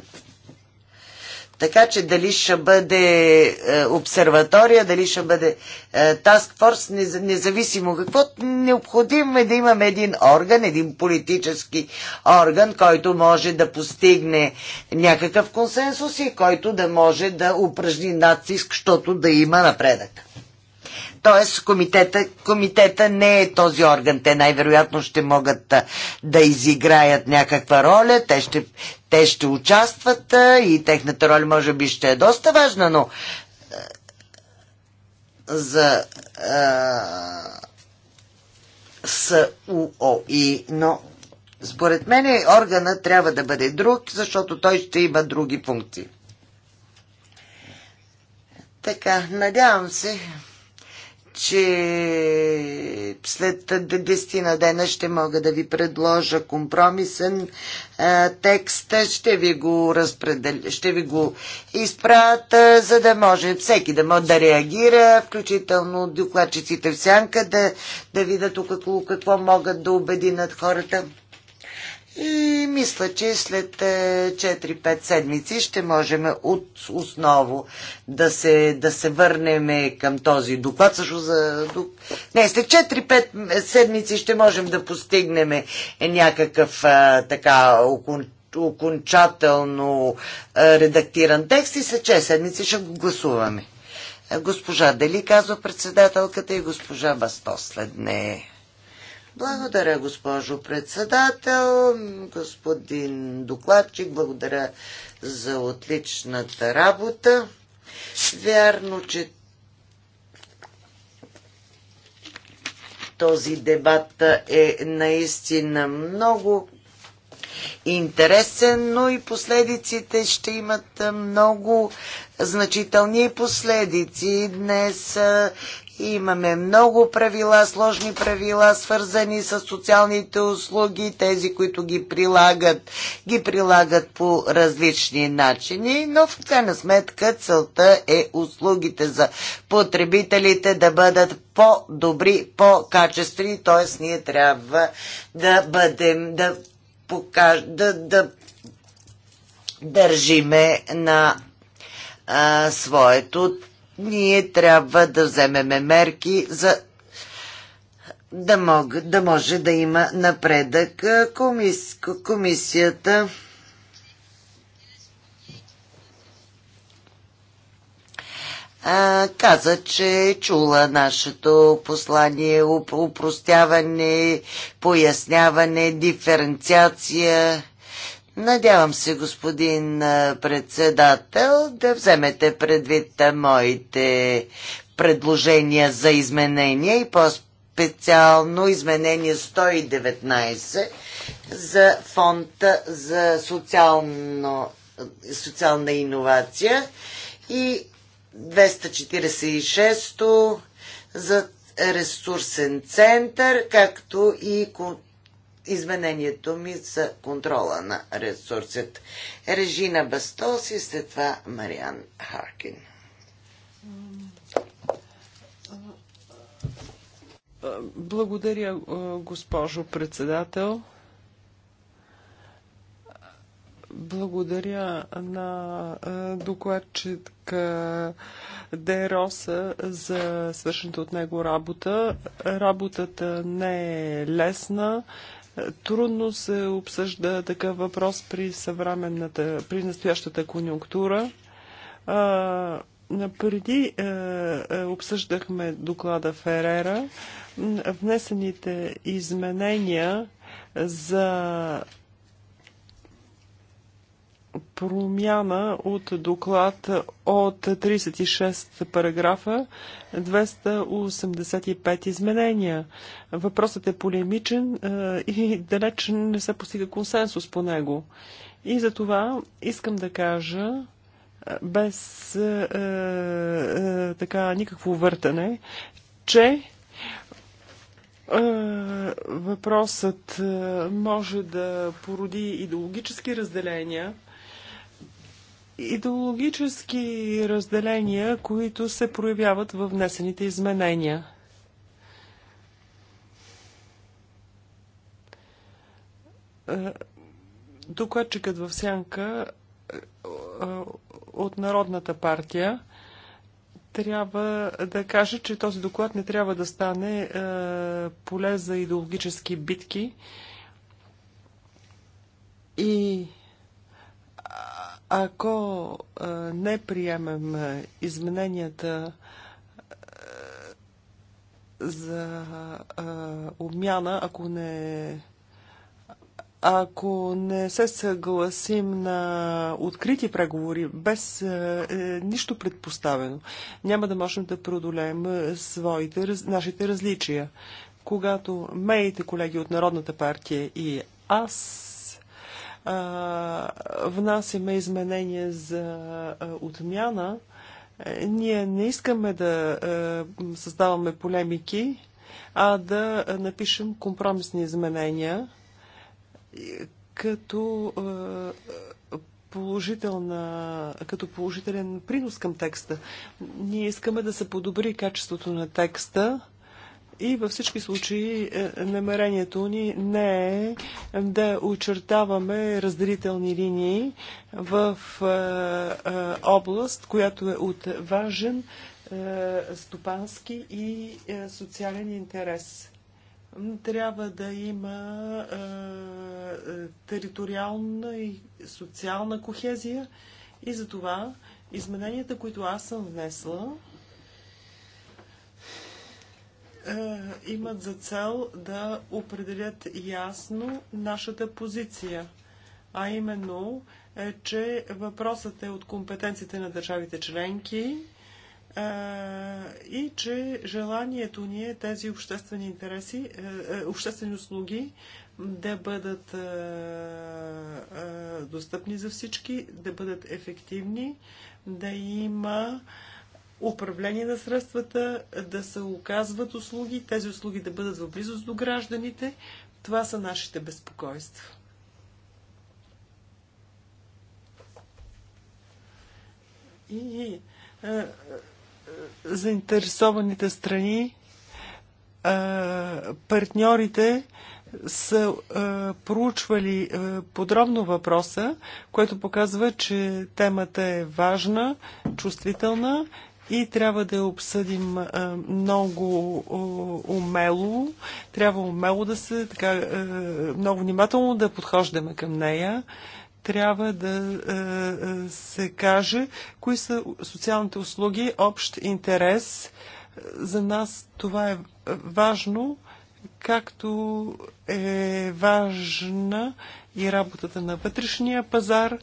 Така че дали ще бъде е, обсерватория, дали ще бъде е, таскфорс, независимо какво, необходимо е да имаме един орган, един политически орган, който може да постигне някакъв консенсус и който да може да упражни нацист, защото да има напредък. Тоест, комитета, комитета не е този орган. Те най-вероятно ще могат да изиграят някаква роля, те ще, те ще участват и техната роля може би ще е доста важна, но за а, СУОИ, но според мен е, органа трябва да бъде друг, защото той ще има други функции. Така, надявам се, че след 10 на дена ще мога да ви предложа компромисен а, текст. Ще ви го разпределя, ще ви го изпрата, за да може всеки да може да реагира, включително докладчиците в сянка, да, да видят какво, какво могат да обединат хората. И мисля, че след 4-5 е, седмици ще можем от осново да се, да се върнем към този доклад. Също за... Не, след 4-5 седмици ще можем да постигнем някакъв а, е, така окончателно е, редактиран текст и след 6 седмици ще го гласуваме. Госпожа Дели казва председателката и госпожа Бастос след нея. Благодаря, госпожо председател, господин докладчик, благодаря за отличната работа. Вярно, че този дебат е наистина много интересен, но и последиците ще имат много значителни последици. Днес Имаме много правила, сложни правила, свързани с социалните услуги. Тези, които ги прилагат, ги прилагат по различни начини, но в крайна сметка целта е услугите за потребителите да бъдат по-добри, по-качествени, т.е. ние трябва да бъдем, да, покаж... да, да държиме на а, своето ние трябва да вземеме мерки за да, мог, да може да има напредък. Комис, комисията а, каза, че чула нашето послание, упростяване, поясняване, диференциация Надявам се, господин председател, да вземете предвид моите предложения за изменения и по-специално изменение 119 за фонда за социално, социална иновация и 246 за ресурсен център, както и извинението ми за контрола на ресурсът. Режина Бастос и след това Мариан Харкин. Благодаря, госпожо председател. Благодаря на докладчика Де Роса за свършената от него работа. Работата не е лесна Трудно се обсъжда такъв въпрос при съвременната, при настоящата конюнктура. Преди е, е, обсъждахме доклада Ферера. Внесените изменения за промяна от доклад от 36 параграфа, 285 изменения. Въпросът е полемичен и далеч не се постига консенсус по него. И за това искам да кажа, без е, е, така никакво въртане, че въпросът може да породи идеологически разделения, идеологически разделения, които се проявяват във внесените изменения. Е, докладчикът в сянка е, от Народната партия трябва да кажа, че този доклад не трябва да стане е, поле за идеологически битки и ако не приемем измененията за обмяна, ако не ако не се съгласим на открити преговори, без а, е, нищо предпоставено, няма да можем да преодолеем своите, раз, нашите различия. Когато меите колеги от Народната партия и аз внасяме изменение за отмяна. Е, ние не искаме да създаваме полемики, а да напишем компромисни изменения, като положителна, като положителен принос към текста. Ние искаме да се подобри качеството на текста, и във всички случаи е, намерението ни не е да очертаваме разделителни линии в е, е, област, която е от важен стопански и социален интерес. Трябва да има териториална и социална кохезия и за това измененията, които аз съм внесла, е, имат за цел да определят ясно нашата позиция, а именно, е, че въпросът е от компетенциите на държавите членки е, и че желанието ни е тези обществени интереси, е, е обществени услуги да бъдат е, достъпни за всички, да бъдат ефективни, да има управление на средствата, да се оказват услуги, тези услуги да бъдат в близост до гражданите. Това са нашите безпокойства. И е, е, заинтересованите страни, е, партньорите, са е, проучвали е, подробно въпроса, което показва, че темата е важна, чувствителна и трябва да я обсъдим много умело. Трябва умело да се, така, много внимателно да подхождаме към нея трябва да се каже кои са социалните услуги, общ интерес. За нас това е важно, както е важна и работата на вътрешния пазар,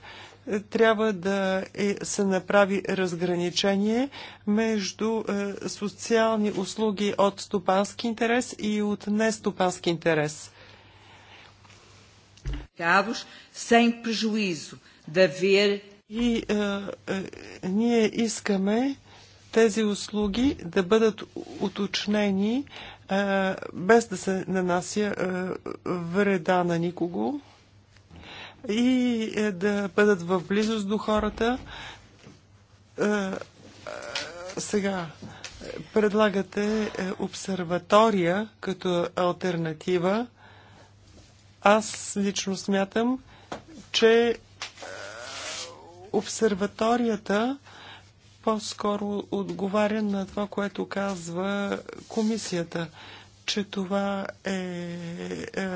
трябва да е, се направи разграничение между е, социални услуги от стопански интерес и от нестопански интерес. Sem prejuízo и е, е, ние искаме тези услуги да бъдат уточнени е, без да се нанася е, вреда на никого и е, да бъдат в близост до хората. Е, е, сега предлагате обсерватория като альтернатива. Аз лично смятам, че обсерваторията по-скоро отговаря на това, което казва комисията, че това е, е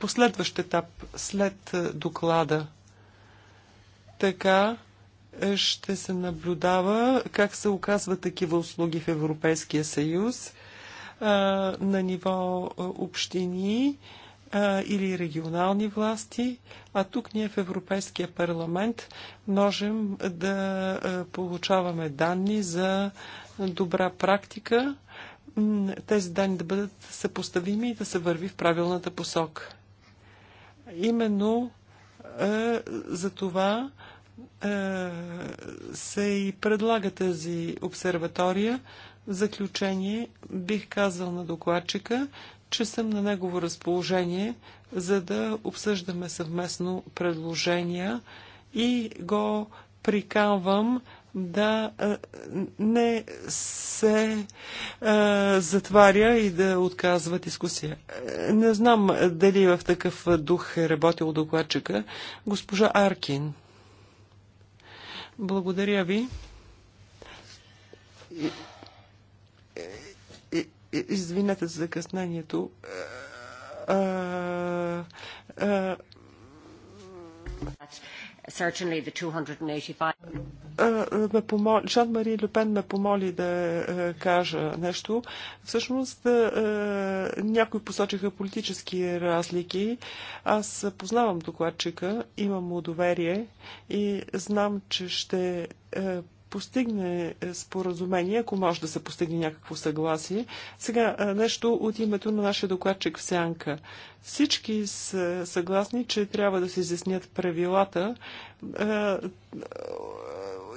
последващ етап след е, доклада. Така е, ще се наблюдава как се оказват такива услуги в Европейския съюз е, на ниво общини или регионални власти, а тук ние в Европейския парламент можем да получаваме данни за добра практика, тези данни да бъдат съпоставими и да се върви в правилната посока. Именно е, за това е, се и предлага тази обсерватория. В заключение бих казал на докладчика, че съм на негово разположение, за да обсъждаме съвместно предложения и го приканвам да не се а, затваря и да отказва дискусия. Е, не знам дали в такъв дух е работил докладчика. Госпожа Аркин. Благодаря ви. Извинете за закъснението. Е, а, а, certainly the 285 ме Жан Мари Люпен ме помоли да кажа нещо. Всъщност някои посочиха политически разлики. Аз познавам докладчика, имам му доверие и знам, че ще постигне е, споразумение, ако може да се постигне някакво съгласие. Сега е, нещо от името на нашия докладчик в Сянка. Всички са съгласни, че трябва да се изяснят правилата е,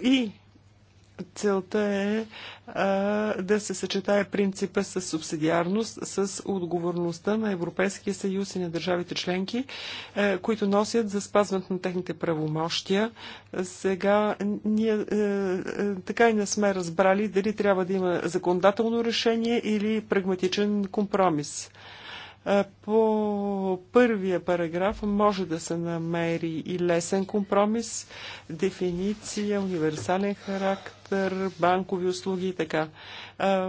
и Целта е а, да се съчетае принципа с субсидиарност, с отговорността на Европейския съюз и на държавите членки, а, които носят за спазването на техните правомощия. Сега ние а, а, така и не сме разбрали дали трябва да има законодателно решение или прагматичен компромис. Е, по първия параграф може да се намери и лесен компромис, дефиниция, универсален характер, банкови услуги и така. Е, е,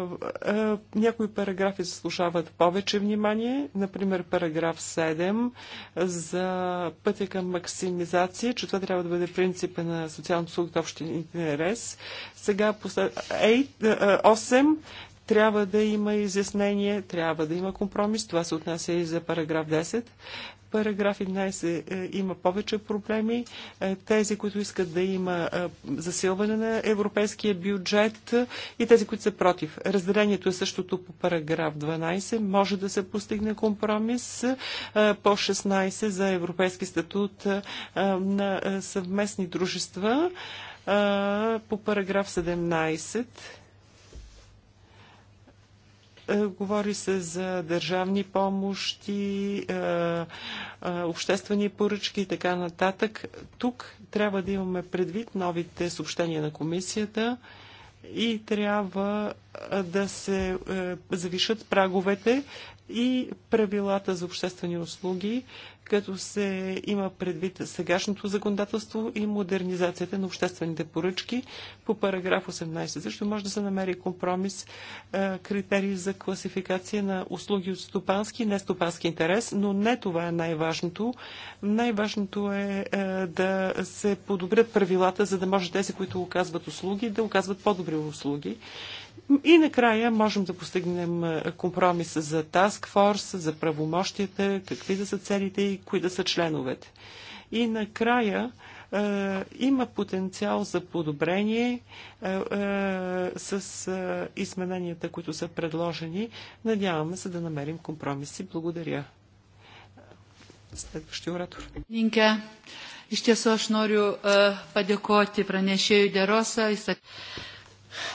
някои параграфи заслужават повече внимание, например параграф 7 за пътя към максимизация, че това трябва да бъде принципа на социалното услуги от общия интерес. Сега 8 трябва да има изяснение, трябва да има компромис. Това се отнася и за параграф 10 параграф 11 е, има повече проблеми. Е, тези, които искат да има е, засилване на европейския бюджет и тези, които са против. Разделението е същото по параграф 12. Може да се постигне компромис по 16 за европейски статут на съвместни дружества по параграф 17 е, говори се за държавни помощи, е, е, обществени поръчки и така нататък. Тук трябва да имаме предвид новите съобщения на комисията и трябва да се завишат праговете и правилата за обществени услуги, като се има предвид сегашното законодателство и модернизацията на обществените поръчки. По параграф 18 също може да се намери компромис е, критерии за класификация на услуги от стопански и нестопански интерес, но не това е най-важното. Най-важното е, е да се подобрят правилата, за да може тези, които оказват услуги, да оказват по-добри услуги. И накрая можем да постигнем е, компромис за Task Force, за правомощията, какви да са целите и кои да са членовете. И накрая е, има потенциал за подобрение е, е, с е, измененията, които са предложени. Надяваме се да намерим компромиси. Благодаря. Следващия оратор. Нинке, iš tiesų aš noriu padėkoti pranešėjui Derosa.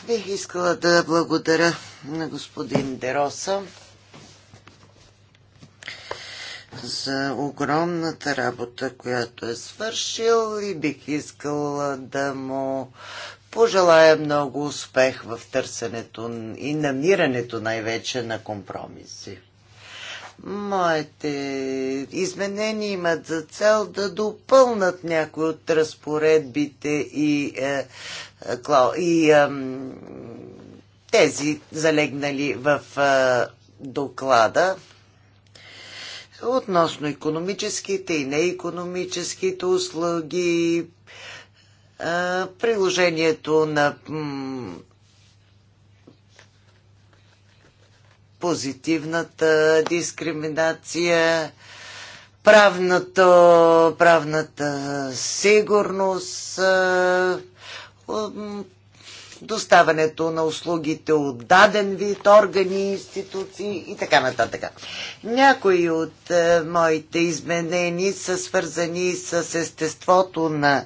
Бих искала да благодаря на господин Дероса за огромната работа, която е свършил и бих искала да му пожелая много успех в търсенето и намирането най-вече на компромиси. Моите изменения имат за цел да допълнат някои от разпоредбите и, е, е и е, тези залегнали в е, доклада относно економическите и неекономическите услуги, е, приложението на позитивната дискриминация, правната, правната сигурност, доставането на услугите от даден вид органи, институции и така нататък. Някои от е, моите изменени са свързани с естеството на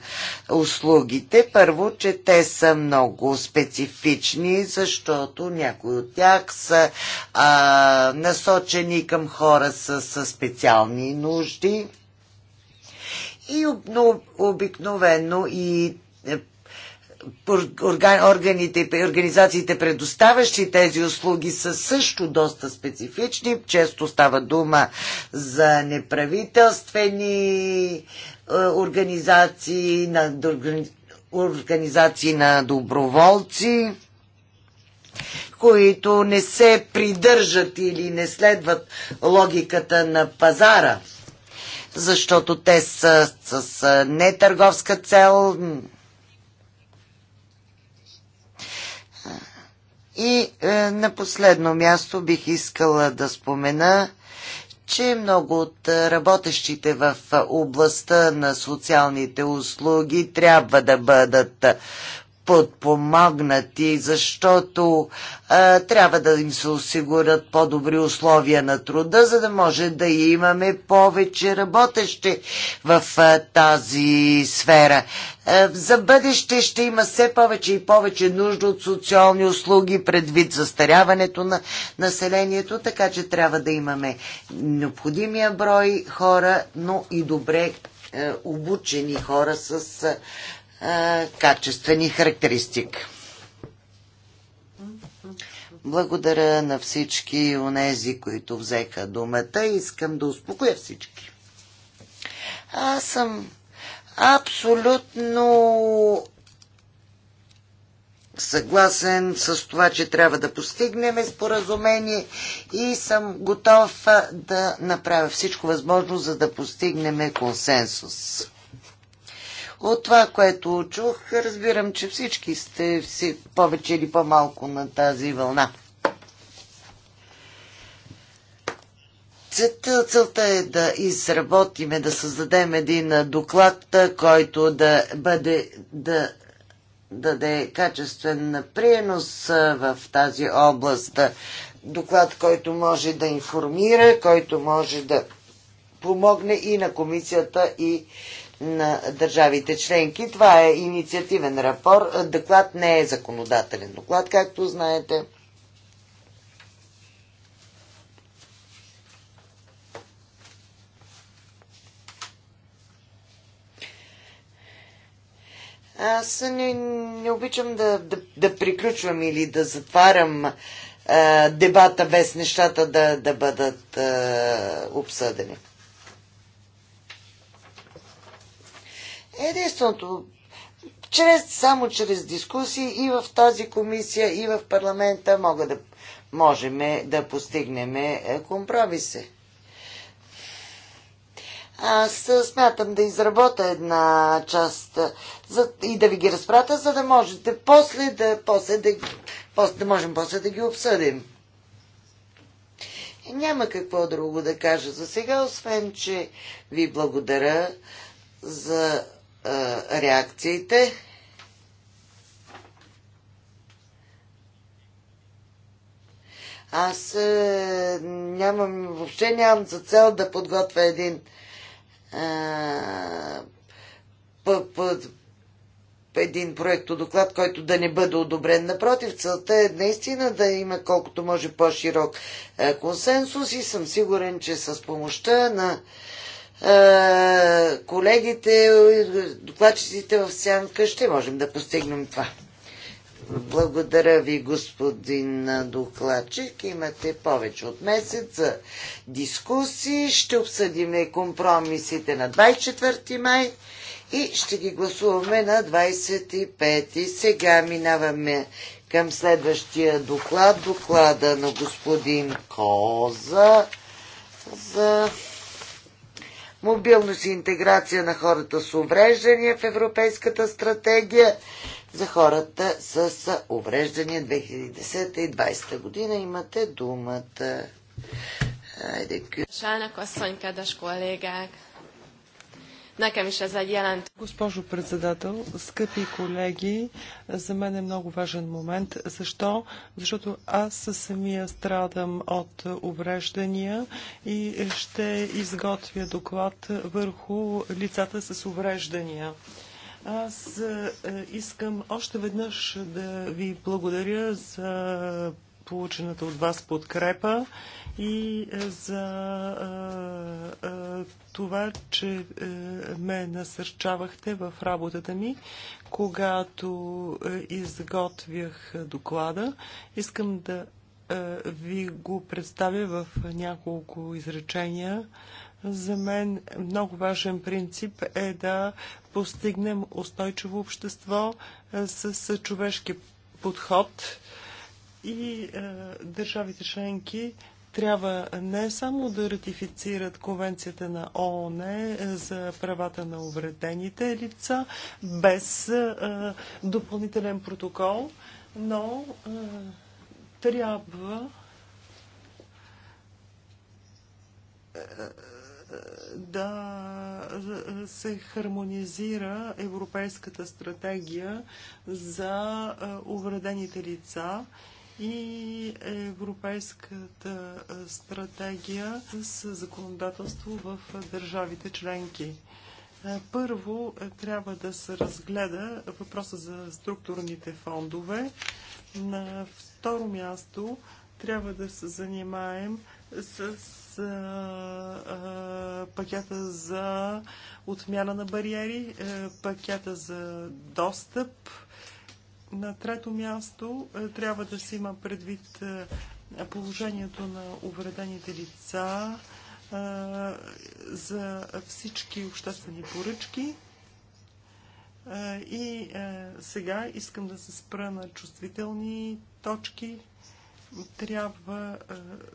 услугите. Първо, че те са много специфични, защото някои от тях са а, е, насочени към хора с, с специални нужди и обикновено и е, органите и организациите, предоставящи тези услуги, са също доста специфични. Често става дума за неправителствени е, организации, на, организации на доброволци, които не се придържат или не следват логиката на пазара, защото те са с нетърговска цел, И е, на последно място бих искала да спомена, че много от работещите в областта на социалните услуги трябва да бъдат подпомогнати, защото а, трябва да им се осигурят по-добри условия на труда, за да може да имаме повече работещи в а, тази сфера. А, за бъдеще ще има все повече и повече нужда от социални услуги предвид застаряването на населението, така че трябва да имаме необходимия брой хора, но и добре е, обучени хора с е, качествени характеристики. Благодаря на всички онези, които взеха думата. Искам да успокоя всички. Аз съм абсолютно съгласен с това, че трябва да постигнем споразумение и съм готов да направя всичко възможно, за да постигнем консенсус. От това, което чух, разбирам, че всички сте си повече или по-малко на тази вълна. Целта е да изработиме, да създадем един доклад, който да бъде, да даде качествен принос в тази област. Доклад, който може да информира, който може да помогне и на комисията, и на държавите членки. Това е инициативен рапор. Доклад не е законодателен доклад, както знаете. Аз не, не обичам да, да, да приключвам или да затварям а, дебата без нещата да, да бъдат а, обсъдени. Единственото, чрез, само чрез дискусии и в тази комисия, и в парламента мога да, можем да постигнем е, компромиси. Аз смятам да изработя една част е, за, и да ви ги разпрата, за да можете после да, после да, после да можем после да ги обсъдим. И няма какво друго да кажа за сега, освен, че ви благодаря за реакциите. Аз е, нямам, въобще нямам за цел да подготвя един а, п, п, един проектодоклад, който да не бъде одобрен. Напротив, целта е наистина да има колкото може по-широк консенсус и съм сигурен, че с помощта на е, колегите, докладчиците в сянка, ще можем да постигнем това. Благодаря ви, господин докладчик. Имате повече от месец за дискусии. Ще обсъдим компромисите на 24 май и ще ги гласуваме на 25. Сега минаваме към следващия доклад. Доклада на господин Коза за мобилност и интеграция на хората с увреждания в Европейската стратегия за хората с увреждания 2010 и 2020 година. Имате думата. Хайде, Госпожо председател, скъпи колеги, за мен е много важен момент. Защо? Защото аз самия страдам от увреждания и ще изготвя доклад върху лицата с увреждания. Аз е, искам още веднъж да ви благодаря за получената от вас подкрепа и е, за е, е, това, че ме насърчавахте в работата ми, когато изготвях доклада. Искам да ви го представя в няколко изречения. За мен много важен принцип е да постигнем устойчиво общество с, човешки подход и държавите членки трябва не само да ратифицират Конвенцията на ООН за правата на увредените лица без допълнителен протокол, но трябва да се хармонизира Европейската стратегия за увредените лица и е, Европейската е, стратегия с законодателство в държавите членки. Е, първо трябва да се разгледа въпроса за структурните фондове. На второ място трябва да се занимаем с а, а, пакета за отмяна на бариери, а, пакета за достъп, на трето място е, трябва да се има предвид е, положението на увредените лица е, за всички обществени поръчки. И сега искам да се спра на чувствителни точки. Трябва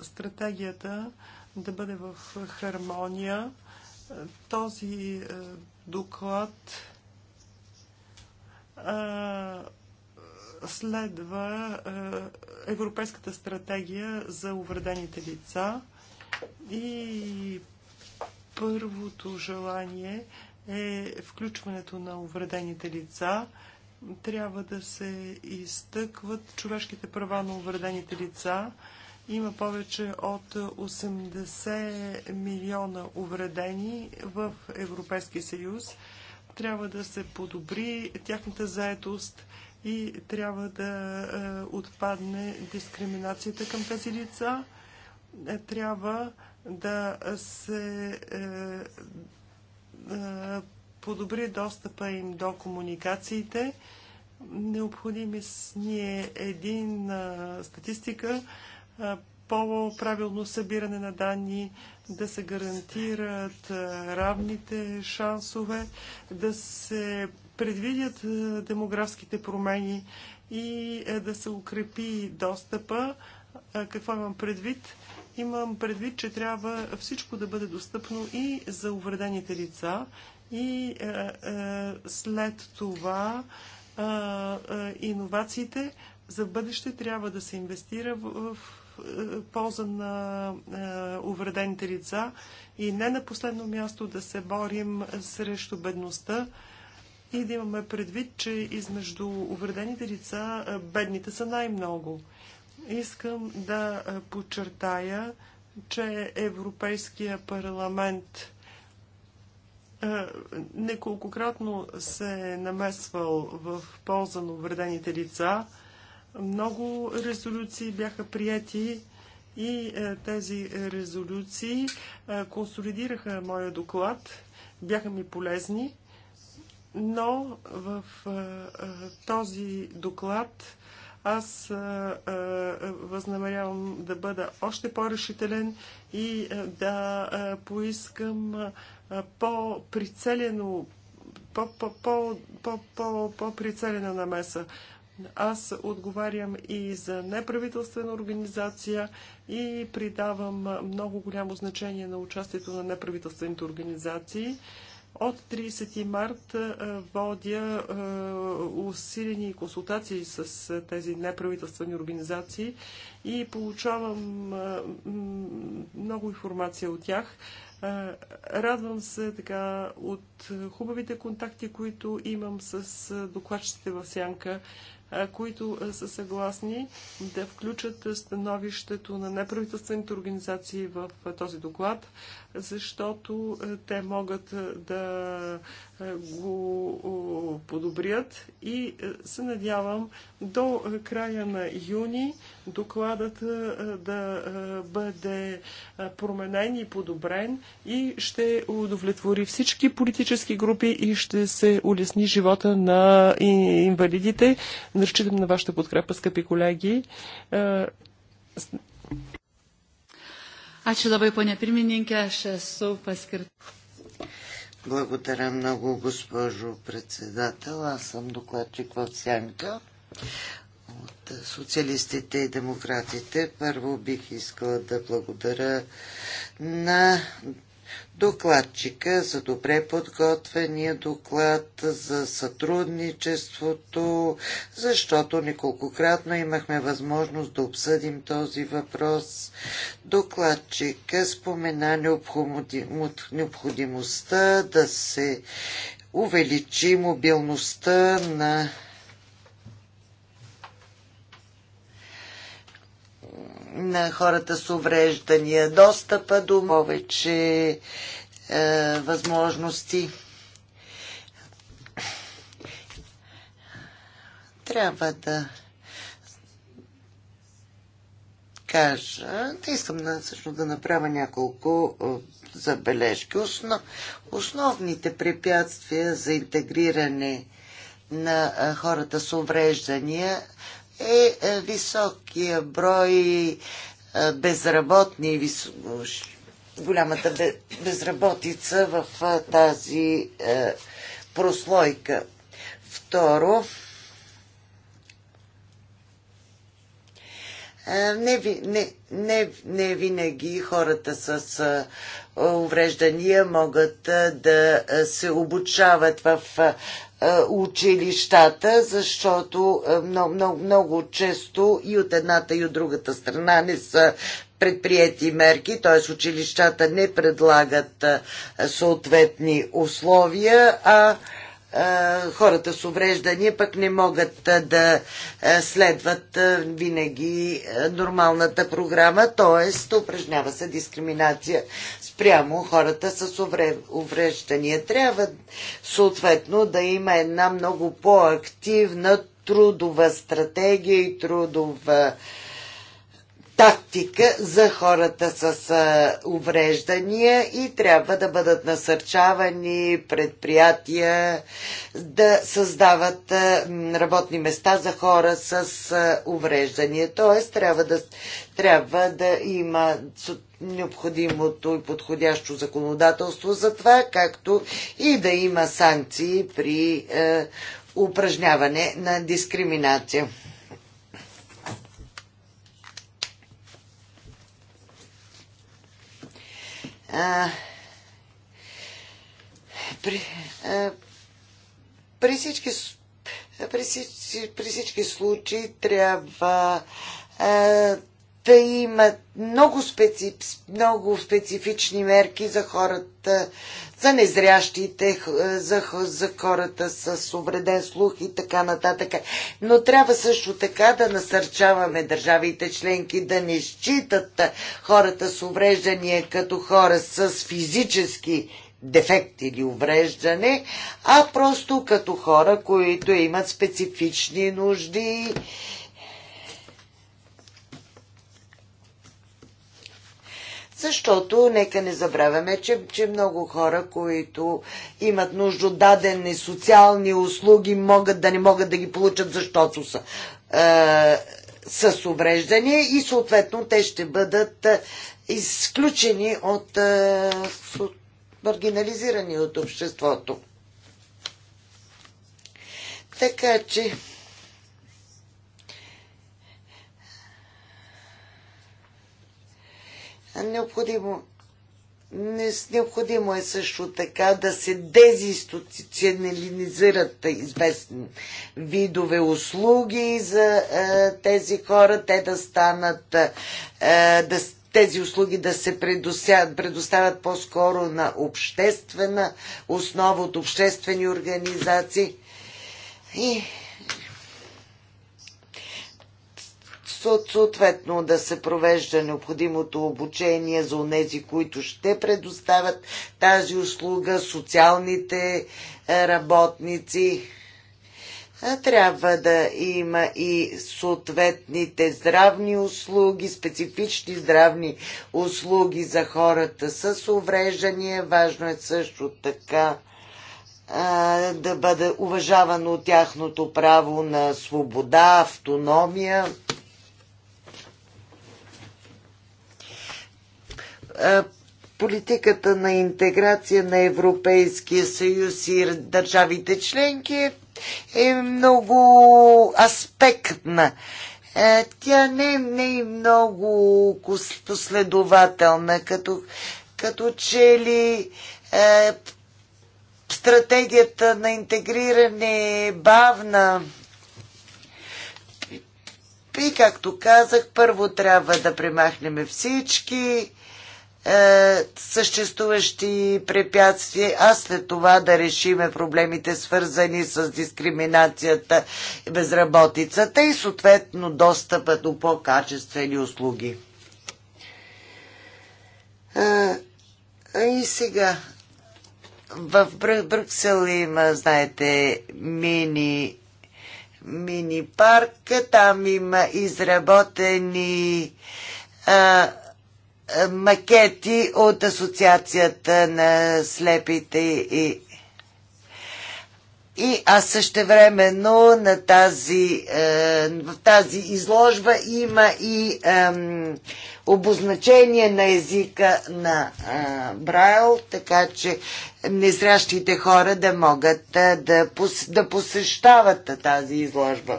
стратегията да бъде в хармония. Този доклад следва е, Европейската стратегия за увредените лица и първото желание е включването на увредените лица. Трябва да се изтъкват човешките права на увредените лица. Има повече от 80 милиона увредени в Европейския съюз. Трябва да се подобри тяхната заетост и трябва да е, отпадне дискриминацията към тези лица. Е, трябва да се е, подобри достъпа им до комуникациите. Необходими с ние един статистика, по-правилно събиране на данни, да се гарантират равните шансове, да се предвидят е, демографските промени и е, да се укрепи достъпа. Е, какво имам предвид? Имам предвид, че трябва всичко да бъде достъпно и за увредените лица, и е, е, след това е, е, иновациите за бъдеще трябва да се инвестира в, в в полза на е, увредените лица и не на последно място да се борим срещу бедността, и да имаме предвид, че измежду увредените лица бедните са най-много. Искам да подчертая, че Европейския парламент неколкократно се е намесвал в полза на увредените лица. Много резолюции бяха прияти и тези резолюции консолидираха моя доклад, бяха ми полезни. Но в този доклад аз възнамерявам да бъда още по-решителен и да поискам по-прицелено по-прицелена намеса. Аз отговарям и за неправителствена организация и придавам много голямо значение на участието на неправителствените организации. От 30 март водя усилени консултации с тези неправителствени организации и получавам много информация от тях. Радвам се така от хубавите контакти, които имам с докладчите в Сянка, които са съгласни да включат становището на неправителствените организации в този доклад защото е, те могат е, да е, го подобрят и се надявам до края на юни докладът да бъде променен и подобрен и ще удовлетвори всички политически групи и ще се улесни живота на инвалидите. Разчитам на вашата подкрепа, скъпи колеги. Ačiū labai, ponė pirmininkė, aš esu paskirta. Благодаря много, госпожо председател. Аз съм докладчик в Сянка от социалистите и демократите. Първо бих искала да благодаря на докладчика за добре подготвения доклад, за сътрудничеството, защото неколкократно имахме възможност да обсъдим този въпрос. Докладчика спомена необходимостта да се увеличи мобилността на на хората с увреждания, достъпа до повече е, възможности. Трябва да кажа, да искам да, всъщност да направя няколко е, забележки. Основ, основните препятствия за интегриране на е, хората с увреждания е, е високия брой е, безработни, голямата безработица в е, тази прослойка. Второ, не, не, не, не винаги хората с увреждания могат да се обучават в е, училищата, защото е, много, много, много често и от едната и от другата страна не са предприяти мерки, т.е. училищата не предлагат е, съответни условия, а хората с увреждания пък не могат да следват винаги нормалната програма, т.е. упражнява се дискриминация спрямо хората с увреждания. Трябва съответно да има една много по-активна трудова стратегия и трудова тактика за хората с а, увреждания и трябва да бъдат насърчавани предприятия да създават а, работни места за хора с а, увреждания. Тоест трябва да, трябва да има необходимото и подходящо законодателство за това, както и да има санкции при а, упражняване на дискриминация. а, при, а, при всички при всички, при всички случаи трябва а, да има много, специ, много специфични мерки за хората, за незрящите, за, за хората с увреден слух и така нататък. Но трябва също така да насърчаваме държавите членки да не считат хората с увреждания като хора с физически дефект или увреждане, а просто като хора, които имат специфични нужди Защото, нека не забравяме, че, че много хора, които имат нужда от дадени социални услуги, могат да не могат да ги получат, защото са е, с увреждания и съответно те ще бъдат е, изключени от е, маргинализирани от обществото. Така че Необходимо, не, необходимо е също така да се дезинституционализират известни видове услуги за е, тези хора, те да станат, е, да, тези услуги да се предоставят, предоставят по-скоро на обществена основа от обществени организации. И съответно да се провежда необходимото обучение за онези, които ще предоставят тази услуга, социалните е, работници. Трябва да има и съответните здравни услуги, специфични здравни услуги за хората с увреждания. Важно е също така да бъде уважавано тяхното право на свобода, автономия. Е, политиката на интеграция на Европейския съюз и държавите членки е много аспектна. Е, тя не, не е много последователна, като, като че ли е, стратегията на интегриране е бавна. И както казах, първо трябва да премахнем всички е, съществуващи препятствия, а след това да решиме проблемите свързани с дискриминацията и безработицата и съответно достъпа до по-качествени услуги. А, е, и сега в Брюксел има, знаете, мини мини парк, там има изработени е, е, макети от Асоциацията на слепите и и аз времено на тази, е, в тази изложба има и е, обозначение на езика на е, Брайл, така че незрящите хора да могат е, да, пос, да посещават тази изложба.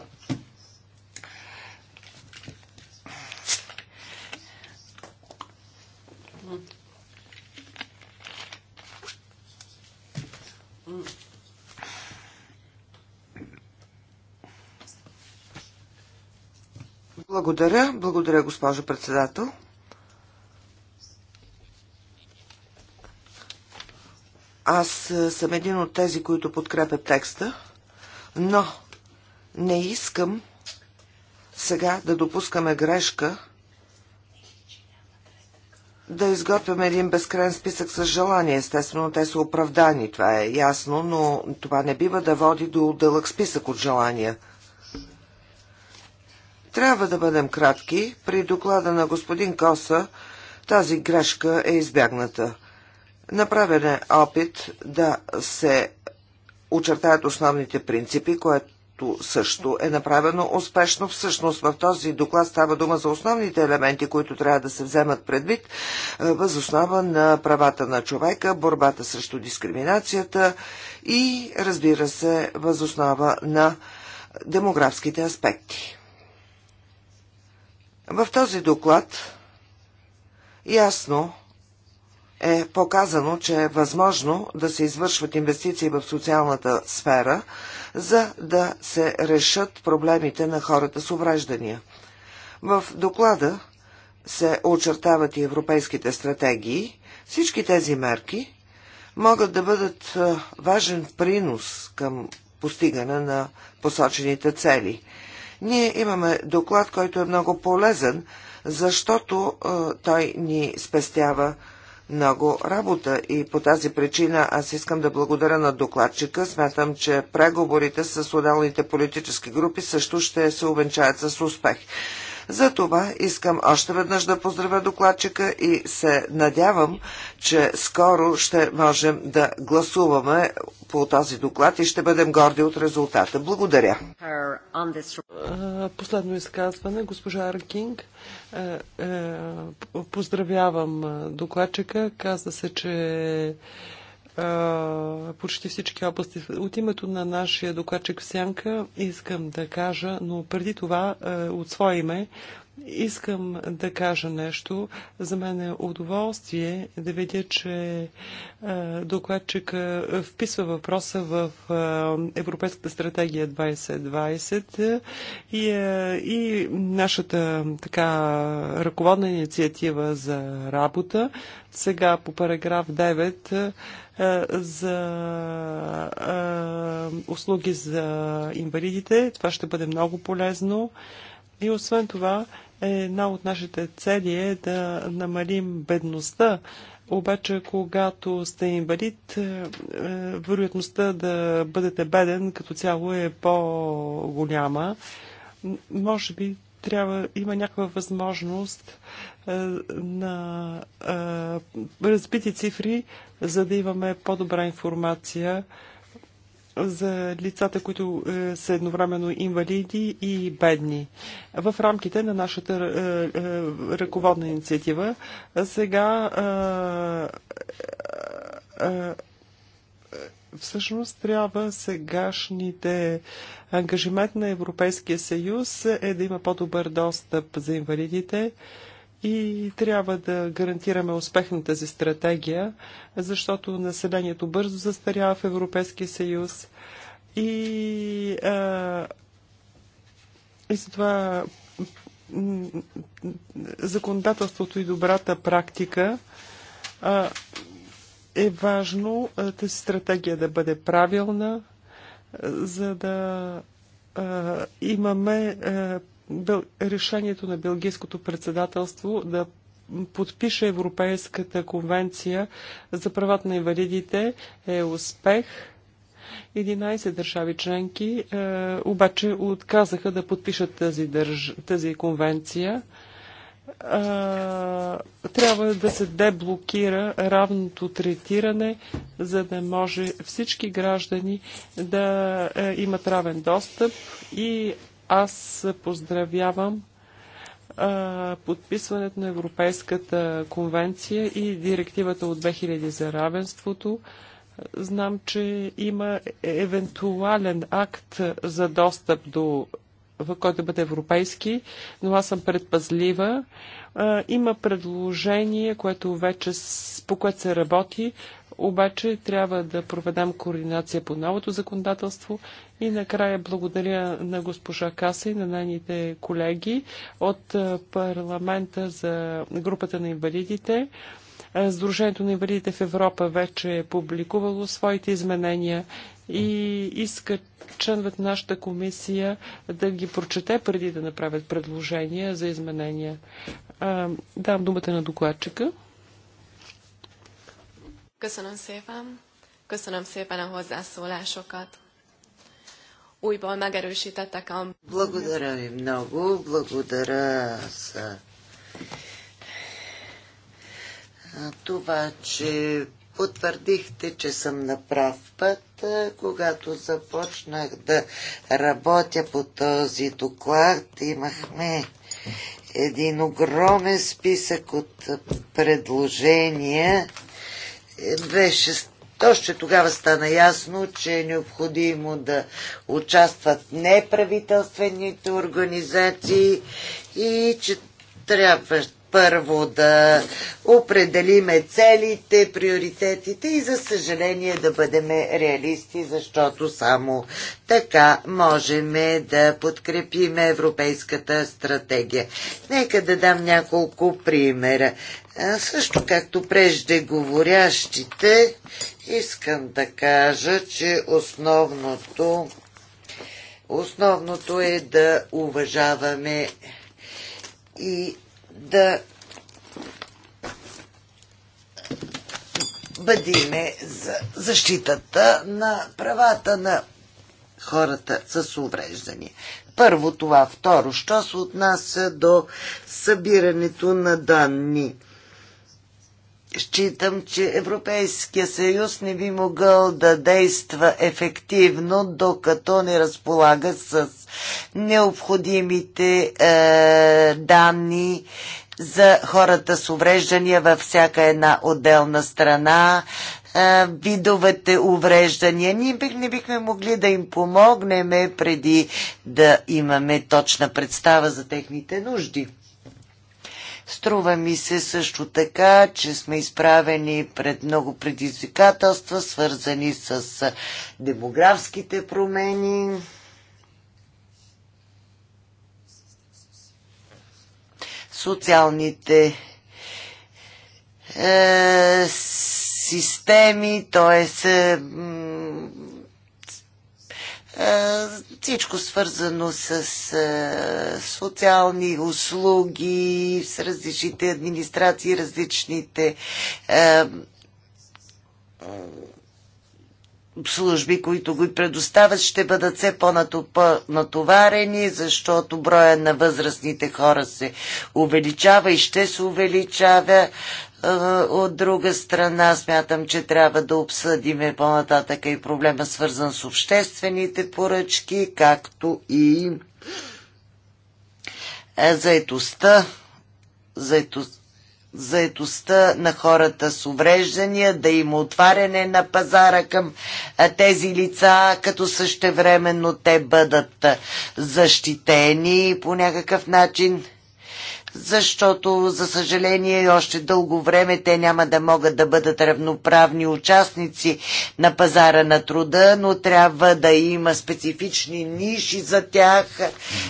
Благодаря. Благодаря, госпожо председател. Аз е, съм един от тези, които подкрепят текста, но не искам сега да допускаме грешка да изготвяме един безкрайен списък с желания. Естествено, те са оправдани, това е ясно, но това не бива да води до дълъг списък от желания – трябва да бъдем кратки. При доклада на господин Коса тази грешка е избягната. Направен е опит да се очертаят основните принципи, което също е направено успешно. Всъщност в този доклад става дума за основните елементи, които трябва да се вземат предвид е, възоснова на правата на човека, борбата срещу дискриминацията и, разбира се, възоснова на демографските аспекти. В този доклад ясно е показано, че е възможно да се извършват инвестиции в социалната сфера, за да се решат проблемите на хората с увреждания. В доклада се очертават и европейските стратегии. Всички тези мерки могат да бъдат е, важен принос към постигане на посочените цели – ние имаме доклад, който е много полезен, защото а, е, той ни спестява много работа и по тази причина аз искам да благодаря на докладчика. Смятам, че преговорите с отделните политически групи също ще се увенчаят с успех. За това искам още веднъж да поздравя докладчика и се надявам, че скоро ще можем да гласуваме по този доклад и ще бъдем горди от резултата. Благодаря. Последно изказване, госпожа Аркинг. Е, е, поздравявам е, докладчика. Каза се, че почти всички области. От името на нашия докладчик в Сянка искам да кажа, но преди това от свое име Искам да кажа нещо. За мен е удоволствие да видя, че докладчика вписва въпроса в Европейската стратегия 2020 и, и нашата така ръководна инициатива за работа. Сега по параграф 9 за услуги за инвалидите. Това ще бъде много полезно. И освен това, е една от нашите цели е да намалим бедността, обаче, когато сте инвалид, е, е, вероятността да бъдете беден като цяло е по-голяма. Може би трябва, има някаква възможност на разбити цифри, за да имаме по-добра информация за лицата, които е, са едновременно инвалиди и бедни. В рамките на нашата е, е, ръководна инициатива сега всъщност трябва сегашните ангажимент на Европейския съюз е да има по-добър достъп за инвалидите, и трябва да гарантираме успех на тази стратегия, защото населението бързо застарява в Европейския съюз и, а, и затова законодателството и добрата практика а, е важно тази стратегия да бъде правилна, за да а, имаме а, решението на Белгийското председателство да подпише Европейската конвенция за правата на инвалидите е успех. 11 държави членки е, обаче отказаха да подпишат тази, държ... тази конвенция. Е, трябва да се деблокира равното третиране, за да може всички граждани да е, имат равен достъп и аз поздравявам подписването на Европейската конвенция и директивата от 2000 за равенството. Знам, че има е, евентуален акт за достъп до който да бъде европейски, но аз съм предпазлива. Има предложение, което вече, по което се работи обаче трябва да проведем координация по новото законодателство и накрая благодаря на госпожа Каса и на нейните колеги от парламента за групата на инвалидите. Сдружението на инвалидите в Европа вече е публикувало своите изменения и иска членът на нашата комисия да ги прочете преди да направят предложения за изменения. Дам думата на докладчика. Köszönöm szépen. Köszönöm szépen a hozzászólásokat. Újból megerősítettek a... Благодаря ви много. Благодаря за това, че потвърдихте, че съм на прав път. Когато започнах да работя по този доклад, имахме един огромен списък от предложения беше точно тогава стана ясно, че е необходимо да участват неправителствените организации и че трябва първо да определиме целите, приоритетите и за съжаление да бъдем реалисти, защото само така можем да подкрепим европейската стратегия. Нека да дам няколко примера. Също както преждеговорящите, искам да кажа, че основното, основното е да уважаваме и да бъдиме за защитата на правата на хората с увреждания. Първо това. Второ, що се отнася до събирането на данни – считам, че Европейския съюз не би могъл да действа ефективно, докато не разполага с необходимите е, данни за хората с увреждания във всяка една отделна страна, е, видовете увреждания. Ние бих, не бихме могли да им помогнем преди да имаме точна представа за техните нужди. Струва ми се също така, че сме изправени пред много предизвикателства, свързани с демографските промени. социалните е, системи, т.е. Е, всичко свързано с е, социални услуги, с различните администрации, различните е, служби, които го предоставят, ще бъдат все по-натоварени, защото броя на възрастните хора се увеличава и ще се увеличава. От друга страна, смятам, че трябва да обсъдиме по-нататък и проблема свързан с обществените поръчки, както и е, заетостта, заетост, заетостта на хората с увреждания, да има отваряне на пазара към е, тези лица, като същевременно те бъдат е, защитени по някакъв начин – защото, за съжаление, още дълго време те няма да могат да бъдат равноправни участници на пазара на труда, но трябва да има специфични ниши за тях,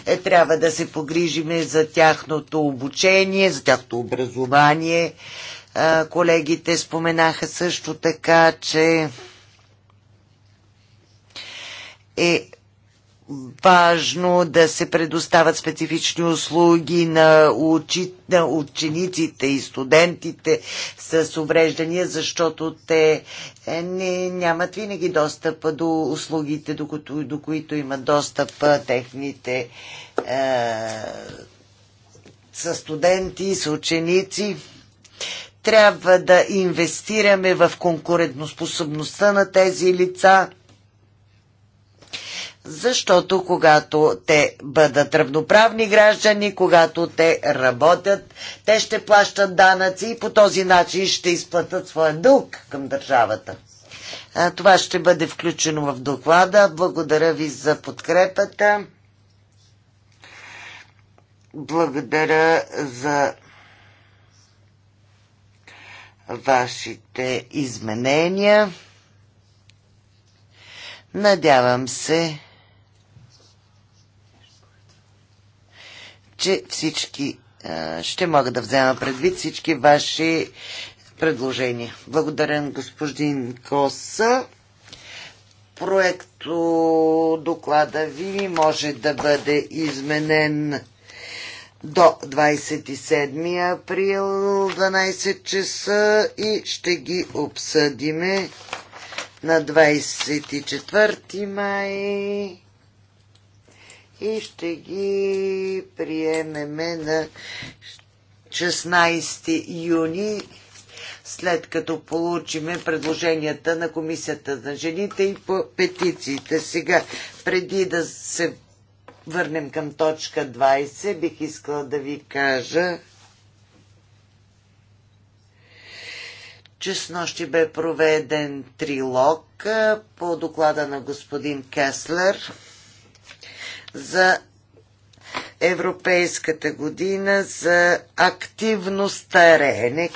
е, трябва да се погрижиме за тяхното обучение, за тяхното образование. Колегите споменаха също така, че е важно да се предоставят специфични услуги на, учи, на учениците и студентите с увреждания, защото те е, не, нямат винаги достъп до услугите, до, които, до които имат достъп е, техните е, са студенти, са ученици трябва да инвестираме в конкурентоспособността на тези лица, защото когато те бъдат равноправни граждани, когато те работят, те ще плащат данъци и по този начин ще изплатят своя дълг към държавата. А, това ще бъде включено в доклада. Благодаря ви за подкрепата. Благодаря за вашите изменения. Надявам се, че всички ще мога да взема предвид всички ваши предложения. Благодаря господин Коса. Проекто доклада ви може да бъде изменен до 27 април 12 часа и ще ги обсъдиме на 24 май и ще ги приемеме на 16 юни след като получиме предложенията на Комисията на жените и по петициите. Сега, преди да се върнем към точка 20, бих искала да ви кажа, че с нощи бе проведен трилог по доклада на господин Кеслер за Европейската година за активно стареене.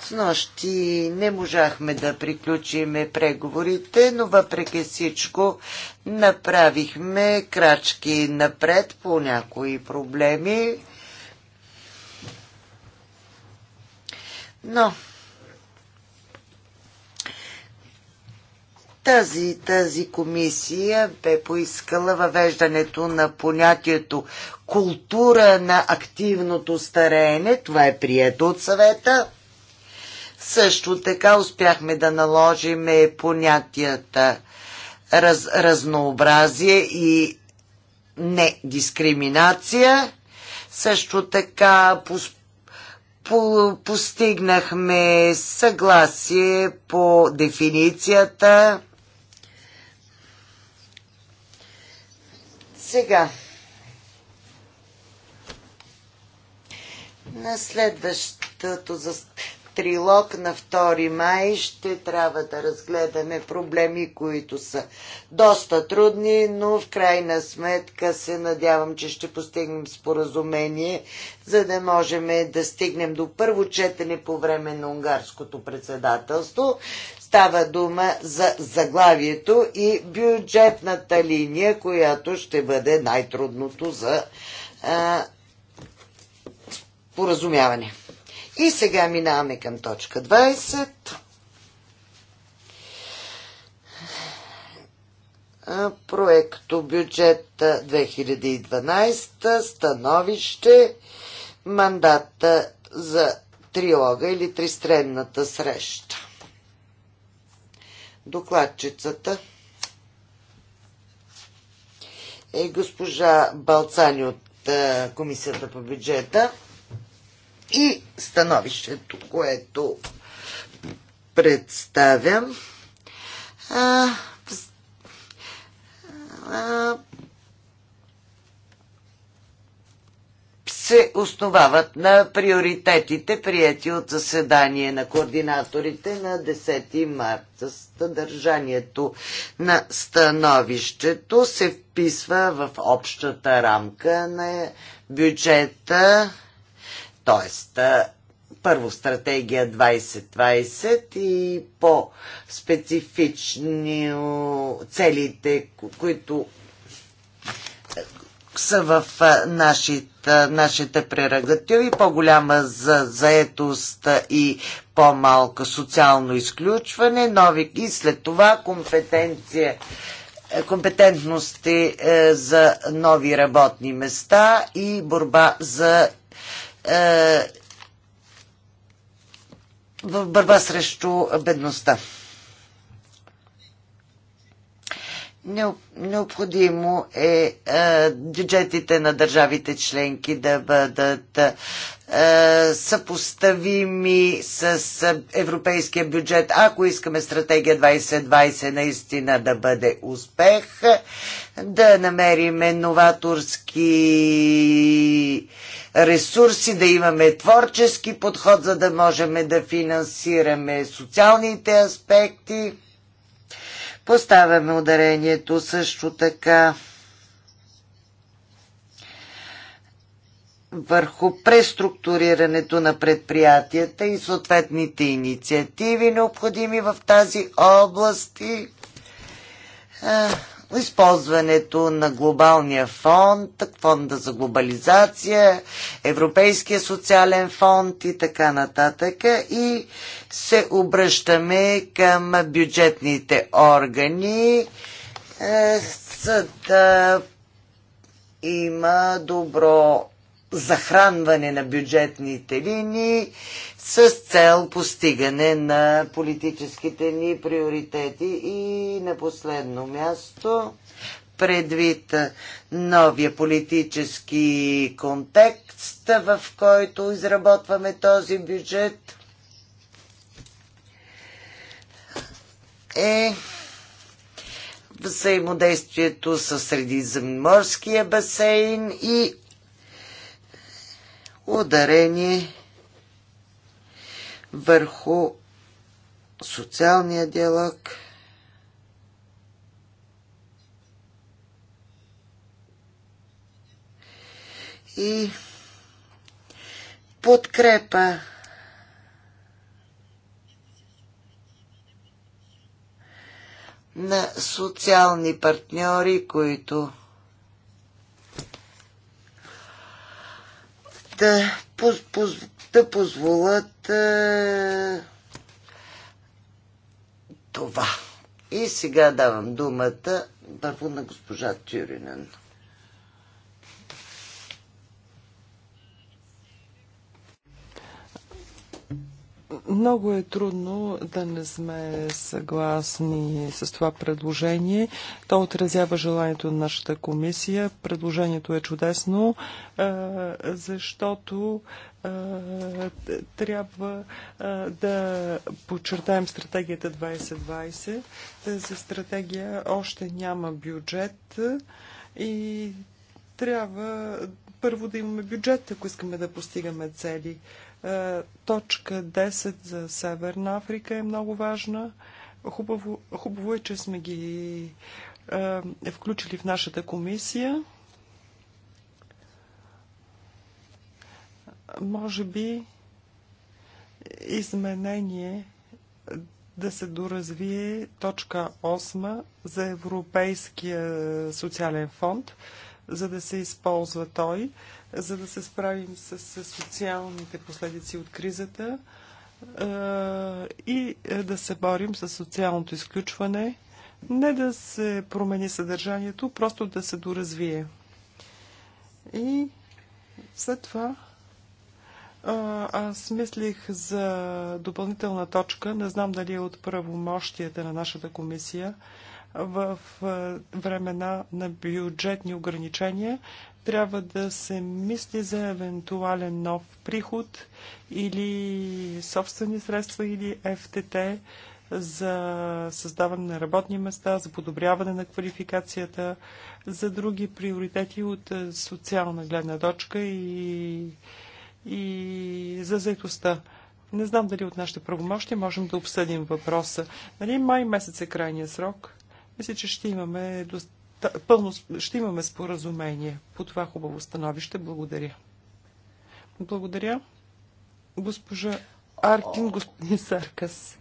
С нощи не можахме да приключиме преговорите, но въпреки всичко направихме крачки напред по някои проблеми. Но Тази, тази комисия бе поискала въвеждането на понятието култура на активното стареене. Това е прието от съвета. Също така успяхме да наложим понятията раз, разнообразие и недискриминация. Също така по, по, постигнахме съгласие по дефиницията Сега. На следващото за трилог на 2 май ще трябва да разгледаме проблеми, които са доста трудни, но в крайна сметка се надявам, че ще постигнем споразумение, за да можем да стигнем до първо четене по време на унгарското председателство. Става дума за заглавието и бюджетната линия, която ще бъде най-трудното за а, поразумяване. И сега минаваме към точка 20. проекто бюджет 2012, становище, мандата за триога или тристренната среща. Докладчицата е госпожа Балцани от е, Комисията по бюджета и становището, което представям. А, а, се основават на приоритетите, прияти от заседание на координаторите на 10 марта. Съдържанието на становището се вписва в общата рамка на бюджета, т.е. първо стратегия 2020 и по-специфични целите, които са в нашите, нашите прерогативи, по-голяма за заетост и по-малка социално изключване, нови и след това компетенция е, компетентности е, за нови работни места и борба за е, борба срещу бедността. Необходимо е, е бюджетите на държавите членки да бъдат е, съпоставими с европейския бюджет, ако искаме стратегия 2020 наистина да бъде успех, да намерим новаторски ресурси, да имаме творчески подход, за да можем да финансираме социалните аспекти Поставяме ударението също така върху преструктурирането на предприятията и съответните инициативи, необходими в тази област и а, използването на глобалния фонд, фонда за глобализация, Европейския социален фонд и така нататък. И се обръщаме към бюджетните органи, е, за да има добро захранване на бюджетните линии с цел постигане на политическите ни приоритети. И на последно място, предвид новия политически контекст, в който изработваме този бюджет, е взаимодействието с Средиземноморския басейн и ударение върху социалния диалог, и подкрепа на социални партньори, които да, поз, поз, да позволят е, това. И сега давам думата първо на госпожа Тюринен. Много е трудно да не сме съгласни с това предложение. То отразява желанието на нашата комисия. Предложението е чудесно, защото трябва да подчертаем стратегията 2020. Тази стратегия още няма бюджет и трябва първо да имаме бюджет, ако искаме да постигаме цели. Е, точка 10 за Северна Африка е много важна. Хубаво, хубаво е, че сме ги е, включили в нашата комисия. Може би изменение да се доразвие точка 8 за Европейския социален фонд. Е, за да се използва той, за да се справим с, с социалните последици от кризата е, и е, да се борим с социалното изключване, не да се промени съдържанието, просто да се доразвие. И след това аз мислих за допълнителна точка, не знам дали е от правомощията на нашата комисия, в времена на бюджетни ограничения трябва да се мисли за евентуален нов приход или собствени средства или ФТТ за създаване на работни места, за подобряване на квалификацията, за други приоритети от социална гледна точка и, и за заедостта. Не знам дали от нашите правомощи можем да обсъдим въпроса. Нали май месец е крайния срок? Мисля, че ще имаме, доста... пълно... ще имаме споразумение по това хубаво становище. Благодаря. Благодаря. Госпожа Аркин, господин Саркас.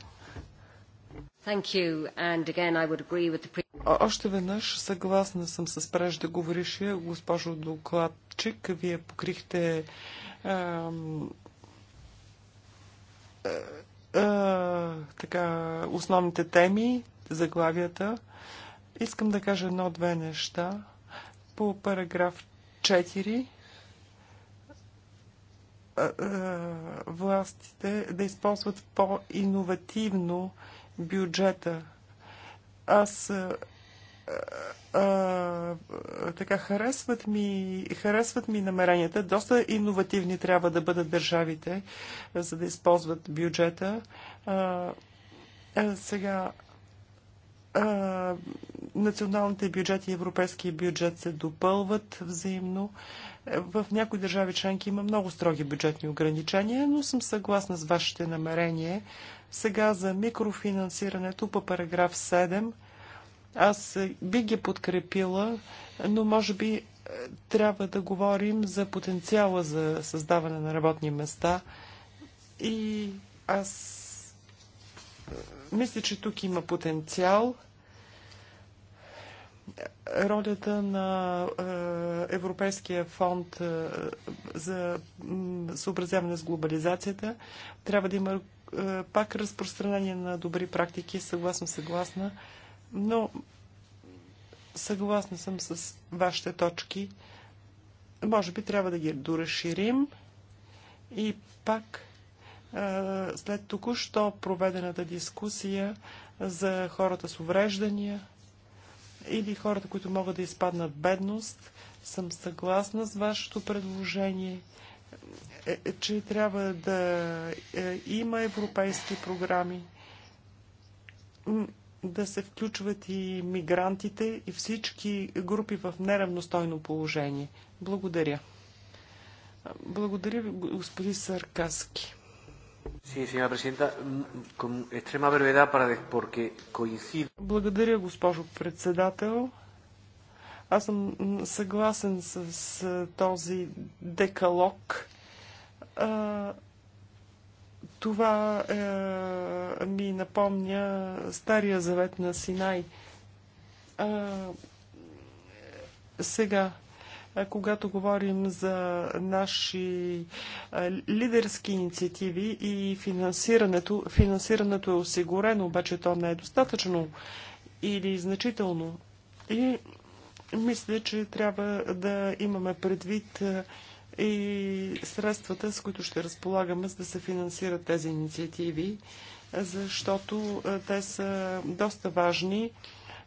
The... Още веднъж съгласна съм с преждеговорившия госпожо докладчик. Вие покрихте ам, а, е, а, е, така, основните теми заглавията. Искам да кажа едно-две неща по параграф 4 властите да използват по-инновативно бюджета. Аз а, а, така харесват ми, харесват ми намеренията. Доста иновативни трябва да бъдат държавите, за да използват бюджета. А, сега националните бюджети и европейския бюджет се допълват взаимно. В някои държави членки има много строги бюджетни ограничения, но съм съгласна с вашите намерение. Сега за микрофинансирането по параграф 7 аз би ги подкрепила, но може би е, трябва да говорим за потенциала за създаване на работни места. И аз е, мисля, че тук има потенциал ролята на е, Европейския фонд е, за съобразяване с глобализацията. Трябва да има е, пак разпространение на добри практики. Съгласно, съгласна. Но съгласна съм с вашите точки. Може би трябва да ги доразширим и пак след току-що проведената дискусия за хората с увреждания, или хората, които могат да изпаднат бедност. Съм съгласна с вашето предложение, е, е, че трябва да е, има европейски програми, да се включват и мигрантите и всички групи в неравностойно положение. Благодаря. Благодаря ви, господи Саркаски. Благодаря, госпожо председател. Аз съм съгласен с, с този декалог. А, това е, ми напомня Стария завет на Синай. А, сега, когато говорим за наши лидерски инициативи и финансирането. Финансирането е осигурено, обаче то не е достатъчно или значително. И мисля, че трябва да имаме предвид и средствата, с които ще разполагаме, за да се финансират тези инициативи, защото те са доста важни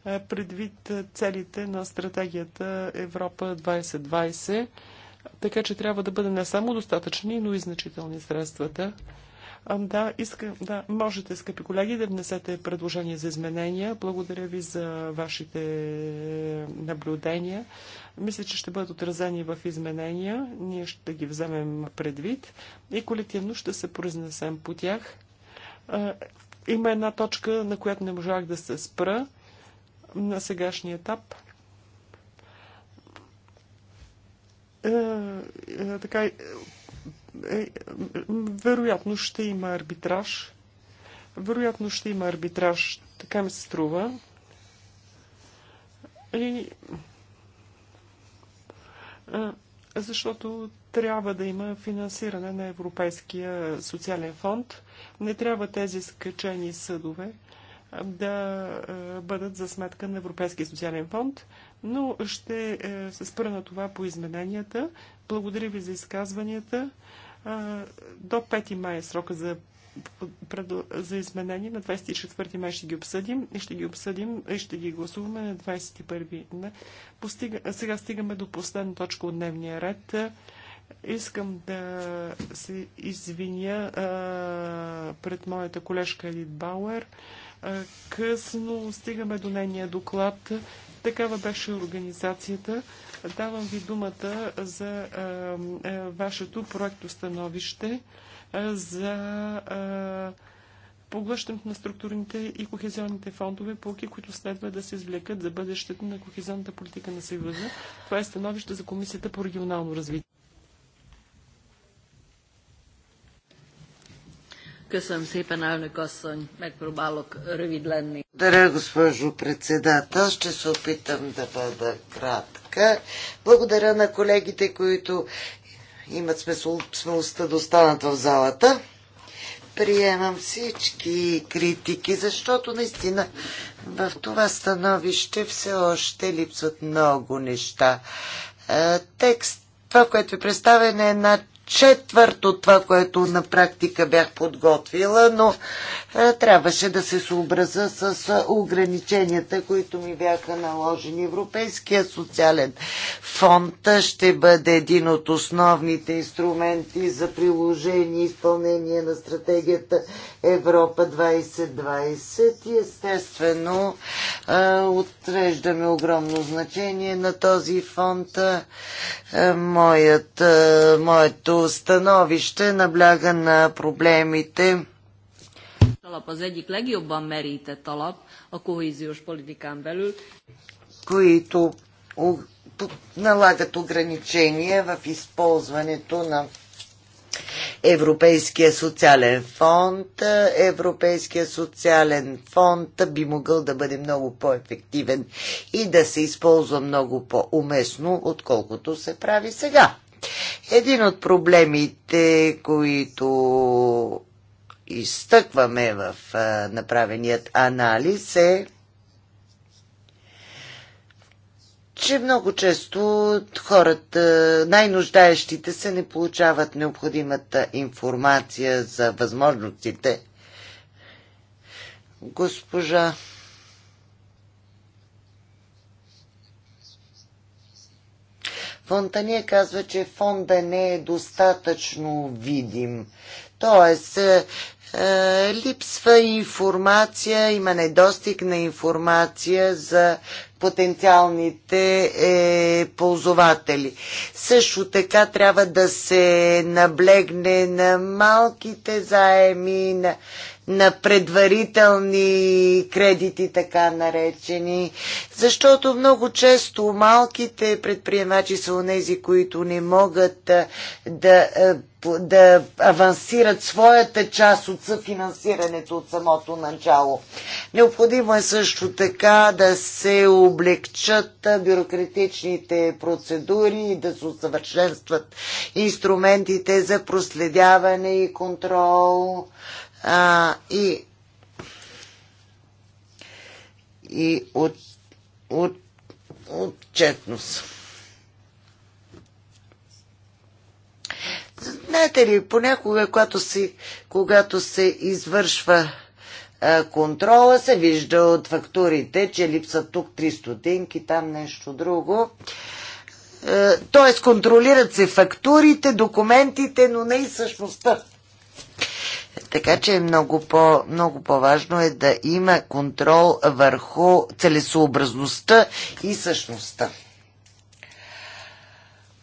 е, предвид е, целите на стратегията Европа 2020. Така че трябва да бъде не само достатъчни, но и значителни средствата. Да, искам, да, можете, скъпи колеги, да внесете предложения за изменения. Благодаря ви за вашите наблюдения. Мисля, че ще бъдат отразени в изменения. Ние ще ги вземем предвид и колективно ще се произнесем по тях. Е, има една точка, на която не можах да се спра на сегашния етап е, е, така, е, вероятно ще има арбитраж. Вероятно ще има арбитраж. Така ми се струва. И, защото трябва да има финансиране на Европейския социален фонд. Не трябва тези скачени съдове да е, бъдат за сметка на Европейския социален фонд, но ще е, се спра на това по измененията. Благодаря ви за изказванията. Е, до 5 май е срока за за изменение. На 24 май ще ги обсъдим и ще ги обсъдим и ще ги гласуваме на 21 на. Постига... Сега стигаме до последна точка от дневния ред. Искам да се извиня а, пред моята колежка Едит Бауер. А, Късно стигаме до нейния доклад. Такава беше организацията. Давам ви думата за вашето проекто становище за поглъщането на структурните и кохезионните фондове, полки, които следва да се извлекат за бъдещето на кохезионната политика на Съюза. Това е становище за Комисията по регионално развитие. Köszönöm szépen, elnök asszony, megpróbálok rövid lenni. Благодаря, госпожо председател. Ще се опитам да бъда кратка. Благодаря на колегите, които имат смелостта да останат в залата. Приемам всички критики, защото наистина в това становище все още липсват много неща. Е, текст това, което ви е представя, е една четвърт от това, което на практика бях подготвила, но а, е, трябваше да се съобраза с е, ограниченията, които ми бяха наложени. Европейския социален фонд е, ще бъде един от основните инструменти за приложение и изпълнение на стратегията Европа 2020 и естествено а, отреждаме огромно значение на този фонд. А, моят, а, моето становище набляга на проблемите. Които налагат ограничения в използването на Европейския социален фонд. Европейския социален фонд би могъл да бъде много по-ефективен и да се използва много по-уместно, отколкото се прави сега. Един от проблемите, които изтъкваме в направеният анализ е че много често хората, най-нуждаещите се, не получават необходимата информация за възможностите. Госпожа Фонтания казва, че фонда не е достатъчно видим. Тоест, е, е, липсва информация, има недостиг на информация за потенциалните е, ползователи. Също така трябва да се наблегне на малките заеми, на, на предварителни кредити, така наречени, защото много често малките предприемачи са онези, които не могат е, да, е, да авансират своята част от съфинансирането от самото начало. Необходимо е също така да се облегчат бюрократичните процедури и да се усъвършенстват инструментите за проследяване и контрол а, и, и от, от, Знаете ли, понякога, когато се, когато се извършва контрола се вижда от фактурите, че липсат тук 3 стотинки, там нещо друго. Тоест контролират се фактурите, документите, но не и същността. Така че е много, по, много по-важно е да има контрол върху целесообразността и същността.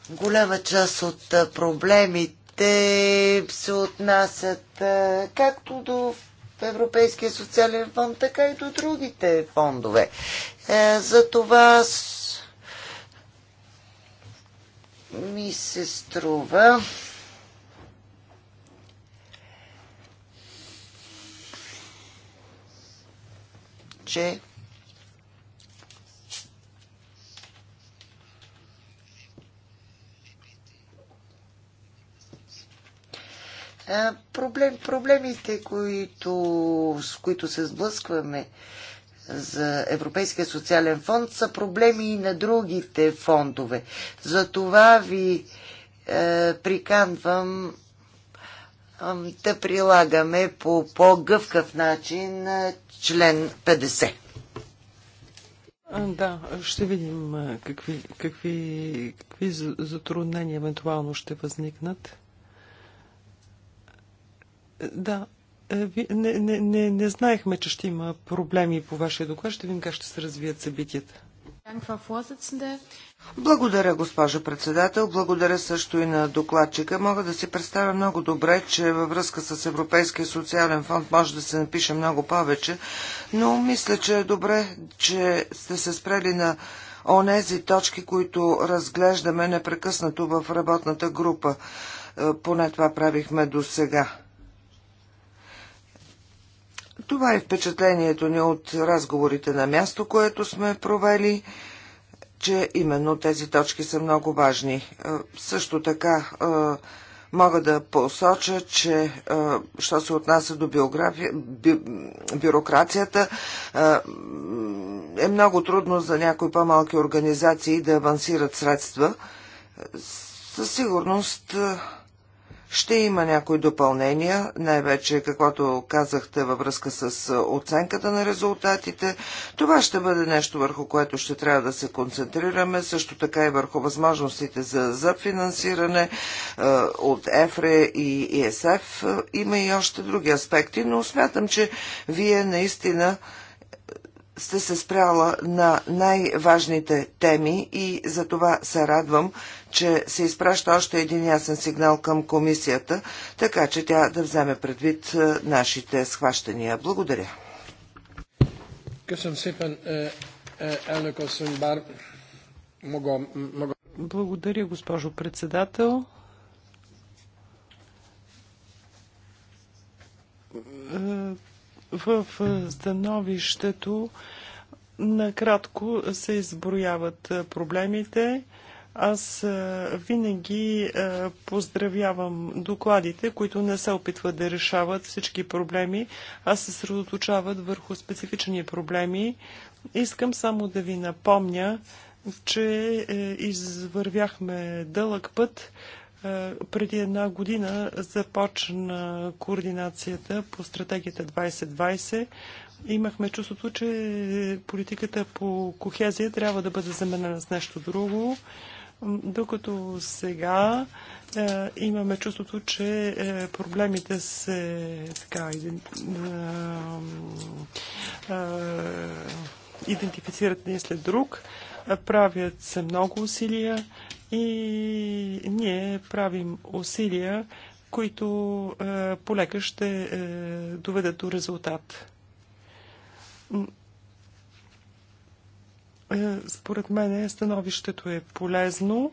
Голяма част от проблемите се отнасят както до Европейския социален фонд, така и до другите фондове. Е, за това с... ми се струва. че Проблем, проблемите, които, с които се сблъскваме за Европейския социален фонд, са проблеми и на другите фондове. Затова ви е, приканвам да прилагаме по по-гъвкав начин е, член 50. Да, ще видим е, какви, какви, какви затруднения евентуално ще възникнат. Да, е, не, не, не, не знаехме, че ще има проблеми по вашия доклад. Ще видим как ще се развият събитията. Благодаря, госпожо председател. Благодаря също и на докладчика. Мога да си представя много добре, че във връзка с Европейския социален фонд може да се напише много повече, но мисля, че е добре, че сте се спрели на онези точки, които разглеждаме непрекъснато в работната група. Е, поне това правихме до сега. Това е впечатлението ни от разговорите на място, което сме провели, че именно тези точки са много важни. Също така мога да посоча, че що се отнася до биография, би, бюрокрацията, е много трудно за някои по-малки организации да авансират средства. Със сигурност ще има някои допълнения, най-вече каквото казахте във връзка с оценката на резултатите. Това ще бъде нещо върху което ще трябва да се концентрираме, също така и върху възможностите за, за финансиране е, от ЕФРЕ и ЕСФ. Има и още други аспекти, но смятам, че вие наистина сте се спряла на най-важните теми и за това се радвам, че се изпраща още един ясен сигнал към комисията, така че тя да вземе предвид е, нашите схващания. Благодаря. Е, е, Благодаря, госпожо председател. В е, становището накратко се изброяват е, проблемите. Аз е, винаги поздравявам докладите, които не се опитват да решават всички проблеми, а се средоточават върху специфични проблеми. Искам само да ви напомня, че извървяхме дълъг път е, преди една година започна координацията по стратегията 2020. Имахме чувството, че политиката по кохезия трябва да бъде заменена с нещо друго, докато сега е, имаме чувството, че е, проблемите се така, е, е, идентифицират един след друг. Е, Правят се много усилия и ние правим усилия, които е, полека ще е, доведат до резултат. Е, според мен становището е полезно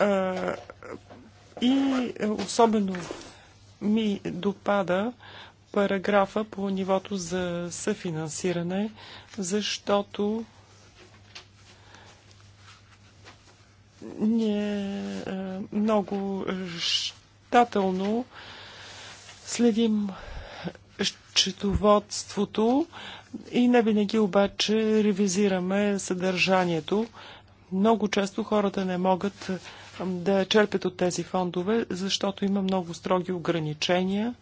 е, и особено ми допада параграфа по нивото за съфинансиране, защото Ние е, много е, щателно следим счетоводството и не винаги обаче ревизираме съдържанието. Много често хората не могат е, да черпят от тези фондове, защото има много строги ограничения,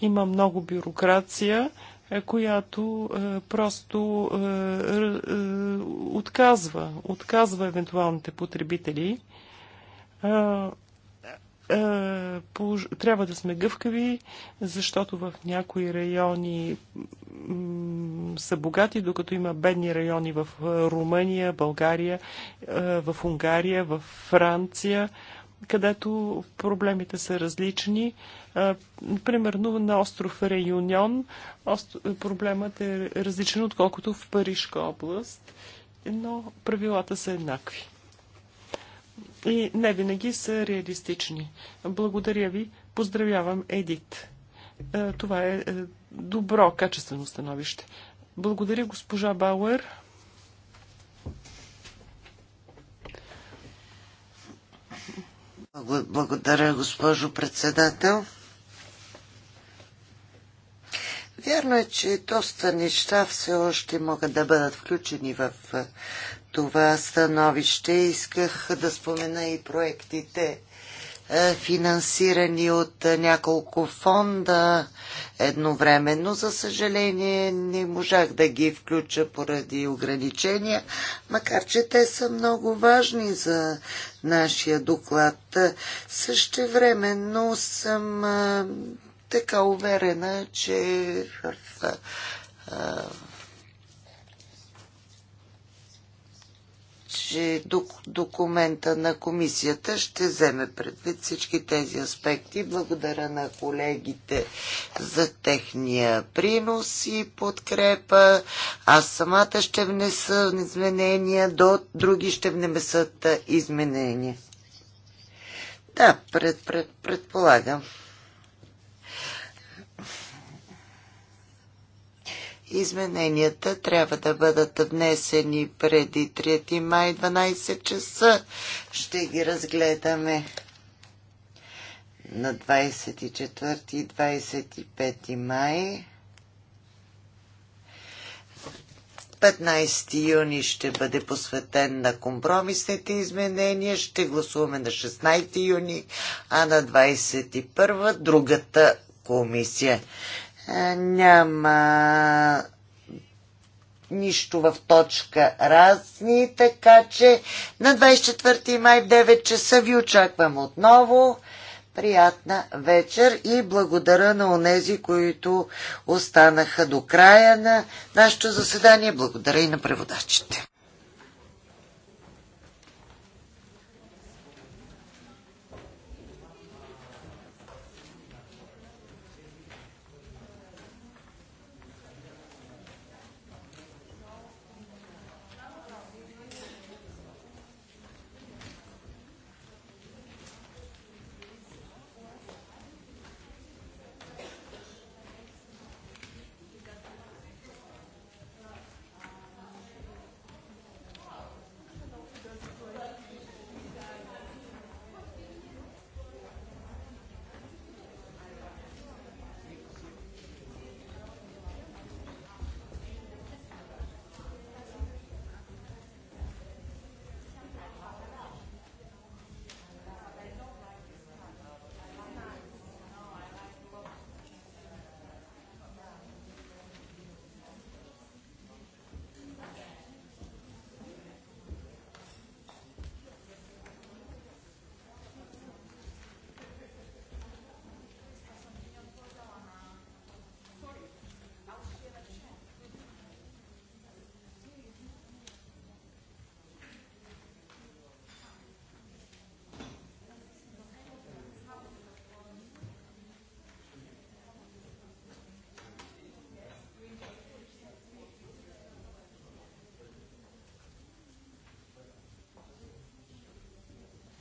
има много бюрокрация, е, която е, просто е, отказва, отказва евентуалните потребители. Трябва да сме гъвкави, защото в някои райони са богати, докато има бедни райони в Румъния, България, в Унгария, в Франция където проблемите са различни. Примерно на остров Реюнион проблемът е различен, отколкото в Парижка област, но правилата са еднакви. И не винаги са реалистични. Благодаря ви. Поздравявам Едит. Това е, е добро, качествено становище. Благодаря, госпожа Бауер. Благодаря, госпожо председател. Вярно е, че доста неща все още могат да бъдат включени в това становище. Исках да спомена и проектите е, финансирани от е, няколко фонда едновременно. За съжаление не можах да ги включа поради ограничения, макар че те са много важни за нашия доклад. Същевременно съм е, така уверена, че в че документа на комисията ще вземе предвид всички тези аспекти. Благодаря на колегите за техния принос и подкрепа. Аз самата ще внеса изменения, до други ще внесат изменения. Да, пред, пред, предполагам. Измененията трябва да бъдат внесени преди 3 май 12 часа. Ще ги разгледаме на 24 и 25 май. 15 юни ще бъде посветен на компромисните изменения. Ще гласуваме на 16 юни, а на 21 другата комисия. Е, няма нищо в точка разни, така че на 24 май в 9 часа ви очаквам отново. Приятна вечер и благодаря на онези, които останаха до края на нашето заседание. Благодаря и на преводачите.